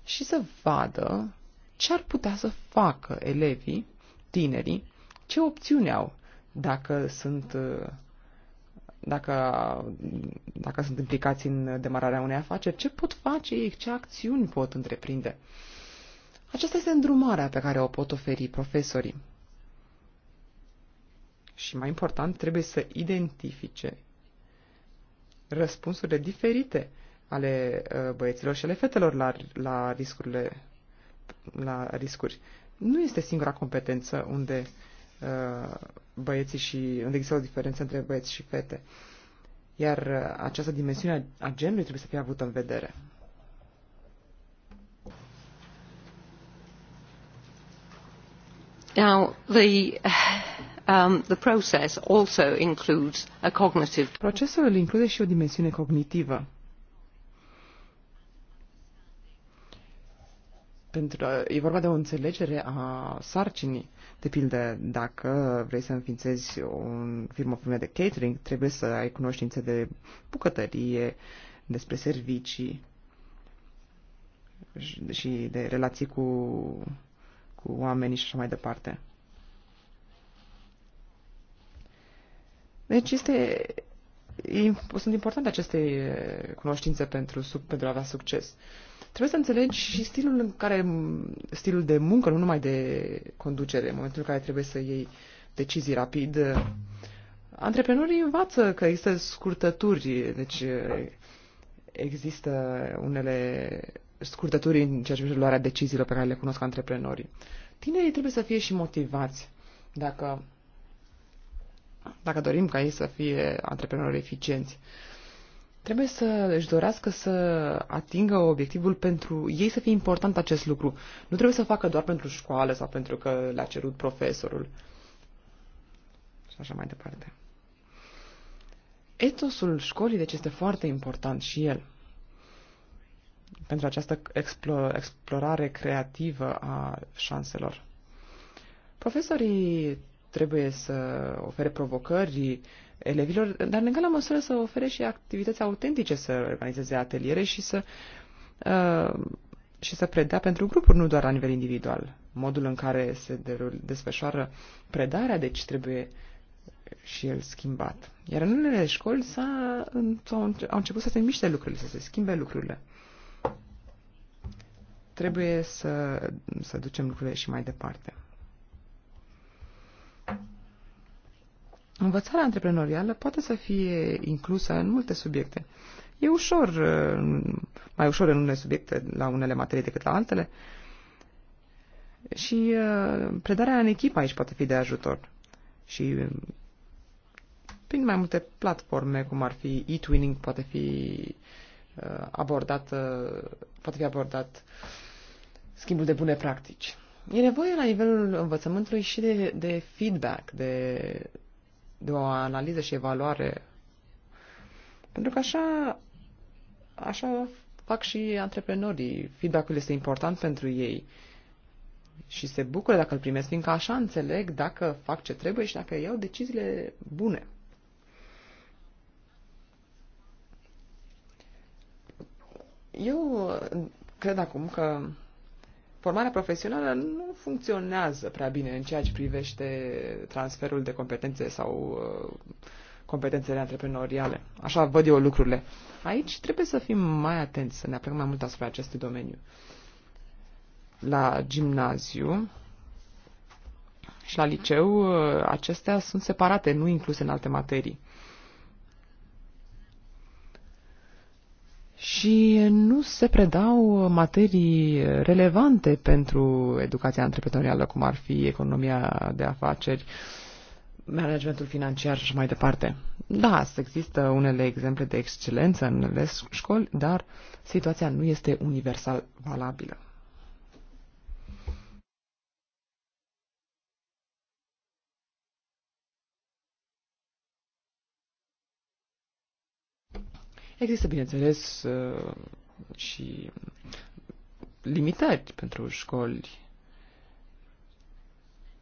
și să vadă ce ar putea să facă elevii, tinerii, ce opțiuni au dacă sunt dacă, dacă sunt implicați în demararea unei afaceri, ce pot face ei, ce acțiuni pot întreprinde. Aceasta este îndrumarea pe care o pot oferi profesorii. Și mai important, trebuie să identifice răspunsurile diferite ale uh, băieților și ale fetelor la, la, riscurile, la riscuri. Nu este singura competență unde uh, băieții și unde există o diferență între băieți și fete. Iar uh, această dimensiune a genului trebuie să fie avută în vedere. Now, the, um, the process also includes a cognitive... Procesul include și o dimensiune cognitivă. pentru, e vorba de o înțelegere a sarcinii. De pildă, dacă vrei să înființezi o firmă, o de catering, trebuie să ai cunoștințe de bucătărie, despre servicii și de relații cu, cu oamenii și așa mai departe. Deci este, sunt importante aceste cunoștințe pentru, pentru a avea succes. Uh, Trebuie să înțelegi și stilul în care, stilul de muncă, nu numai de conducere, în momentul în care trebuie să iei decizii rapid. Antreprenorii învață că există scurtături, deci eh, există unele scurtături în ceea ce privește luarea deciziilor pe care le cunosc antreprenorii. Tinerii trebuie să fie și motivați. Dacă, dacă dorim ca ei să fie antreprenori eficienți, trebuie să își dorească să atingă obiectivul pentru ei să fie important acest lucru. Nu trebuie să facă doar pentru școală sau pentru că le-a cerut profesorul. Și așa mai departe. Etosul școlii, deci, este foarte important și el. Pentru această explorare creativă a șanselor. Profesorii trebuie să ofere provocări elevilor, dar în egală măsură să ofere și activități autentice, să organizeze ateliere și să, uh, și să predea pentru grupuri, nu doar la nivel individual. Modul în care se desfășoară predarea, deci trebuie și el schimbat. Iar în unele școli s-a, au început să se miște lucrurile, să se schimbe lucrurile. Trebuie să, să ducem lucrurile și mai departe. Învățarea antreprenorială poate să fie inclusă în multe subiecte. E ușor, uh, mai ușor în unele subiecte, la unele materii decât la altele. Și uh, predarea în echipă aici poate fi de ajutor. Și uh, prin mai multe platforme, cum ar fi e-twinning, poate fi abordat, poate fi abordat schimbul de bune practici. E nevoie la nivelul învățământului și de, de feedback, de de o analiză și evaluare. Pentru că așa, așa fac și antreprenorii. Feedback-ul este important pentru ei și se bucură dacă îl primesc, fiindcă așa înțeleg dacă fac ce trebuie și dacă iau deciziile bune. Eu cred acum că formarea profesională nu funcționează prea bine în ceea ce privește transferul de competențe sau uh, competențele antreprenoriale. Așa văd eu lucrurile. Aici trebuie să fim mai atenți, să ne aplicăm mai mult asupra acestui domeniu. La gimnaziu și la liceu, uh, acestea sunt separate, nu incluse în alte materii. și nu se predau materii relevante pentru educația antreprenorială, cum ar fi economia de afaceri, managementul financiar și mai departe. Da, există unele exemple de excelență în unele școli, dar situația nu este universal valabilă. Există, bineînțeles, uh, și limitări pentru școli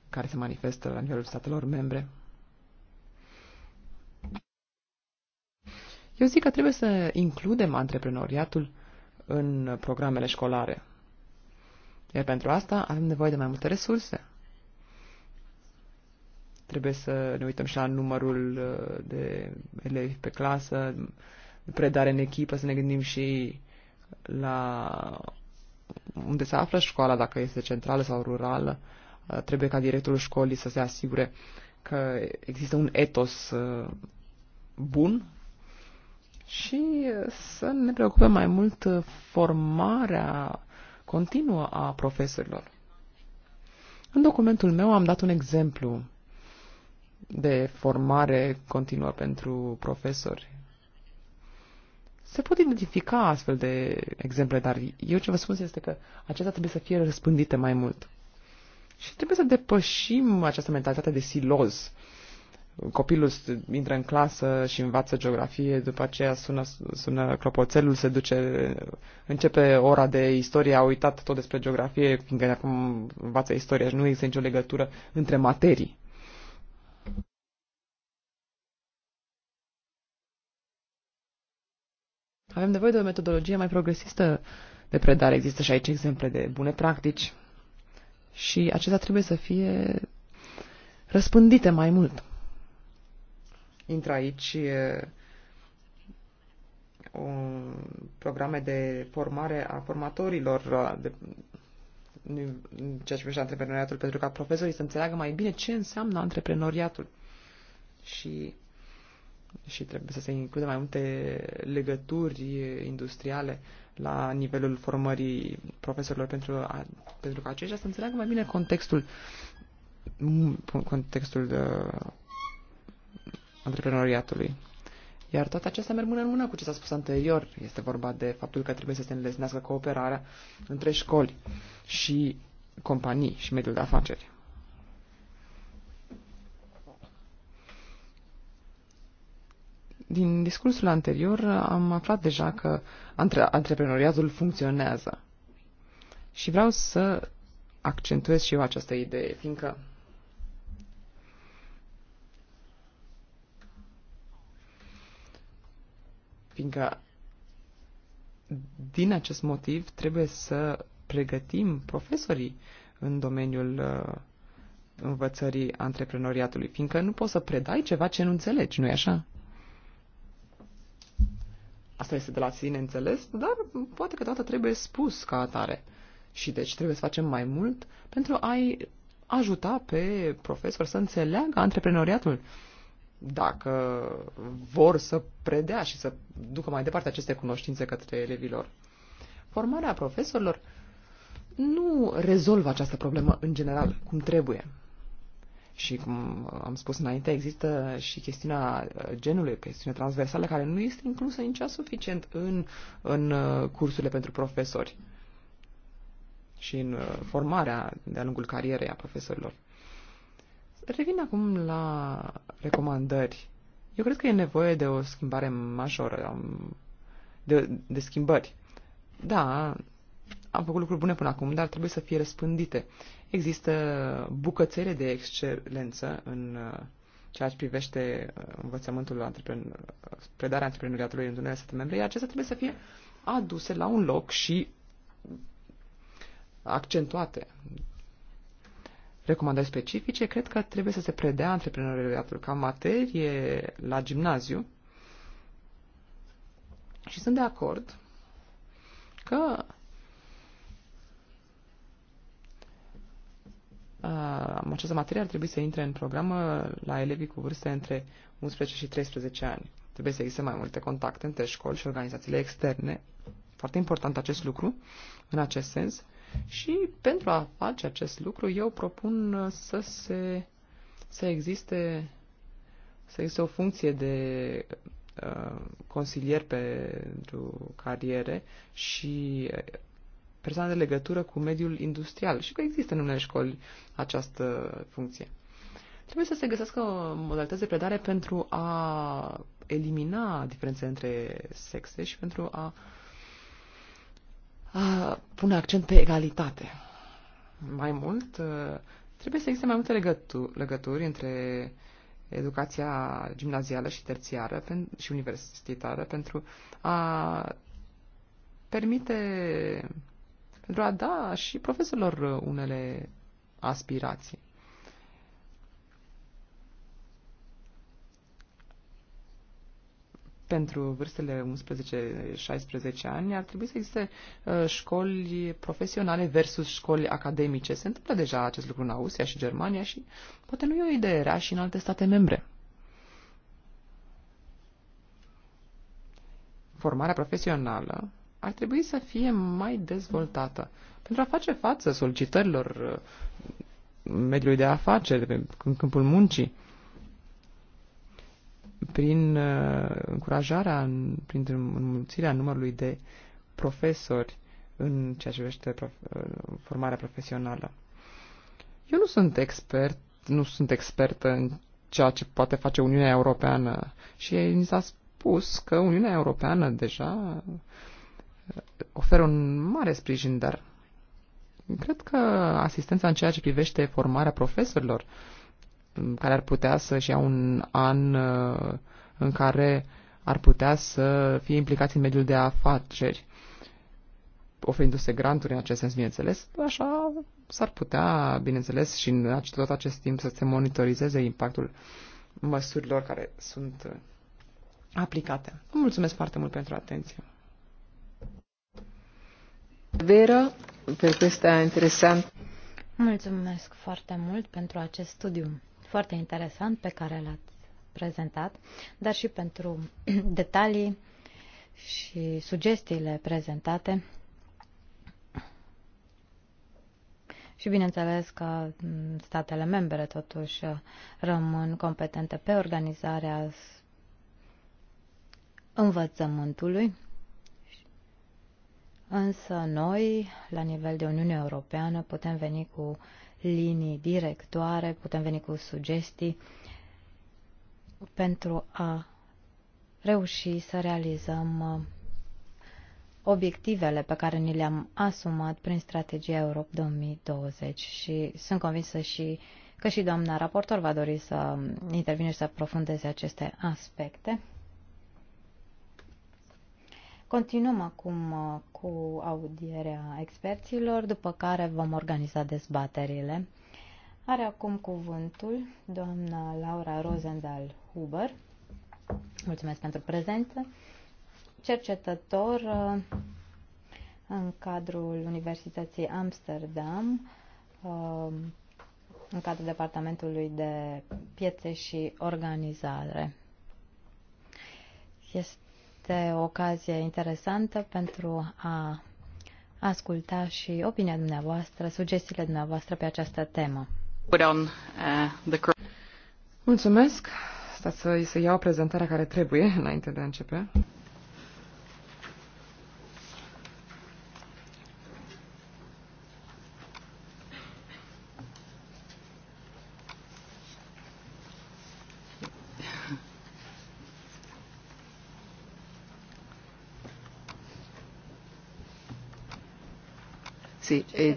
care se manifestă la nivelul statelor membre. Eu zic că trebuie să includem antreprenoriatul în programele școlare. Iar pentru asta avem nevoie de mai multe resurse. Trebuie să ne uităm și la numărul uh, de elevi pe clasă, predare în echipă, să ne gândim și la unde se află școala, dacă este centrală sau rurală. Uh, trebuie ca directorul școlii să se asigure că există un etos uh, bun și uh, să ne preocupe mai mult formarea continuă a profesorilor. În documentul meu am dat un exemplu de formare continuă pentru profesori se pot identifica astfel de exemple, dar eu ce vă spun este că acestea trebuie să fie răspândite mai mult. Și trebuie să depășim această mentalitate de siloz. Copilul intră în clasă și învață geografie, după aceea sună, sună clopoțelul, se duce, începe ora de istorie, a uitat tot despre geografie, fiindcă acum învață istoria și nu există nicio legătură între materii. Avem nevoie de o metodologie mai progresistă de predare. Există și aici exemple de bune practici și acestea trebuie să fie răspândite mai mult. Intră aici un programe de formare a formatorilor de, ceea ce privește antreprenoriatul, pentru ca profesorii să înțeleagă mai bine ce înseamnă antreprenoriatul. Și și trebuie să se includă mai multe legături industriale la nivelul formării profesorilor pentru, a, pentru că aceștia să înțeleagă mai bine contextul mm, contextul de uh, antreprenoriatului. Iar toate acestea merg mână în mână cu ce s-a spus anterior. Este vorba de faptul că trebuie să se înlesnească cooperarea între școli și companii și mediul de afaceri. din discursul anterior uh, am aflat deja că antre- antreprenoriatul funcționează. Și vreau să accentuez și eu această idee, fiindcă fiindcă din acest motiv trebuie să pregătim profesorii în domeniul uh, învățării antreprenoriatului, fiindcă nu poți să predai ceva ce nu înțelegi, nu-i așa? Asta este de la sine înțeles, dar poate că toată trebuie spus ca atare. Și deci trebuie să facem mai mult pentru a-i ajuta pe profesori să înțeleagă antreprenoriatul dacă vor să predea și să ducă mai departe aceste cunoștințe către elevilor. Formarea profesorilor nu rezolvă această problemă în general cum trebuie. Și cum am spus înainte, există și chestiunea genului, chestiune transversală, care nu este inclusă nici suficient în, în uh, cursurile pentru profesori și în uh, formarea de-a lungul carierei a profesorilor. Revin acum la recomandări. Eu cred că e nevoie de o schimbare majoră, de, de schimbări. Da, am făcut lucruri bune până acum, dar trebuie să fie răspândite. Există bucățele de excelență în uh, ceea ce privește uh, învățământul antreprenor, uh, predarea antreprenoriatului în unele state membre, iar acestea trebuie să fie aduse la un loc și accentuate. Recomandări specifice, cred că trebuie să se predea antreprenoriatul ca materie la gimnaziu și sunt de acord că uh, această materie ar trebui să intre în programă la elevii cu vârste între 11 și 13 ani. Trebuie să existe mai multe contacte între școli și organizațiile externe. Foarte important acest lucru în acest sens. Și pentru a face acest lucru, eu propun să se să existe să existe o funcție de uh, consilier pentru cariere și uh, persoane de legătură cu mediul industrial. Și că există în unele școli această funcție. Trebuie să se găsească modalități de predare pentru a elimina diferențe între sexe și pentru a, a pune accent pe egalitate. Mai mult, trebuie să existe mai multe legătu- legături între educația gimnazială și terțiară și universitară pentru a permite pentru a da și profesorilor unele aspirații. pentru vârstele 11-16 ani ar trebui să existe uh, școli profesionale versus școli academice. Se întâmplă deja acest lucru în Austria și Germania și poate nu e o idee rea și în alte state membre. Formarea profesională ar trebui să fie mai dezvoltată pentru a face față solicitărilor uh, mediului de afaceri în câmpul muncii prin uh, încurajarea, prin înmulțirea numărului de profesori în ceea ce privește uh, formarea profesională. Eu nu sunt expert, nu sunt expertă în ceea ce poate face Uniunea Europeană și ni s-a spus că Uniunea Europeană deja uh, oferă un mare sprijin, dar cred că asistența în ceea ce privește formarea profesorilor, mm, care ar putea să-și ia un an uh, în care ar putea să fie implicați în mediul de afaceri, oferindu-se granturi în acest sens, bineînțeles, așa s-ar putea, bineînțeles, și în tot acest timp să se monitorizeze impactul măsurilor care sunt uh, aplicate. Mulțumesc foarte mult pentru atenție! Vera, pentru acesta interesant. Mulțumesc foarte mult pentru acest studiu foarte interesant pe care l-ați prezentat, dar și pentru detalii și sugestiile prezentate. Și bineînțeles că statele membre totuși rămân competente pe organizarea învățământului. Însă noi, la nivel de Uniune Europeană, putem veni cu linii directoare, putem veni cu sugestii pentru a reuși să realizăm uh, obiectivele pe care ni le-am asumat prin strategia Europe 2020 și sunt convinsă și că și doamna raportor va dori să um, intervine și să aprofundeze aceste aspecte. Continuăm acum uh, cu audierea experților, după care vom organiza dezbaterile. Are acum cuvântul doamna Laura Rosendal Huber. Mulțumesc pentru prezență. Cercetător uh, în cadrul Universității Amsterdam, uh, în cadrul Departamentului de Piețe și Organizare. Este este o ocazie interesantă pentru a asculta și opinia dumneavoastră, sugestiile dumneavoastră pe această temă. Uh, Mulțumesc! Stați să, să iau prezentarea care trebuie înainte de a începe.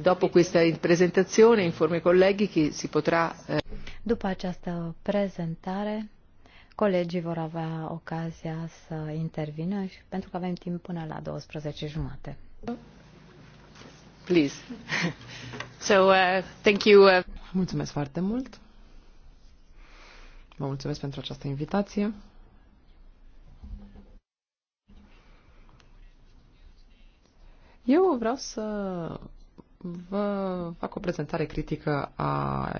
dopo questa presentazione informo i colleghi che si potrà... Eh, După această prezentare, colegii vor avea ocazia să intervină pentru că avem timp până la 12 jumate. Please. so, uh, thank you. Uh, mulțumesc foarte mult. Vă mulțumesc pentru această invitație. Eu vreau să vă fac o prezentare critică a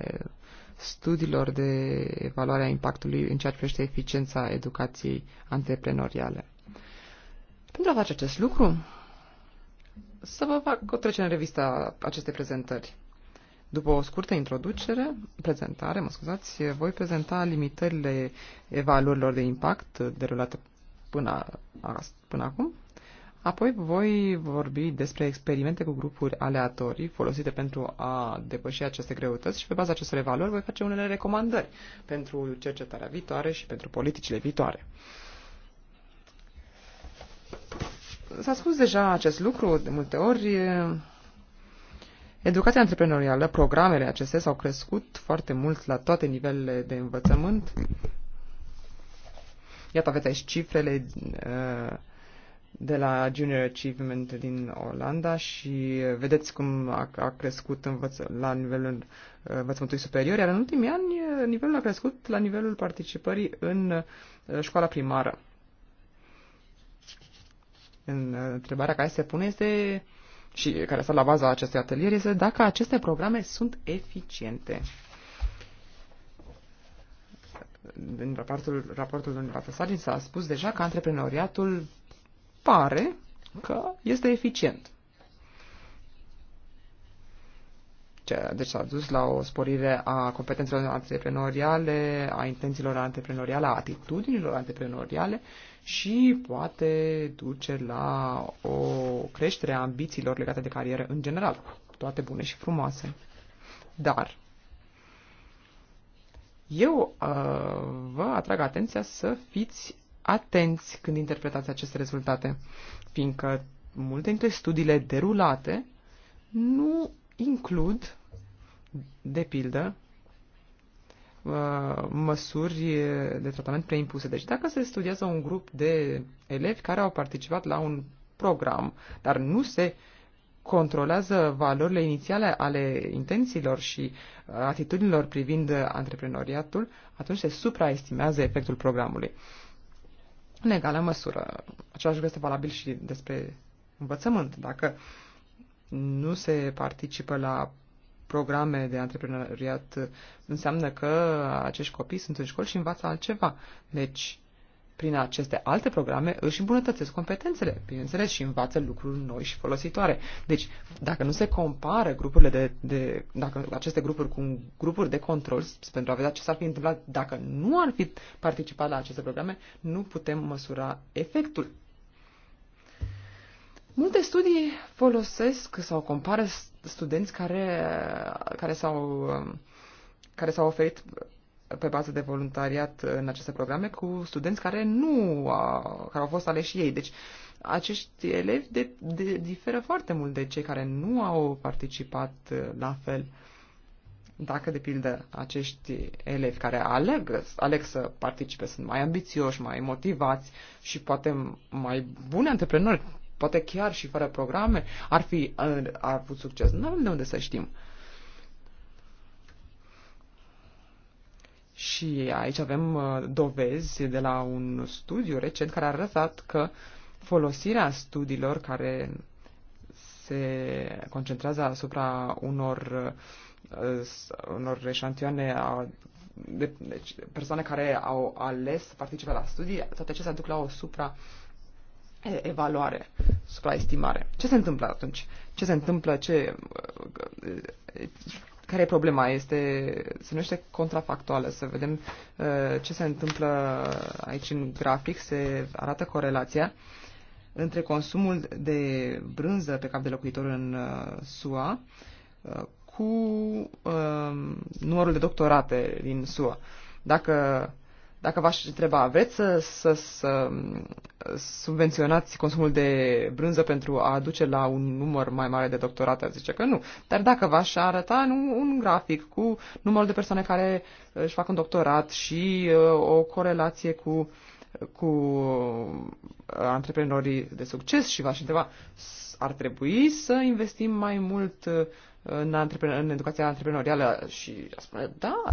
studiilor de evaluare a impactului în ceea ce privește eficiența educației antreprenoriale. Pentru a face acest lucru, să vă fac o trecere în revista acestei prezentări. După o scurtă introducere, prezentare, mă scuzați, voi prezenta limitările evaluărilor de impact derulate până, până acum Apoi voi vorbi despre experimente cu grupuri aleatorii folosite pentru a depăși aceste greutăți și pe baza acestor evaluări voi face unele recomandări pentru cercetarea viitoare și pentru politicile viitoare. S-a spus deja acest lucru de multe ori. Educația antreprenorială, programele acestea s-au crescut foarte mult la toate nivelele de învățământ. Iată, aveți aici cifrele uh, de la Junior Achievement din Olanda și vedeți cum a, a crescut învăț- la nivelul uh, învățământului superior, iar în ultimii ani uh, nivelul a crescut la nivelul participării în uh, școala primară. În întrebarea care se pune este și care stă la baza acestui atelier este dacă aceste programe sunt eficiente din raportul, raportul lui Sargin s-a spus deja că antreprenoriatul pare că este eficient. Deci s-a dus la o sporire a competențelor antreprenoriale, a intențiilor antreprenoriale, a atitudinilor antreprenoriale și poate duce la o creștere a ambițiilor legate de carieră în general. Toate bune și frumoase. Dar eu uh, vă atrag atenția să fiți atenți când interpretați aceste rezultate, fiindcă multe dintre studiile derulate nu includ, de pildă, uh, măsuri de tratament preimpuse. Deci dacă se studiază un grup de elevi care au participat la un program, dar nu se controlează valorile inițiale ale intențiilor și uh, atitudinilor privind antreprenoriatul, atunci se supraestimează efectul programului în egală măsură. Același lucru este valabil și despre învățământ. Dacă nu se participă la programe de antreprenoriat, înseamnă că acești copii sunt în școli și învață altceva. Deci, prin aceste alte programe își îmbunătățesc competențele, bineînțeles, și învață lucruri noi și folositoare. Deci, dacă nu se compară grupurile de, de dacă aceste grupuri cu grupuri de control pentru a vedea ce s-ar fi întâmplat dacă nu ar fi participat la aceste programe, nu putem măsura efectul. Multe studii folosesc sau compară studenți care, care s-au care s-au oferit pe bază de voluntariat în aceste programe cu studenți care nu a, care au fost aleși ei. Deci acești elevi de, de, diferă foarte mult de cei care nu au participat uh, la fel. Dacă, de pildă, acești elevi care aleg, aleg să participe sunt mai ambițioși, mai motivați și poate mai buni antreprenori, poate chiar și fără programe, ar fi uh, ar avut succes. Nu avem de unde să știm. Uh, Și aici avem uh, dovezi de la un studiu recent care a arătat că folosirea studiilor care se concentrează asupra unor, uh, unor eșantioane a, de, deci persoane care au ales să participe la studii, toate acestea duc la o supra evaluare, supraestimare. Ce se întâmplă atunci? Ce se întâmplă? Ce, uh, care e problema? Este, se numește contrafactuală, să vedem uh, ce se întâmplă aici în grafic, se arată corelația între consumul de brânză pe cap de locuitor în uh, SUA uh, cu uh, numărul de doctorate din SUA. Dacă dacă v-aș întreba, vreți să, să, să subvenționați consumul de brânză pentru a aduce la un număr mai mare de doctorate, zice că nu. Dar dacă v-aș arăta un, un grafic cu numărul de persoane care uh, își fac un doctorat și uh, o corelație cu uh, cu antreprenorii de succes și v-aș întreba, ar trebui să investim mai mult uh, în, antrepren- în educația antreprenorială? Și a spune, da,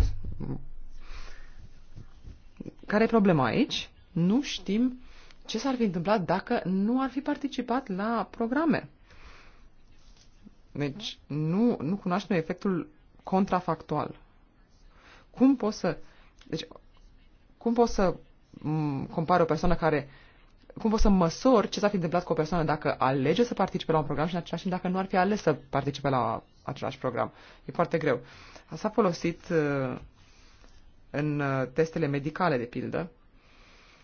care e problema aici? Nu știm ce s-ar fi întâmplat dacă nu ar fi participat la programe. Deci nu, nu cunoaștem efectul contrafactual. Cum poți să... Deci, cum poți să compari o persoană care... Cum poți să măsori ce s-ar fi întâmplat cu o persoană dacă alege să participe la un program și în același timp dacă nu ar fi ales să participe la același program? E foarte greu. S-a folosit uh, în uh, testele medicale, de pildă,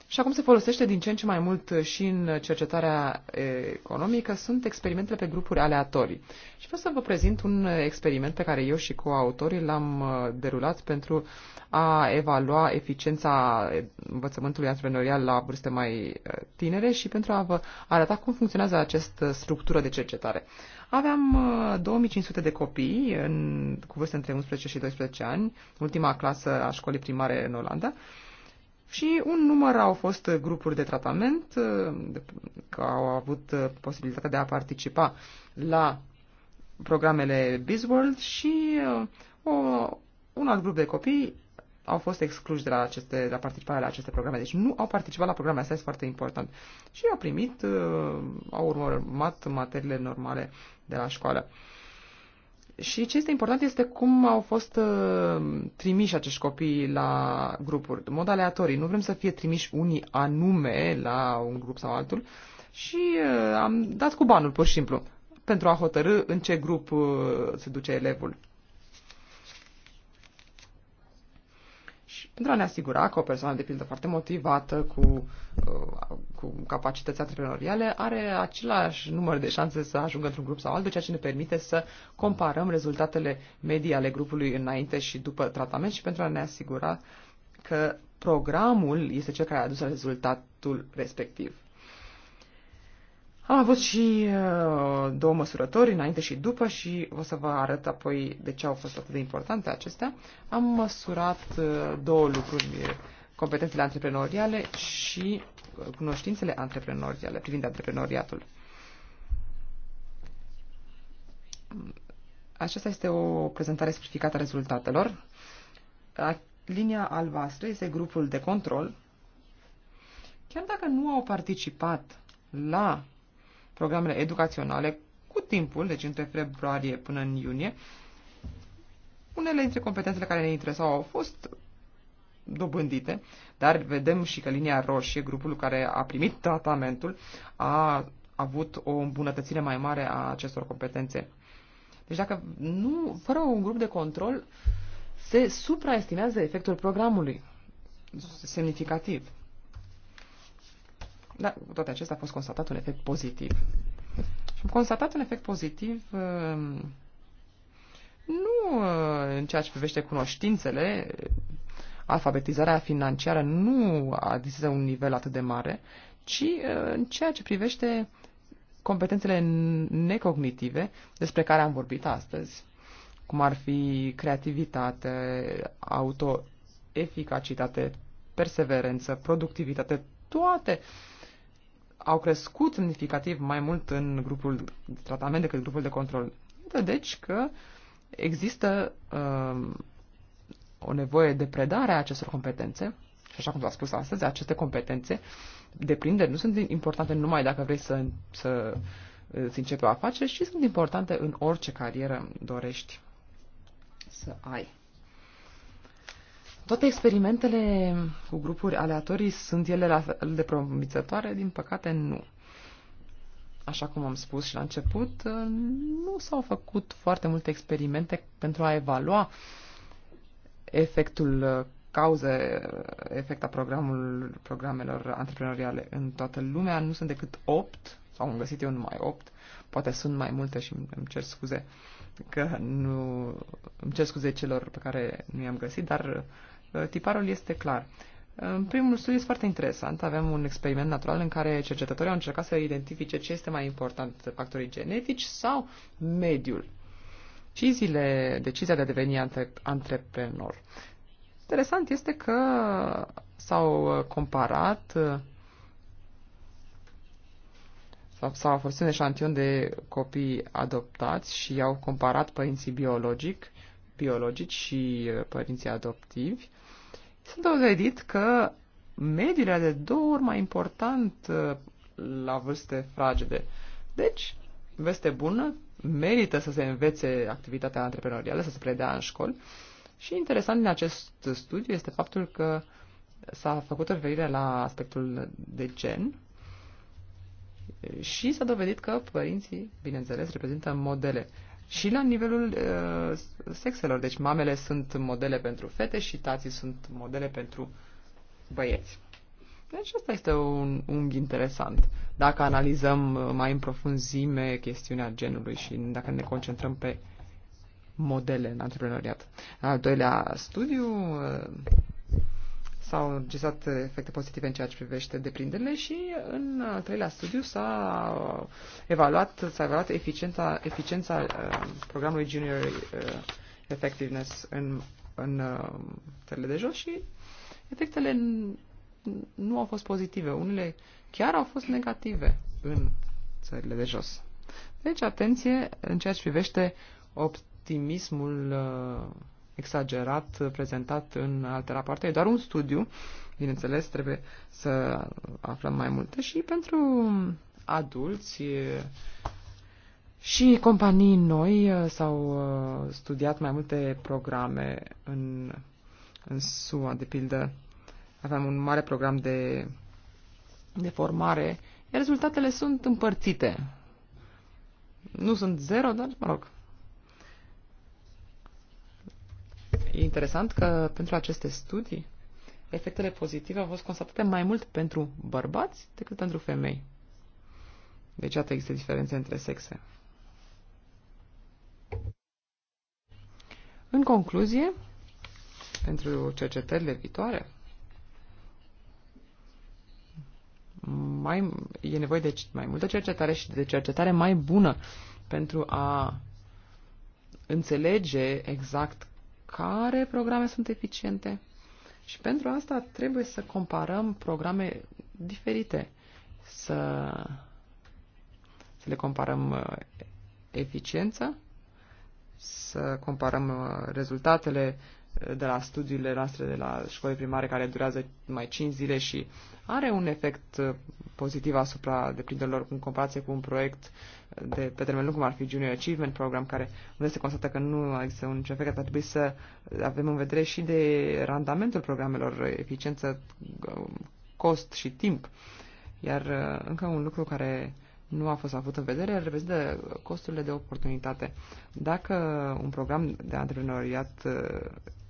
și acum se folosește din ce în ce mai mult uh, și în cercetarea uh, economică, sunt experimentele pe grupuri aleatorii. Și vreau să vă prezint un uh, experiment pe care eu și coautorii l-am derulat pentru a evalua eficiența învățământului antreprenorial la vârste mai tinere și pentru a vă arăta cum funcționează această structură de cercetare. Aveam 2500 de copii în, cu vârste între 11 și 12 ani, ultima clasă a școlii primare în Olanda, și un număr au fost uh, grupuri de tratament, uh, că au avut uh, posibilitatea de a participa la programele Bizworld și o, un alt grup de copii au fost excluși de la, aceste, de la participarea la aceste programe. Deci nu au participat la programe. Asta este foarte important. Și au primit, au urmat materiile normale de la școală. Și ce este important este cum au fost uh, trimiși acești copii la grupuri, în mod aleatorii. Nu vrem să fie trimiși unii anume la un grup sau altul. Și uh, am dat cu banul, pur și simplu, pentru a hotărâ în ce grup uh, se duce elevul. pentru a ne asigura că o persoană, de pildă, foarte motivată, cu, uh, cu capacități antreprenoriale, are același număr de șanse să ajungă într-un grup sau altul, ceea ce ne permite să comparăm rezultatele medii ale grupului înainte și după tratament și pentru a ne asigura că programul este cel care a adus rezultatul respectiv. Am avut și uh, două măsurători, înainte și după, și o să vă arăt apoi de ce au fost atât de importante acestea. Am măsurat uh, două lucruri, uh, competențele antreprenoriale și cunoștințele antreprenoriale, privind antreprenoriatul. Aceasta este o prezentare simplificată a rezultatelor. Linia albastră este grupul de control. Chiar dacă nu au participat la programele educaționale cu timpul, deci între februarie până în iunie. Unele dintre competențele care ne interesau au fost dobândite, dar vedem și că linia roșie, grupul care a primit tratamentul, a avut o îmbunătățire mai mare a acestor competențe. Deci dacă nu, fără un grup de control, se supraestimează efectul programului semnificativ. Dar cu toate acestea a fost constatat un efect pozitiv. Și am constatat un efect pozitiv um, nu uh, în ceea ce privește cunoștințele, alfabetizarea financiară nu adisă un nivel atât de mare, ci uh, în ceea ce privește competențele necognitive despre care am vorbit astăzi, cum ar fi creativitate, autoeficacitate, perseverență, productivitate, toate uh, au crescut semnificativ mai mult în grupul de tratament decât grupul de control. Deci că există uh, o nevoie de predare a acestor competențe și așa cum v-am spus astăzi, aceste competențe deprinderi nu sunt importante numai dacă vrei să, să îți uh, începi o afacere, ci sunt importante în orice carieră dorești să ai. Toate experimentele cu grupuri aleatorii sunt ele la fel de promițătoare? Din păcate, nu. Așa cum am spus și la început, nu s-au făcut foarte multe experimente pentru a evalua efectul cauze, efecta programul, programelor antreprenoriale în toată lumea. Nu sunt decât 8, sau am găsit eu numai 8, poate sunt mai multe și îmi cer scuze că nu, îmi cer scuze celor pe care nu i-am găsit, dar Tiparul este clar. În primul studiu este foarte interesant. Avem un experiment natural în care cercetătorii au încercat să identifice ce este mai important, factorii genetici sau mediul. Deciziile, decizia de a deveni antre, antreprenor. Interesant este că s-au comparat s-au fost un eșantion de copii adoptați și au comparat părinții biologic, biologici și părinții adoptivi sunt dovedit că mediul de două ori mai important uh, la vârste fragede. Deci, veste bună, merită să se învețe activitatea antreprenorială, să se predea în școli. Și interesant din acest studiu este faptul că s-a făcut referire la aspectul de gen și s-a dovedit că părinții, bineînțeles, reprezintă modele și la nivelul uh, sexelor. Deci mamele sunt modele pentru fete și tații sunt modele pentru băieți. Deci asta este un unghi interesant. Dacă analizăm uh, mai în profunzime chestiunea genului și dacă ne concentrăm pe modele în antreprenoriat. Al doilea studiu uh, s-au înregistrat efecte pozitive în ceea ce privește deprinderile și în al treilea studiu s-a evaluat, s-a evaluat eficiența, eficiența uh, programului Junior uh, Effectiveness în, în uh, țările de jos și efectele nu au fost pozitive. Unele chiar au fost negative în țările de jos. Deci, atenție în ceea ce privește optimismul uh, exagerat prezentat în alte rapoarte. E doar un studiu, bineînțeles, trebuie să aflăm mai multe și pentru adulți și companii noi s-au studiat mai multe programe în, în SUA, de pildă. Aveam un mare program de, de formare, iar rezultatele sunt împărțite. Nu sunt zero, dar, mă rog, e interesant că pentru aceste studii efectele pozitive au fost constatate mai mult pentru bărbați decât pentru femei. Deci, atât există diferențe între sexe. În concluzie, pentru cercetările viitoare, mai, e nevoie de mai multă cercetare și de cercetare mai bună pentru a înțelege exact care programe sunt eficiente. Și pentru asta trebuie să comparăm programe diferite, să, să le comparăm uh, eficiența, să comparăm uh, rezultatele de la studiile noastre de la școli primare care durează mai 5 zile și are un efect uh, pozitiv asupra deprinderilor în comparație cu un proiect de pe termen lung, cum ar fi Junior Achievement Program, care unde se constată că nu există un efect, ar trebui să avem în vedere și de randamentul programelor, eficiență, uh, cost și timp. Iar uh, încă un lucru care nu a fost avut în vedere reprezintă costurile de oportunitate. Dacă un program de antreprenoriat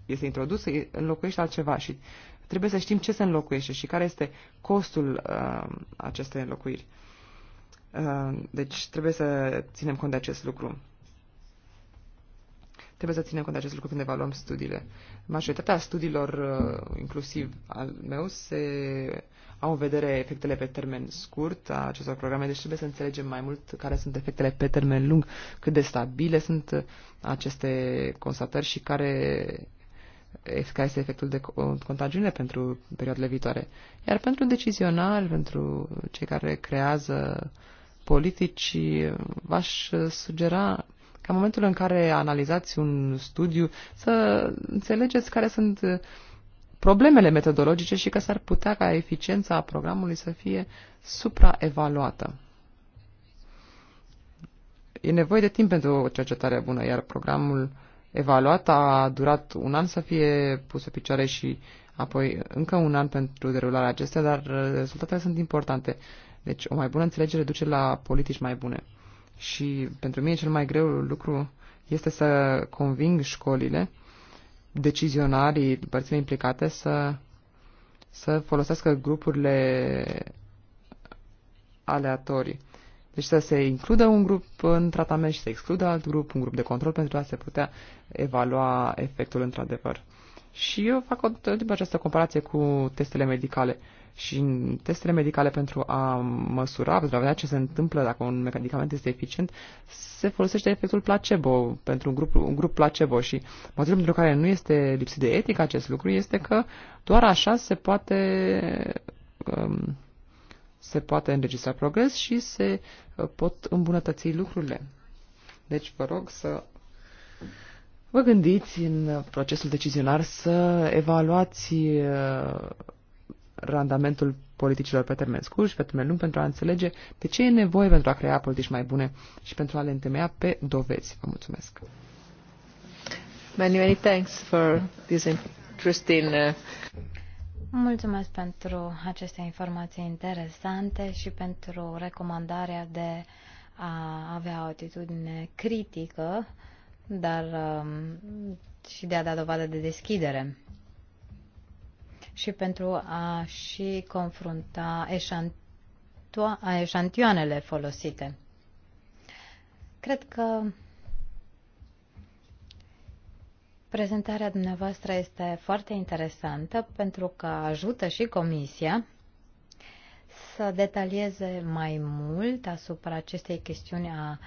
este introdus, înlocuiește altceva și trebuie să știm ce se înlocuiește și care este costul uh, acestei înlocuiri. Uh, deci trebuie să ținem cont de acest lucru. Trebuie să ținem cont de acest lucru când evaluăm studiile. Majoritatea studiilor, uh, inclusiv al meu, se au în vedere efectele pe termen scurt a acestor programe, deci trebuie să înțelegem mai mult care sunt efectele pe termen lung, cât de stabile sunt aceste constatări și care care este efectul de contagiune pentru perioadele viitoare. Iar pentru decizionari, pentru cei care creează politici, v-aș sugera ca în momentul în care analizați un studiu să înțelegeți care sunt problemele metodologice și că s-ar putea ca eficiența programului să fie supraevaluată. E nevoie de timp pentru o cercetare bună, iar programul evaluat, a durat un an să fie pusă picioare și apoi încă un an pentru derularea acestea, dar rezultatele sunt importante. Deci o mai bună înțelegere duce la politici mai bune. Și pentru mine cel mai greu lucru este să conving școlile, decizionarii, părțile implicate să, să folosească grupurile aleatorii. Deci să se includă un grup în tratament și să excludă alt grup, un grup de control pentru a se putea evalua efectul într-adevăr. Și eu fac o, timp această comparație cu testele medicale. Și în testele medicale pentru a măsura, pentru a vedea ce se întâmplă dacă un medicament este eficient, se folosește efectul placebo pentru un grup, un grup placebo și motivul pentru care nu este lipsit de etică acest lucru este că doar așa se poate um, se poate înregistra progres și se uh, pot îmbunătăți lucrurile. Deci vă rog să vă gândiți în procesul decizionar să evaluați uh, randamentul politicilor pe termen scurt și pe termen lung pentru a înțelege de ce e nevoie pentru a crea politici mai bune și pentru a le întemeia pe dovezi. Vă mulțumesc! Many, many thanks for this interesting... Uh, Mulțumesc pentru aceste informații interesante și pentru recomandarea de a avea o atitudine critică, dar um, și de a da dovadă de deschidere și pentru a și confrunta eșantioanele folosite. Cred că Prezentarea dumneavoastră este foarte interesantă pentru că ajută și Comisia să detalieze mai mult asupra acestei chestiuni a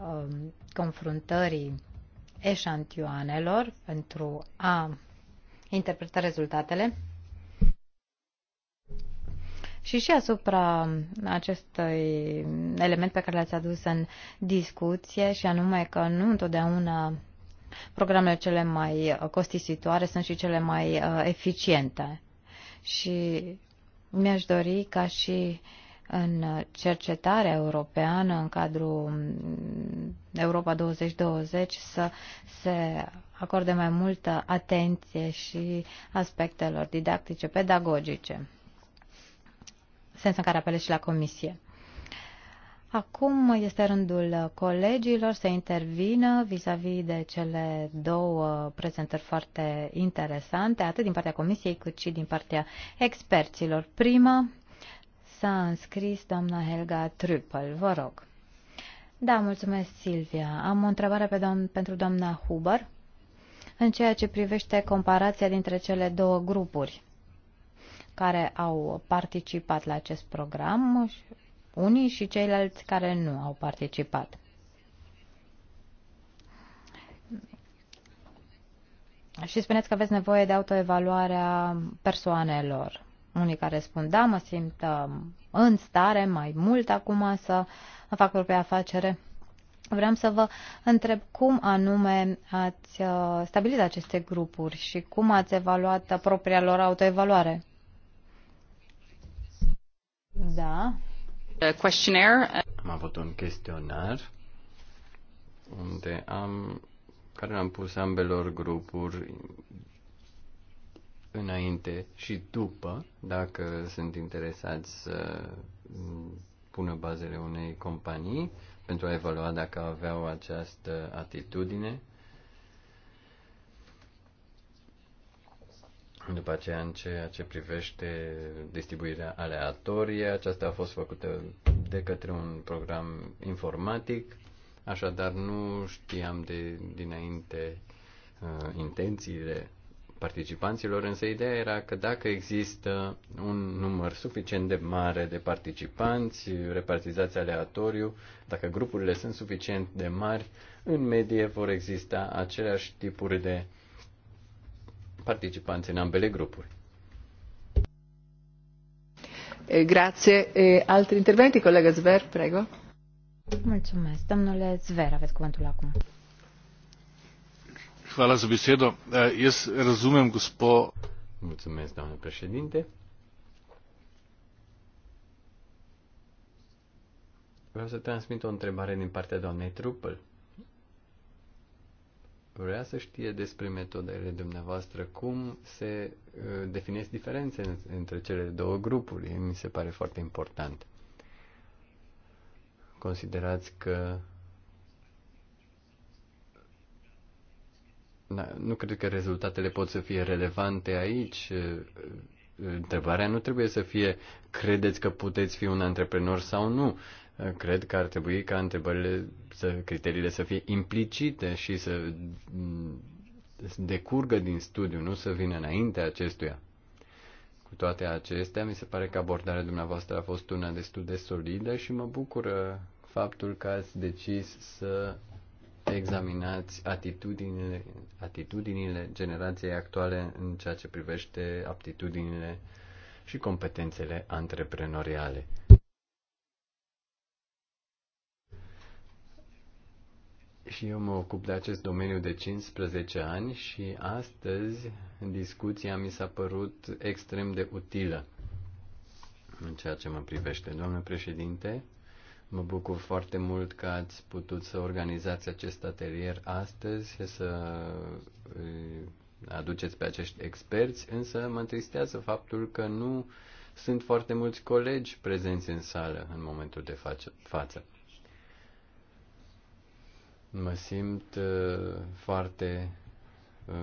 um, confruntării eșantioanelor pentru a interpreta rezultatele și și asupra acestui element pe care l-ați adus în discuție și anume că nu întotdeauna programele cele mai uh, costisitoare sunt și cele mai uh, eficiente. Și mi-aș dori ca și în cercetarea europeană, în cadrul mm, Europa 2020, să se acorde mai multă atenție și aspectelor didactice, pedagogice, sens în care apelez și la comisie. Acum este rândul colegilor să intervină vis-a-vis -vis de cele două prezentări foarte interesante, atât din partea Comisiei cât și din partea experților. Prima s-a înscris doamna Helga Trüppel. Vă rog. Da, mulțumesc, Silvia. Am o întrebare pe doamn, pentru doamna Huber în ceea ce privește comparația dintre cele două grupuri care au participat la acest program unii și ceilalți care nu au participat. Și spuneți că aveți nevoie de autoevaluarea persoanelor. Unii care spun, da, mă simt um, în stare mai mult acum să fac propria afacere. Vreau să vă întreb cum anume ați uh, stabilit aceste grupuri și cum ați evaluat propria lor autoevaluare. Da, questionnaire. Am avut un chestionar unde am care l-am pus ambelor grupuri înainte și după, dacă sunt interesați să pună bazele unei companii pentru a evalua dacă aveau această atitudine După aceea, în ceea ce privește distribuirea aleatorie, aceasta a fost făcută de către un program informatic, așadar nu știam de dinainte uh, intențiile participanților, însă ideea era că dacă există un număr suficient de mare de participanți, repartizați aleatoriu, dacă grupurile sunt suficient de mari, în medie vor exista aceleași tipuri de uh, participanți în ambele grupuri. Eh, grazie. Eh, altri interventi, colega Zver, prego. Mulțumesc. Domnule Zver, aveți cuvântul acum. Hvala za besedo. Eh, jaz razumem gospo. Mulțumesc, doamne președinte. Vreau să transmit o întrebare din partea doamnei Trupel vrea să știe despre metodele dumneavoastră, cum se uh, definesc diferențe între cele două grupuri. Mi se pare foarte important. Considerați că Na, nu cred că rezultatele pot să fie relevante aici. Uh, uh, întrebarea nu trebuie să fie credeți că puteți fi un antreprenor sau nu cred că ar trebui ca întrebările, să, criteriile să fie implicite și să decurgă din studiu, nu să vină înainte acestuia. Cu toate acestea, mi se pare că abordarea dumneavoastră a fost una destul de solidă și mă bucură faptul că ați decis să examinați atitudinile, atitudinile generației actuale în ceea ce privește aptitudinile și competențele antreprenoriale. și eu mă ocup de acest domeniu de 15 ani și astăzi discuția mi s-a părut extrem de utilă în ceea ce mă privește. Doamne președinte, mă bucur foarte mult că ați putut să organizați acest atelier astăzi și să aduceți pe acești experți, însă mă întristează faptul că nu sunt foarte mulți colegi prezenți în sală în momentul de față. Mă simt uh, foarte uh,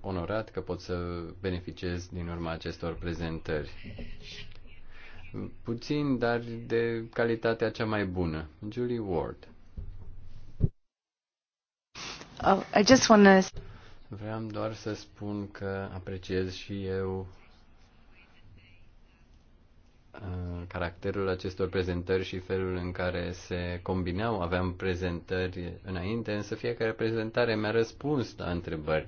onorat că pot să beneficiez din urma acestor prezentări. Puțin, dar de calitatea cea mai bună. Julie Ward. Oh, I just wanna... Vreau doar să spun că apreciez și eu Uh, caracterul acestor prezentări și felul în care se combinau. Aveam prezentări înainte, însă fiecare prezentare mi-a răspuns la întrebări.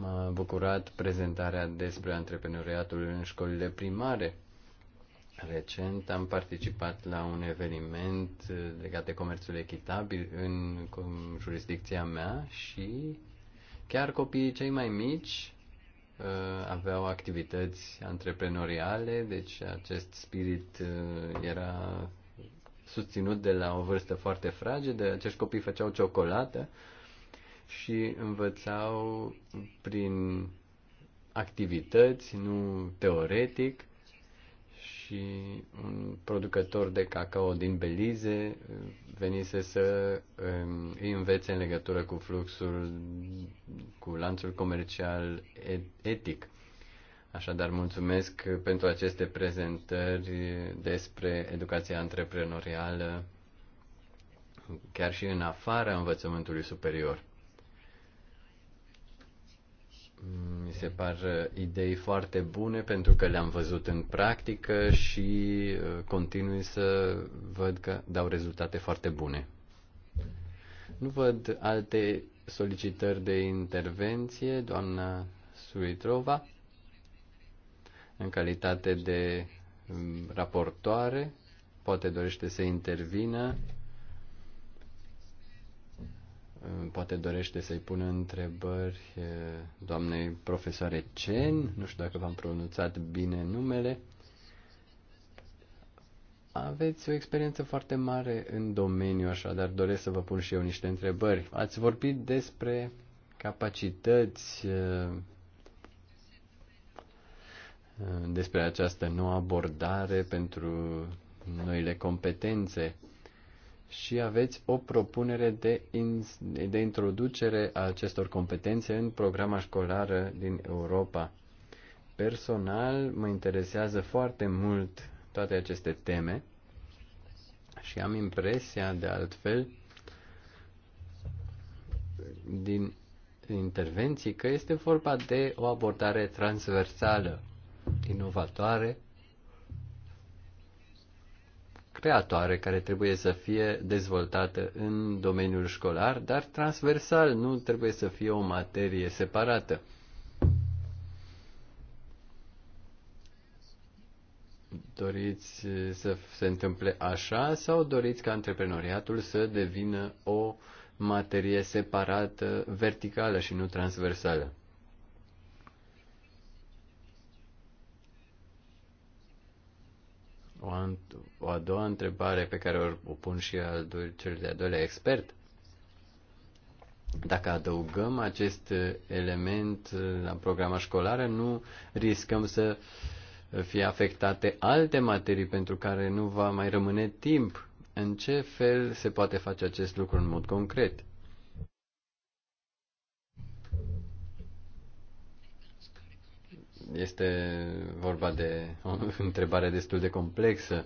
M-a bucurat prezentarea despre antreprenoriatul în școlile primare. Recent am participat la un eveniment uh, legat de comerțul echitabil în jurisdicția mea și chiar copiii cei mai mici Uh, aveau activități antreprenoriale, deci acest spirit uh, era susținut de la o vârstă foarte fragedă. Acești copii făceau ciocolată și învățau prin activități, nu teoretic, și un producător de cacao din Belize uh, venise să um, îi învețe în legătură cu fluxul, cu lanțul comercial etic. Așadar, mulțumesc pentru aceste prezentări despre educația antreprenorială, chiar și în afara învățământului superior. Mi se par uh, idei foarte bune pentru că le-am văzut în practică și uh, continui să văd că dau rezultate foarte bune. Nu văd alte solicitări de intervenție, doamna Suitrova, în calitate de mm, raportoare, poate dorește să intervină poate dorește să-i pună întrebări doamnei profesoare Chen, nu știu dacă v-am pronunțat bine numele. Aveți o experiență foarte mare în domeniu, așadar doresc să vă pun și eu niște întrebări. Ați vorbit despre capacități, despre această nouă abordare pentru noile competențe și aveți o propunere de, in, de introducere a acestor competențe în programa școlară din Europa. Personal mă interesează foarte mult toate aceste teme și am impresia de altfel din intervenții că este vorba de o abordare transversală, inovatoare creatoare care trebuie să fie dezvoltată în domeniul școlar, dar transversal, nu trebuie să fie o materie separată. Doriți eh, să se întâmple așa sau doriți ca antreprenoriatul să devină o materie separată, verticală și nu transversală? O, o a doua întrebare pe care o pun și al do- cel de-al doilea expert. Dacă adăugăm acest element la programa școlară, nu riscăm să fie afectate alte materii pentru care nu va mai rămâne timp. În ce fel se poate face acest lucru în mod concret? Este vorba de o întrebare destul de complexă.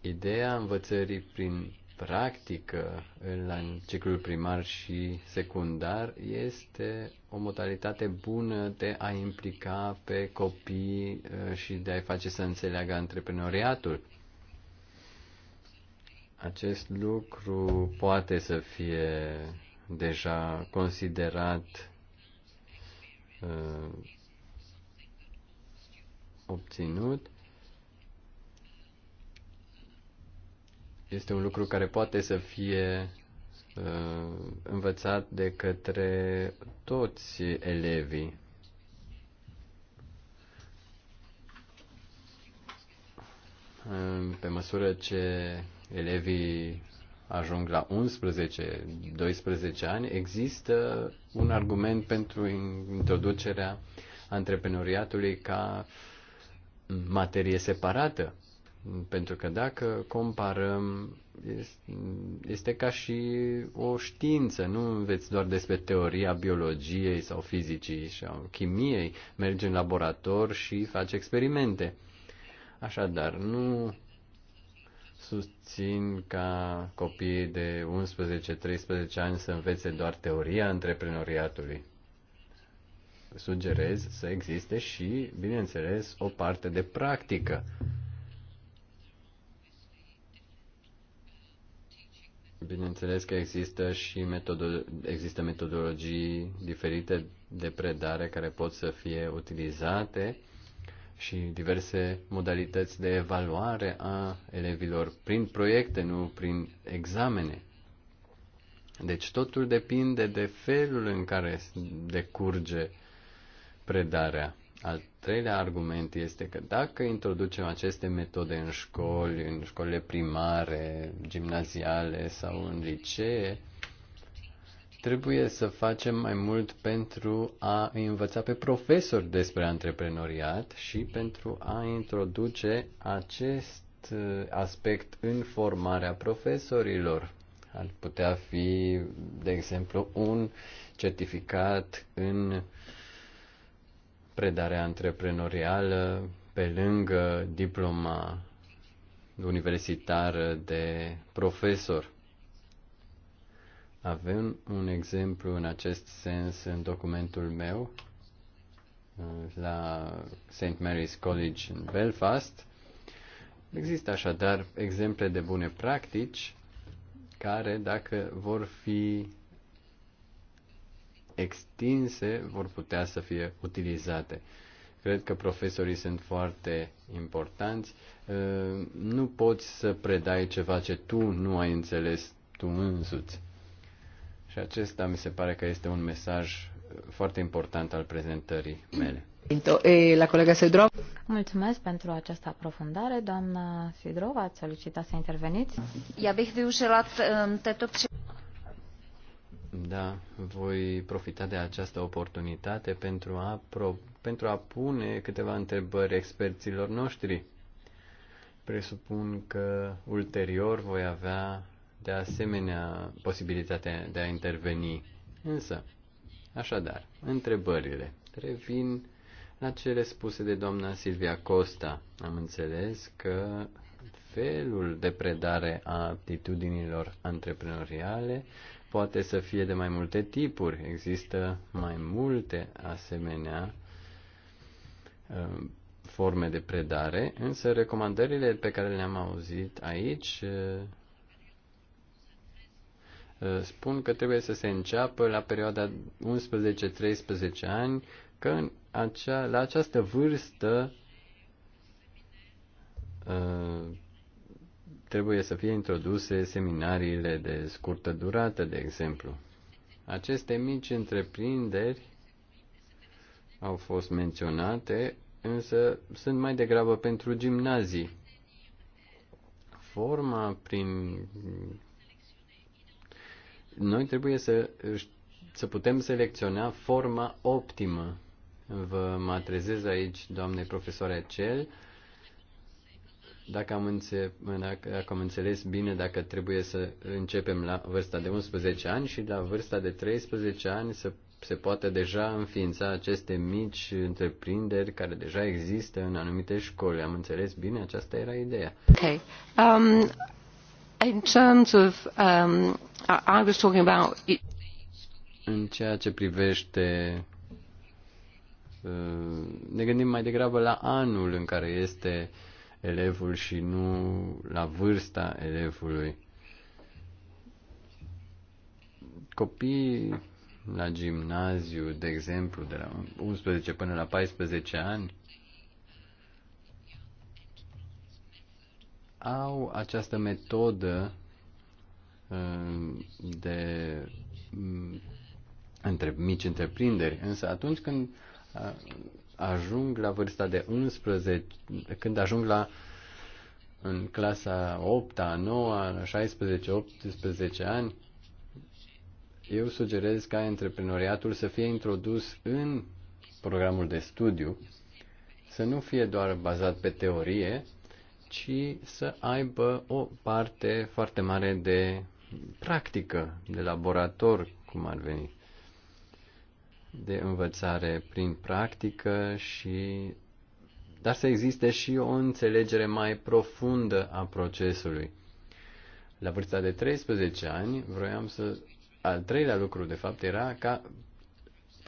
Ideea învățării prin practică la ciclul primar și secundar este o modalitate bună de a implica pe copii uh, și de a-i face să înțeleagă antreprenoriatul. Acest lucru poate să fie deja considerat uh, obținut. Este un lucru care poate să fie uh, învățat de către toți elevii. Uh, pe măsură ce elevii ajung la 11-12 ani, există un argument pentru introducerea antreprenoriatului ca materie separată. Pentru că dacă comparăm, este ca și o știință, nu înveți doar despre teoria biologiei sau fizicii sau chimiei, mergi în laborator și faci experimente. Așadar, nu susțin ca copiii de 11-13 ani să învețe doar teoria antreprenoriatului. Sugerez să existe și, bineînțeles, o parte de practică. Bineînțeles că există și metodo- există metodologii diferite de predare care pot să fie utilizate și diverse modalități de evaluare a elevilor prin proiecte, nu prin examene. Deci totul depinde de felul în care decurge predarea. Al treilea argument este că dacă introducem aceste metode în școli, în școlile primare, gimnaziale sau în licee, Trebuie să facem mai mult pentru a învăța pe profesori despre antreprenoriat și pentru a introduce acest uh, aspect în formarea profesorilor. Ar putea fi, de exemplu, un certificat în predarea antreprenorială pe lângă diploma universitară de profesor. Avem un exemplu în acest sens în documentul meu uh, la St. Mary's College în Belfast. Există așadar exemple de bune practici care, dacă vor fi extinse, vor putea să fie utilizate. Cred că profesorii sunt foarte importanți. Uh, nu poți să predai ceva ce tu nu ai înțeles tu însuți. Și acesta mi se pare că este un mesaj uh, foarte important al prezentării mele. La colega Sidrov. Mulțumesc pentru această aprofundare. Doamna Sidrov, ați solicitat să interveniți? Ja te tot ce. Da, voi profita de această oportunitate pentru a, pro, pentru a pune câteva întrebări experților noștri. Presupun că ulterior voi avea de asemenea posibilitatea de a interveni. Însă, așadar, întrebările revin la cele spuse de doamna Silvia Costa. Am înțeles că felul de predare a aptitudinilor antreprenoriale poate să fie de mai multe tipuri. Există mai multe asemenea uh, forme de predare, însă recomandările pe care le-am auzit aici uh, Uh, spun că trebuie să se înceapă la perioada 11-13 ani, că în acea, la această vârstă uh, trebuie să fie introduse seminariile de scurtă durată, de exemplu. Aceste mici întreprinderi au fost menționate, însă sunt mai degrabă pentru gimnazii. Forma prin noi trebuie să, să putem selecționa forma optimă. Vă mă atrezez aici, doamnei profesoare Cel, dacă am, înțe- dacă am înțeles bine, dacă trebuie să începem la vârsta de 11 ani și la vârsta de 13 ani să se poate deja înființa aceste mici întreprinderi care deja există în anumite școli. Am înțeles bine? Aceasta era ideea. Ok. Um, în ceea ce privește, uh, ne gândim mai degrabă la anul în care este elevul și nu la vârsta elevului. Copiii la gimnaziu, de exemplu, de la 11 până la 14 ani, au această metodă uh, de mm, între mici întreprinderi, însă atunci când uh, ajung la vârsta de 11, când ajung la în clasa 8, 9, 16, 18 ani, eu sugerez ca antreprenoriatul să fie introdus în programul de studiu, să nu fie doar bazat pe teorie, ci să aibă o parte foarte mare de practică, de laborator, cum ar veni, de învățare prin practică și dar să existe și o înțelegere mai profundă a procesului. La vârsta de 13 ani vroiam să al treilea lucru, de fapt, era ca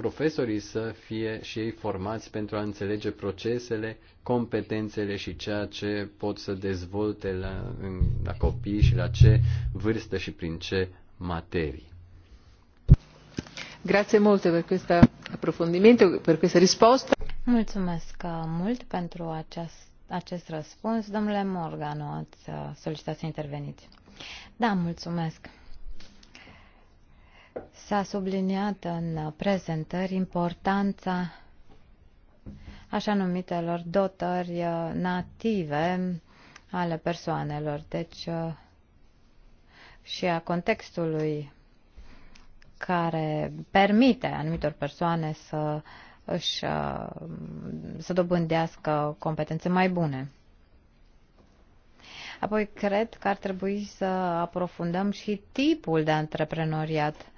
profesorii să fie și ei formați pentru a înțelege procesele, competențele și ceea ce pot să dezvolte la, la copii și la ce vârstă și prin ce materii. Grazie molte per questo approfondimento, per questa risposta. Mulțumesc uh, mult pentru acest, acest răspuns. Domnule Morgan, ați uh, solicitat să interveniți. Da, mulțumesc. S-a subliniat în prezentări importanța așa numitelor dotări uh, native ale persoanelor, deci uh, și a contextului care permite anumitor persoane să își uh, să dobândească competențe mai bune. Apoi cred că ar trebui să aprofundăm și tipul de antreprenoriat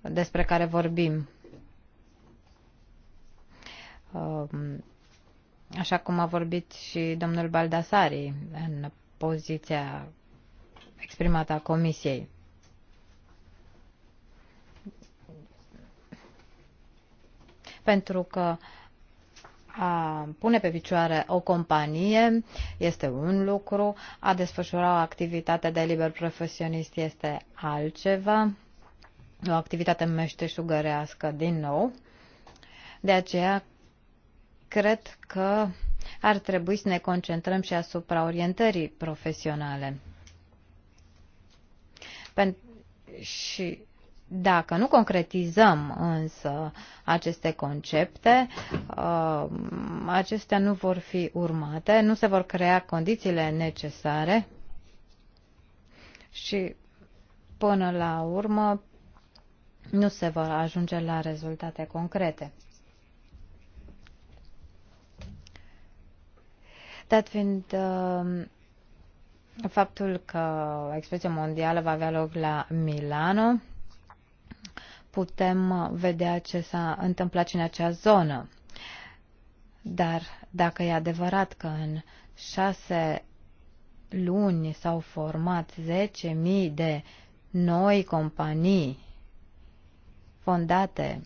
despre care vorbim. Uh, așa cum a vorbit și domnul Baldasari în poziția exprimată a Comisiei. Pentru că a pune pe picioare o companie este un lucru, a desfășura o activitate de liber profesionist este altceva o activitate meșteșugărească din nou. De aceea, cred că ar trebui să ne concentrăm și asupra orientării profesionale. Pen- și dacă nu concretizăm însă aceste concepte, uh, acestea nu vor fi urmate, nu se vor crea condițiile necesare și până la urmă nu se vor ajunge la rezultate concrete. Dat fiind uh, faptul că expoziția mondială va avea loc la Milano, putem vedea ce s-a întâmplat și în acea zonă. Dar dacă e adevărat că în șase luni s-au format 10.000 de noi companii fondate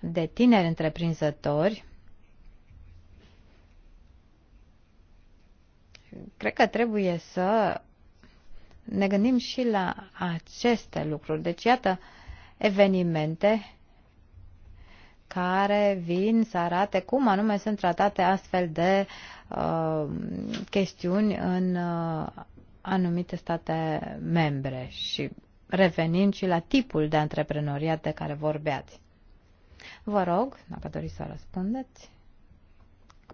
de tineri întreprinzători, cred că trebuie să ne gândim și la aceste lucruri. Deci, iată, evenimente care vin să arate cum anume sunt tratate astfel de uh, chestiuni în uh, anumite state membre și revenind și la tipul de antreprenoriat de care vorbeați. Vă rog, dacă doriți să răspundeți,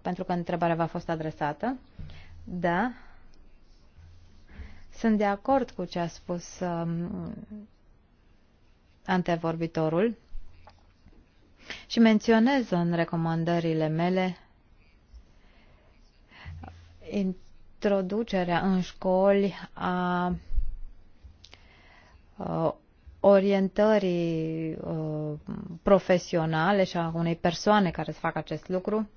pentru că întrebarea v-a fost adresată. Da, sunt de acord cu ce a spus um, antevorbitorul și menționez în recomandările mele introducerea în școli a Uh, orientării uh, profesionale și a unei persoane care să facă acest lucru,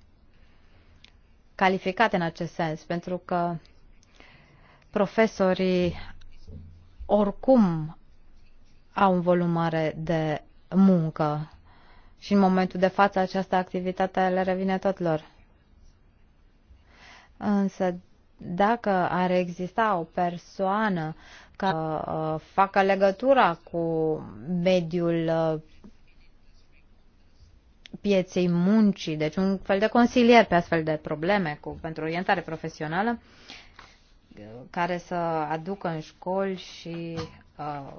calificate în acest sens, pentru că profesorii oricum au un volum mare de muncă și în momentul de față această activitate le revine tot lor. Însă, dacă ar exista o persoană care uh, facă legătura cu mediul uh, pieței muncii, deci un fel de consilier pe astfel de probleme cu, pentru orientare profesională, uh, care să aducă în școli și uh,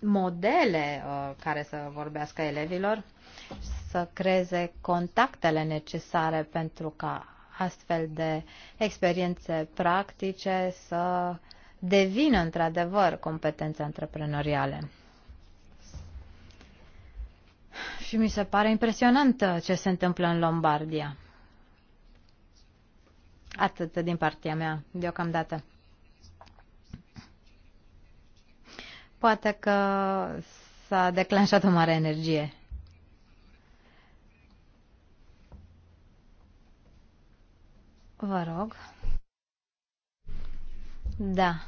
modele uh, care să vorbească elevilor, să creeze contactele necesare pentru ca astfel de experiențe practice să devină într-adevăr competențe antreprenoriale. Și mi se pare impresionant ce se întâmplă în Lombardia. Atât din partea mea, deocamdată. Poate că s-a declanșat o mare energie. Vă rog. Da.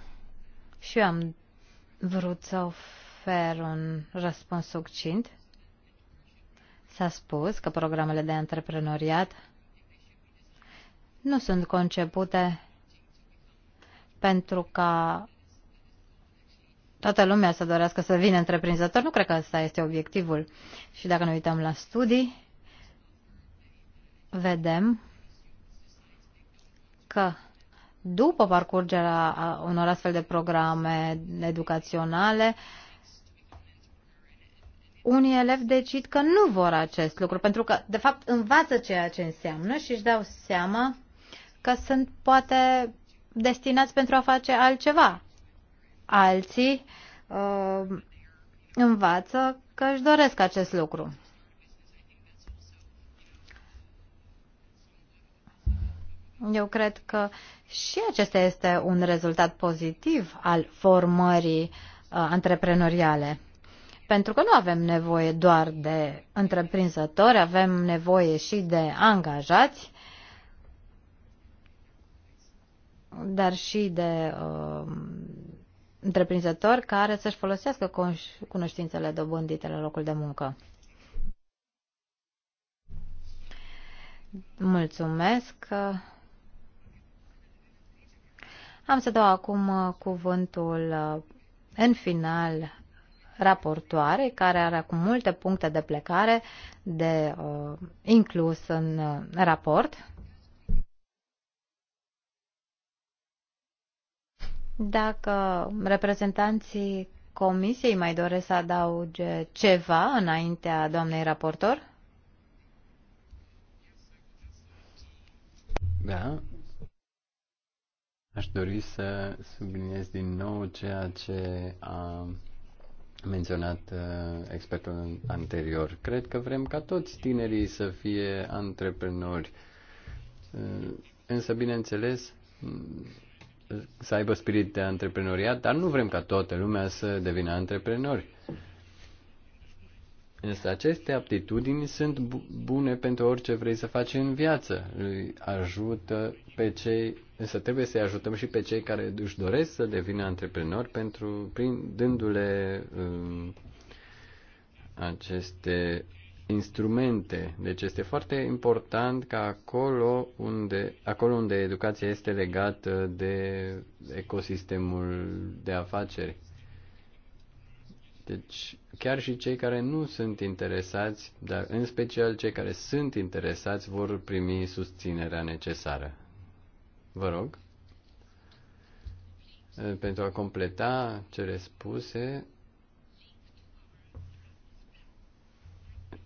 Și eu am vrut să ofer un răspuns succint. S-a spus că programele de antreprenoriat nu sunt concepute pentru ca toată lumea să dorească să vină întreprinzător. Nu cred că asta este obiectivul. Și dacă ne uităm la studii, vedem că după parcurgerea unor astfel de programe educaționale, unii elevi decid că nu vor acest lucru, pentru că, de fapt, învață ceea ce înseamnă și își dau seama că sunt poate destinați pentru a face altceva. Alții uh, învață că își doresc acest lucru. Eu cred că și acesta este un rezultat pozitiv al formării uh, antreprenoriale. Pentru că nu avem nevoie doar de întreprinzători, avem nevoie și de angajați, dar și de uh, întreprinzători care să-și folosească cunoștințele dobândite la locul de muncă. Mulțumesc! Am să dau acum uh, cuvântul uh, în final raportoare, care are acum multe puncte de plecare de uh, inclus în uh, raport. Dacă reprezentanții comisiei mai doresc să adauge ceva înaintea doamnei raportor? Da, Aș dori să subliniez din nou ceea ce a menționat uh, expertul anterior. Cred că vrem ca toți tinerii să fie antreprenori, uh, însă, bineînțeles, să aibă spirit de antreprenoriat, dar nu vrem ca toată lumea să devină antreprenori. Însă aceste aptitudini sunt bune pentru orice vrei să faci în viață. Îi ajută pe cei, însă trebuie să-i ajutăm și pe cei care își doresc să devină antreprenori pentru, prin dându-le um, aceste instrumente. Deci este foarte important ca acolo unde, acolo unde educația este legată de ecosistemul de afaceri deci, chiar și cei care nu sunt interesați, dar în special cei care sunt interesați, vor primi susținerea necesară. Vă rog. Pentru a completa cele spuse,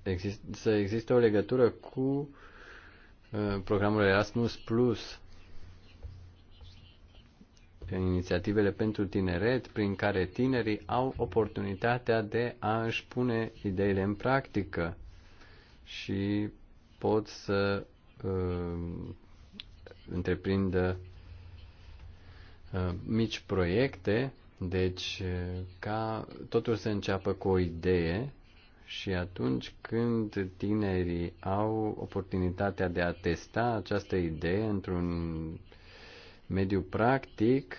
exist, să există o legătură cu programul Erasmus Plus inițiativele pentru tineret, prin care tinerii au oportunitatea de a își pune ideile în practică și pot să uh, întreprindă uh, mici proiecte, deci uh, ca totul să înceapă cu o idee și atunci când tinerii au oportunitatea de a testa această idee într-un mediu practic,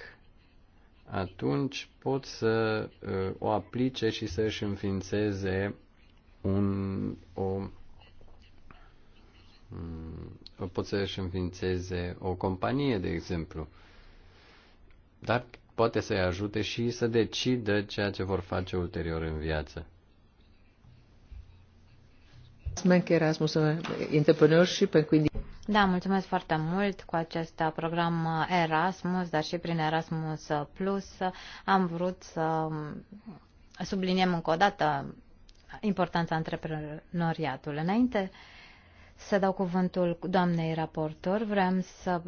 atunci pot să uh, o aplice și să își înființeze un, o, um, pot să își înființeze o companie, de exemplu. Dar poate să-i ajute și să decidă ceea ce vor face ulterior în viață. Anche Erasmus Entrepreneurship, da, mulțumesc foarte mult cu acest program Erasmus, dar și prin Erasmus Plus am vrut să subliniem încă o dată importanța antreprenoriatului. Înainte să dau cuvântul doamnei raportor, vreau să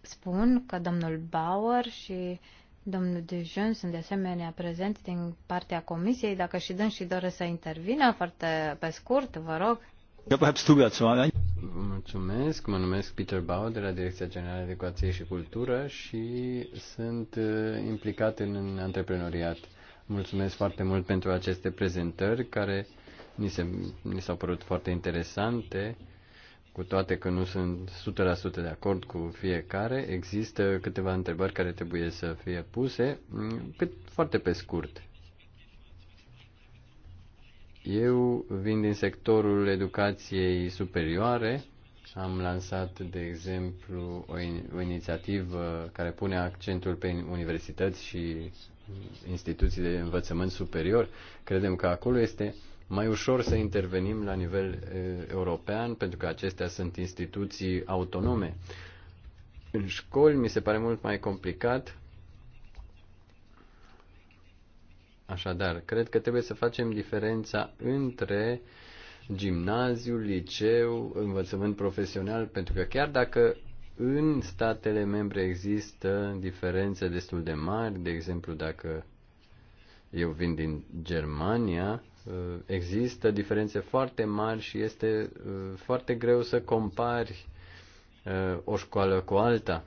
spun că domnul Bauer și domnul Dijun sunt de asemenea prezenți din partea comisiei. Dacă și dâns și doresc să intervină, foarte pe scurt, vă rog. Vă mulțumesc, mă numesc Peter Bau de la Direcția Generală de Educație și Cultură și sunt uh, implicat în antreprenoriat. Mulțumesc foarte mult pentru aceste prezentări care mi, se, mi s-au părut foarte interesante, cu toate că nu sunt 100% de acord cu fiecare. Există câteva întrebări care trebuie să fie puse, mm, cât foarte pe scurt. Eu vin din sectorul educației superioare. Am lansat, de exemplu, o, in, o inițiativă care pune accentul pe universități și instituții de învățământ superior. Credem că acolo este mai ușor să intervenim la nivel european, pentru că acestea sunt instituții autonome. În școli mi se pare mult mai complicat Așadar, cred că trebuie să facem diferența între gimnaziu, liceu, învățământ profesional, pentru că chiar dacă în statele membre există diferențe destul de mari, de exemplu dacă eu vin din Germania, uh, există diferențe foarte mari și este uh, foarte greu să compari uh, o școală cu alta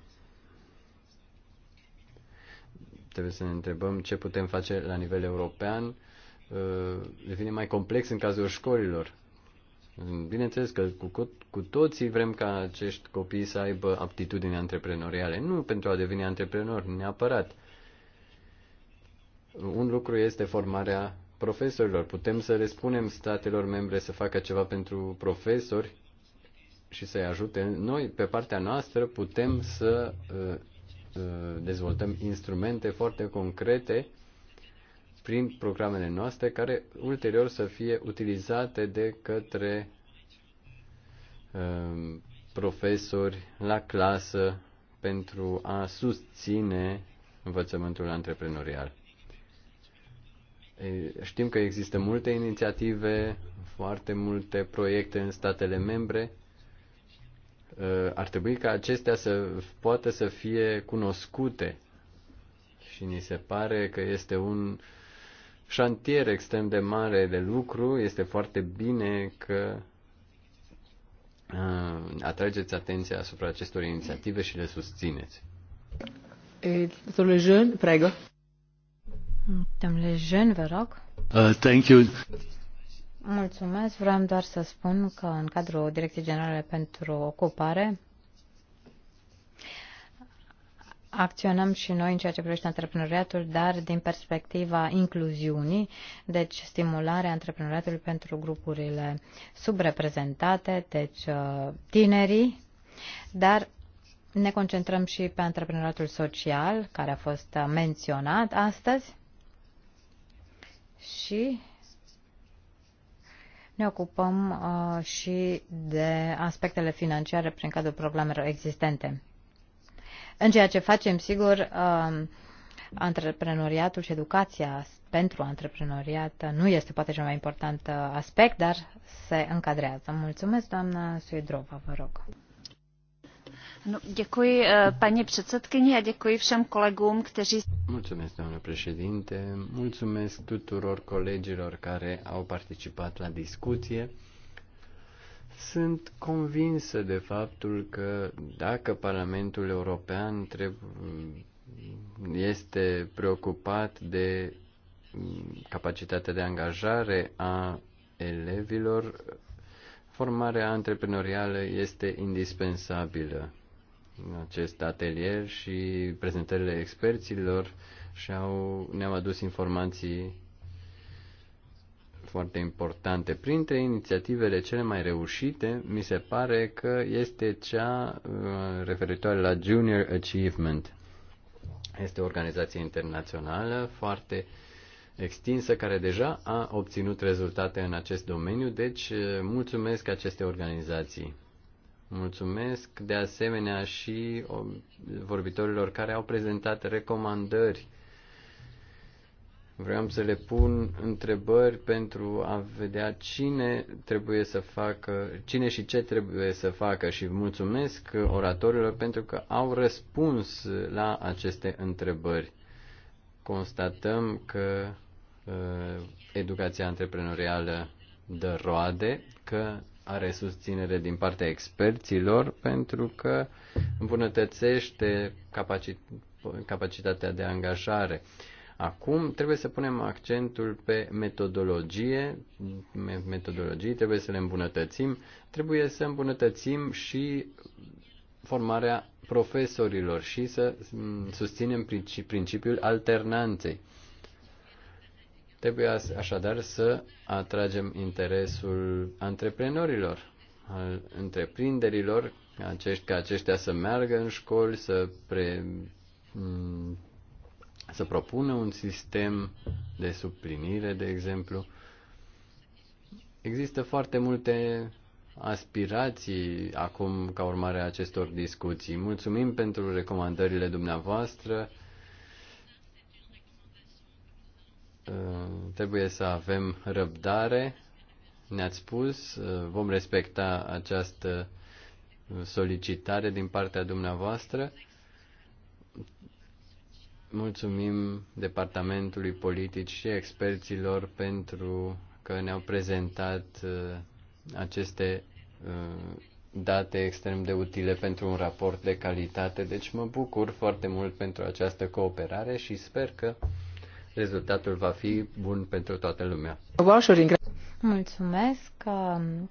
trebuie să ne întrebăm ce putem face la nivel european. Uh, devine mai complex în cazul școlilor. Bineînțeles că cu, cu toții vrem ca acești copii să aibă aptitudini antreprenoriale, nu pentru a deveni antreprenori neapărat. Un lucru este formarea profesorilor. Putem să le spunem statelor membre să facă ceva pentru profesori și să-i ajute. Noi, pe partea noastră, putem să uh, Uh, dezvoltăm instrumente foarte concrete prin programele noastre care ulterior să fie utilizate de către um, profesori la clasă pentru a susține învățământul antreprenorial. Știm că există multe inițiative, foarte multe proiecte în statele membre Uh, ar trebui ca acestea să poată să fie cunoscute și ni se pare că este un șantier extrem de mare de lucru, este foarte bine că uh, atrageți atenția asupra acestor inițiative și le susțineți. Domnule Jean, prego. Domnule Jean, vă rog. Uh, thank you. Mulțumesc. Vreau doar să spun că în cadrul Direcției Generale pentru Ocupare acționăm și noi în ceea ce privește antreprenoriatul, dar din perspectiva incluziunii, deci stimularea antreprenoriatului pentru grupurile subreprezentate, deci uh, tinerii, dar ne concentrăm și pe antreprenoriatul social, care a fost menționat astăzi și ne ocupăm uh, și de aspectele financiare prin cadrul programelor existente. În ceea ce facem, sigur, uh, antreprenoriatul și educația pentru antreprenoriat nu este poate cel mai important uh, aspect, dar se încadrează. Mulțumesc, doamna Suidrova, vă rog. Eh, mulțumesc, doamnă președinte, mulțumesc tuturor colegilor care au participat la discuție. Sunt convinsă de faptul că dacă Parlamentul European trebuie, este preocupat de capacitatea de angajare a elevilor, formarea antreprenorială este indispensabilă acest atelier și prezentările experților și au, ne-au adus informații foarte importante. Printre inițiativele cele mai reușite, mi se pare că este cea uh, referitoare la Junior Achievement. Este o organizație internațională foarte extinsă care deja a obținut rezultate în acest domeniu, deci uh, mulțumesc aceste organizații. Mulțumesc de asemenea și vorbitorilor care au prezentat recomandări. Vreau să le pun întrebări pentru a vedea cine trebuie să facă, cine și ce trebuie să facă și mulțumesc oratorilor pentru că au răspuns la aceste întrebări. Constatăm că uh, educația antreprenorială dă roade, că are susținere din partea experților pentru că îmbunătățește capacitatea de angajare. Acum trebuie să punem accentul pe metodologie, metodologii trebuie să le îmbunătățim, trebuie să îmbunătățim și formarea profesorilor și să mm, susținem principiul alternanței. Trebuie așadar să atragem interesul antreprenorilor, al întreprinderilor, acești, ca aceștia să meargă în școli, să, pre, să propună un sistem de suplinire, de exemplu. Există foarte multe aspirații acum ca urmare a acestor discuții. Mulțumim pentru recomandările dumneavoastră Uh, trebuie să avem răbdare. Ne-ați spus, uh, vom respecta această solicitare din partea dumneavoastră. Mulțumim Departamentului Politic și experților pentru că ne-au prezentat uh, aceste date extrem de utile pentru un raport de calitate. Deci mă bucur foarte mult pentru această cooperare și sper că rezultatul va fi bun pentru toată lumea. Mulțumesc,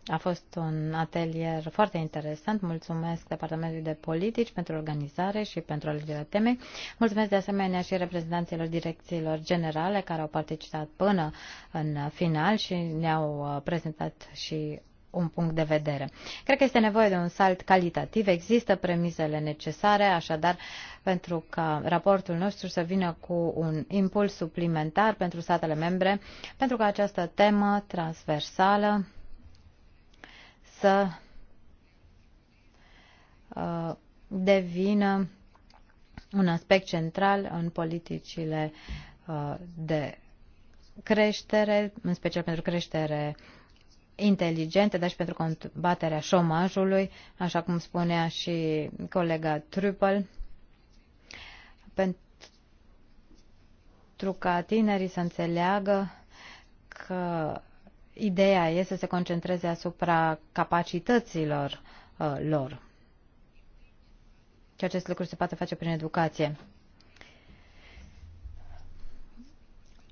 a fost un atelier foarte interesant. Mulțumesc Departamentului de Politici pentru organizare și pentru alegerea temei. Mulțumesc de asemenea și reprezentanților direcțiilor generale care au participat până în final și ne-au uh, prezentat și un punct de vedere. Cred că este nevoie de un salt calitativ, există premisele necesare, așadar, pentru ca raportul nostru să vină cu un impuls suplimentar pentru statele membre, pentru ca această temă transversală să uh, devină un aspect central în politicile uh, de creștere, în special pentru creștere uh, inteligente, dar și deci pentru combaterea șomajului, așa cum spunea și colega Trupel, pentru ca tinerii să înțeleagă că ideea este să se concentreze asupra capacităților uh, lor. Și acest lucru se poate face prin educație.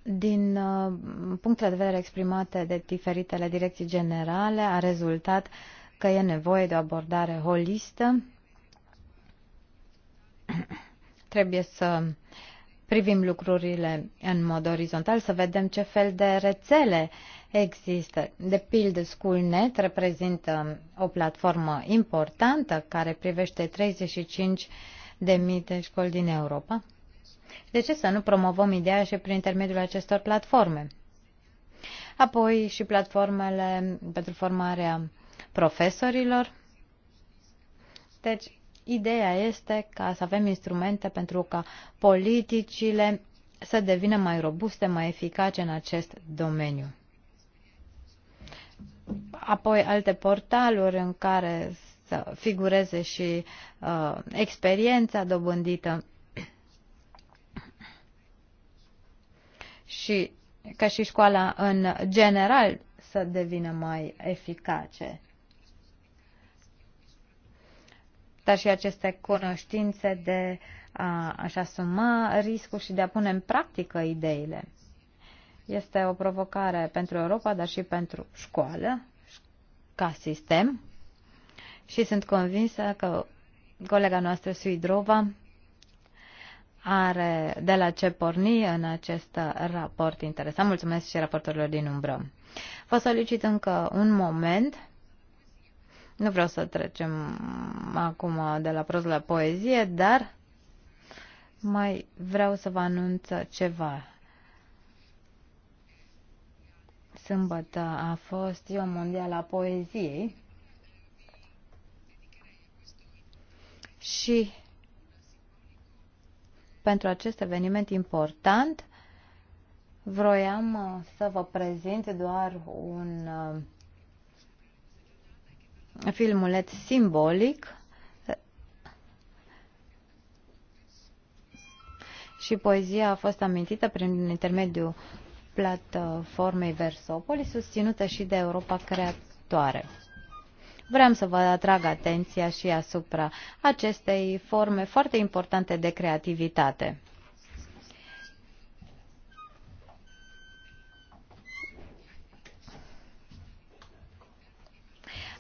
din uh, punctele de vedere exprimate de diferitele direcții generale, a rezultat că e nevoie de o abordare holistă. Trebuie să privim lucrurile în mod orizontal, să vedem ce fel de rețele există. De pildă, SchoolNet reprezintă o platformă importantă care privește 35 de mii de școli din Europa. De ce să nu promovăm ideea și prin intermediul acestor platforme? Apoi și platformele pentru formarea profesorilor. Deci, ideea este ca să avem instrumente pentru ca politicile să devină mai robuste, mai eficace în acest domeniu. Apoi alte portaluri în care să figureze și uh, experiența dobândită și ca și școala în general să devină mai eficace. Dar și aceste cunoștințe de a, a asuma riscul și de a pune în practică ideile. Este o provocare pentru Europa, dar și pentru școală, ca sistem. Și sunt convinsă că colega noastră, Suidrova, are de la ce porni în acest raport interesant. Mulțumesc și raportorilor din umbră. Vă solicit încă un moment. Nu vreau să trecem acum de la prost la poezie, dar mai vreau să vă anunț ceva. Sâmbătă a fost Ziua Mondială a Poeziei și pentru acest eveniment important. Vroiam uh, să vă prezint doar un uh, filmuleț simbolic și poezia a fost amintită prin intermediul platformei Versopoli, susținută și de Europa Creatoare. Vreau să vă atrag atenția și asupra acestei forme foarte importante de creativitate.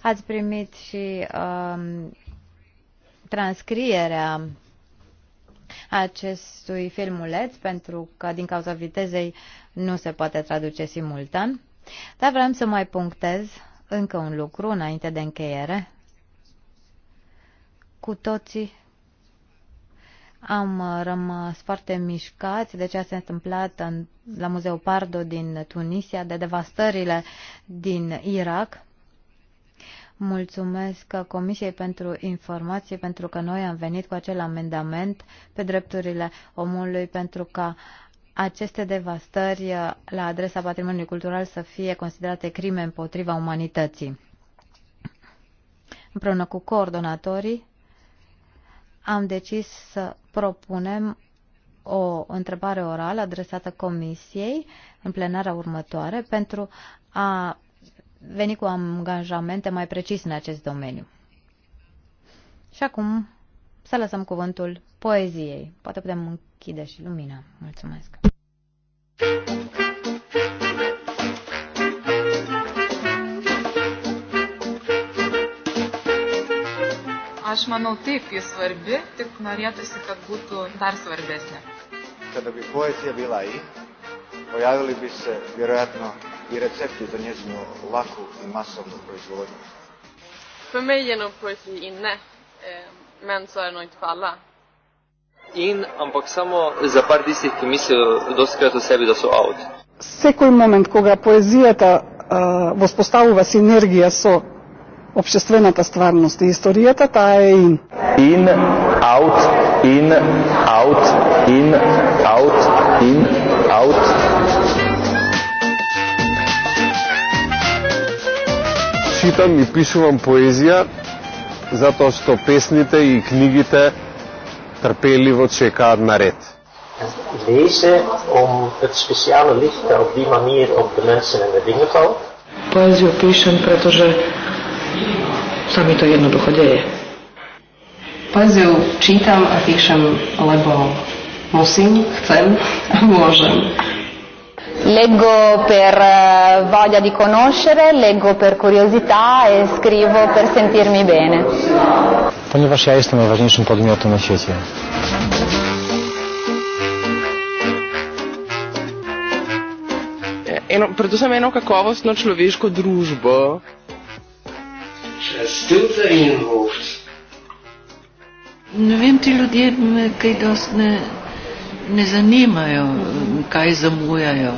Ați primit și um, transcrierea acestui filmuleț, pentru că din cauza vitezei nu se poate traduce simultan. Dar vreau să mai punctez încă un lucru înainte de încheiere. Cu toții am rămas foarte mișcați de ce s-a întâmplat în, la Muzeul Pardo din Tunisia, de devastările din Irak. Mulțumesc Comisiei pentru informații, pentru că noi am venit cu acel amendament pe drepturile omului, pentru ca aceste devastări uh, la adresa patrimoniului cultural să fie considerate crime împotriva umanității. Împreună cu coordonatorii am decis să propunem o întrebare orală adresată Comisiei în plenara următoare pentru a veni cu angajamente mai precise în acest domeniu. Și acum să lăsăm cuvântul poeziei. Poate putem închide și lumina. Mulțumesc! Aš manau, taip, jis svarbi, tik norėtųsi, kad būtų dar svarbesnė. Kada bi poezija bila i, pojavili bi se vėrojatno, į receptį to njezinu lakų į masovnų proizvodnju. För mig är nog poesi inne, eh, men så är det nog inte för alla in, ampak samo za par tistih, ki mislijo doskrat o sebi, da so out. Sekoj moment, ko ga poezijata uh, eh, vzpostavlja sinergija, so obšestvena ta stvarnost. Istorijata ta je in. In, out, in, out, in, out, in, out. Читам и пишувам poezija, zato što pesnite i knjigite trpeljivo čeka na red. Lezen om het speciale licht dat op die manier op de mensen en de dingen valt. Poeziju pišem, pretože sa mi to jedno jednoducho deje. Poéziu čítam a píšem, lebo musím, chcem a môžem. Leggo per eh, voglia di conoscere, leggo per curiosità e scrivo per sentirmi bene. Ponieważ ja jestem najważniejszym podmiotem na świecie. Eh, eno, predvsem eno kakovostno človeško družbo. Ne vem, ti ljudje me kaj ne ne zanimajo, kaj zamujajo.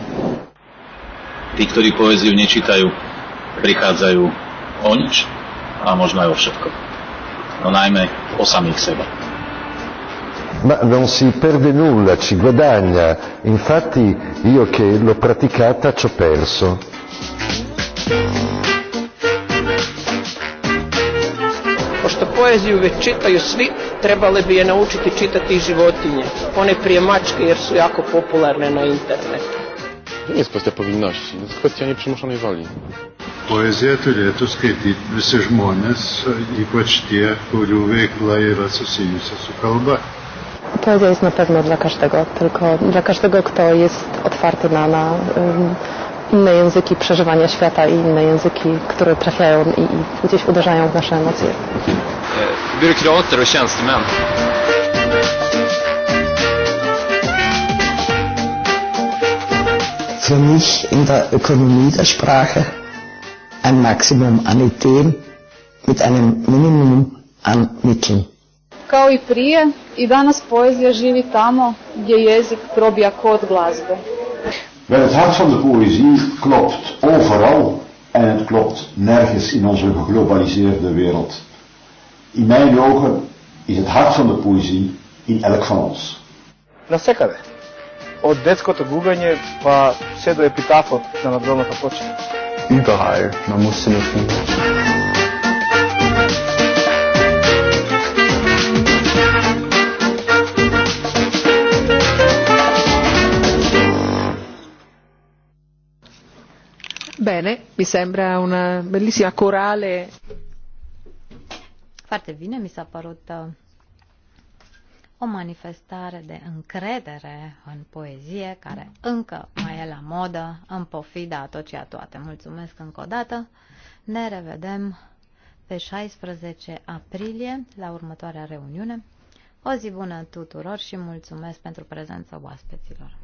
Ti, ktorí poéziu nečítajú, prichádzajú o nič a možno aj o všetko. No najmä o samých seba. Ma non si perde nulla, ci guadagna. Infatti io che l'ho praticata ci ho perso. Pošto poeziju već čitaju svi, trebale bi je naučiti čitati životinje, one prije mačke jer su jako popularne na internetu. Nie jest kwestia powinności, jest kwestia nieprzymuszonej woli. to turėtų skaityti visi žmonės, ypač tie, kurių veikla yra susijusi su kalba. Poezja jest na pewno dla każdego, tylko dla każdego, kto jest otwarty na, na um, inne języki przeżywania świata i inne języki, które trafiają i, i gdzieś uderzają w nasze emocje. Biurokrater i tjänstemän. Für mich in der Ökonomie der Sprache ein Maximum an Ideen mit einem Minimum an Mitteln. Kao i prije, i danas poezija živi tamo gdje jezik probija kod glazbe. Wel, het hart van de poëzie klopt overal en het klopt nergens in onze geglobaliseerde wereld. In mijn ogen is het hart van de poëzie in elk van ons. Насекаде. Од детското гугање па се до епитафот на надгробната почва. Überall, man muss sie nur finden. Bene, mi sembra una bellissima corale. Foarte bine, mi s-a părut uh, o manifestare de încredere în poezie care încă mai e la modă în pofida a tot a toate. Mulțumesc încă o dată. Ne revedem pe 16 aprilie la următoarea reuniune. O zi bună tuturor și mulțumesc pentru prezența oaspeților.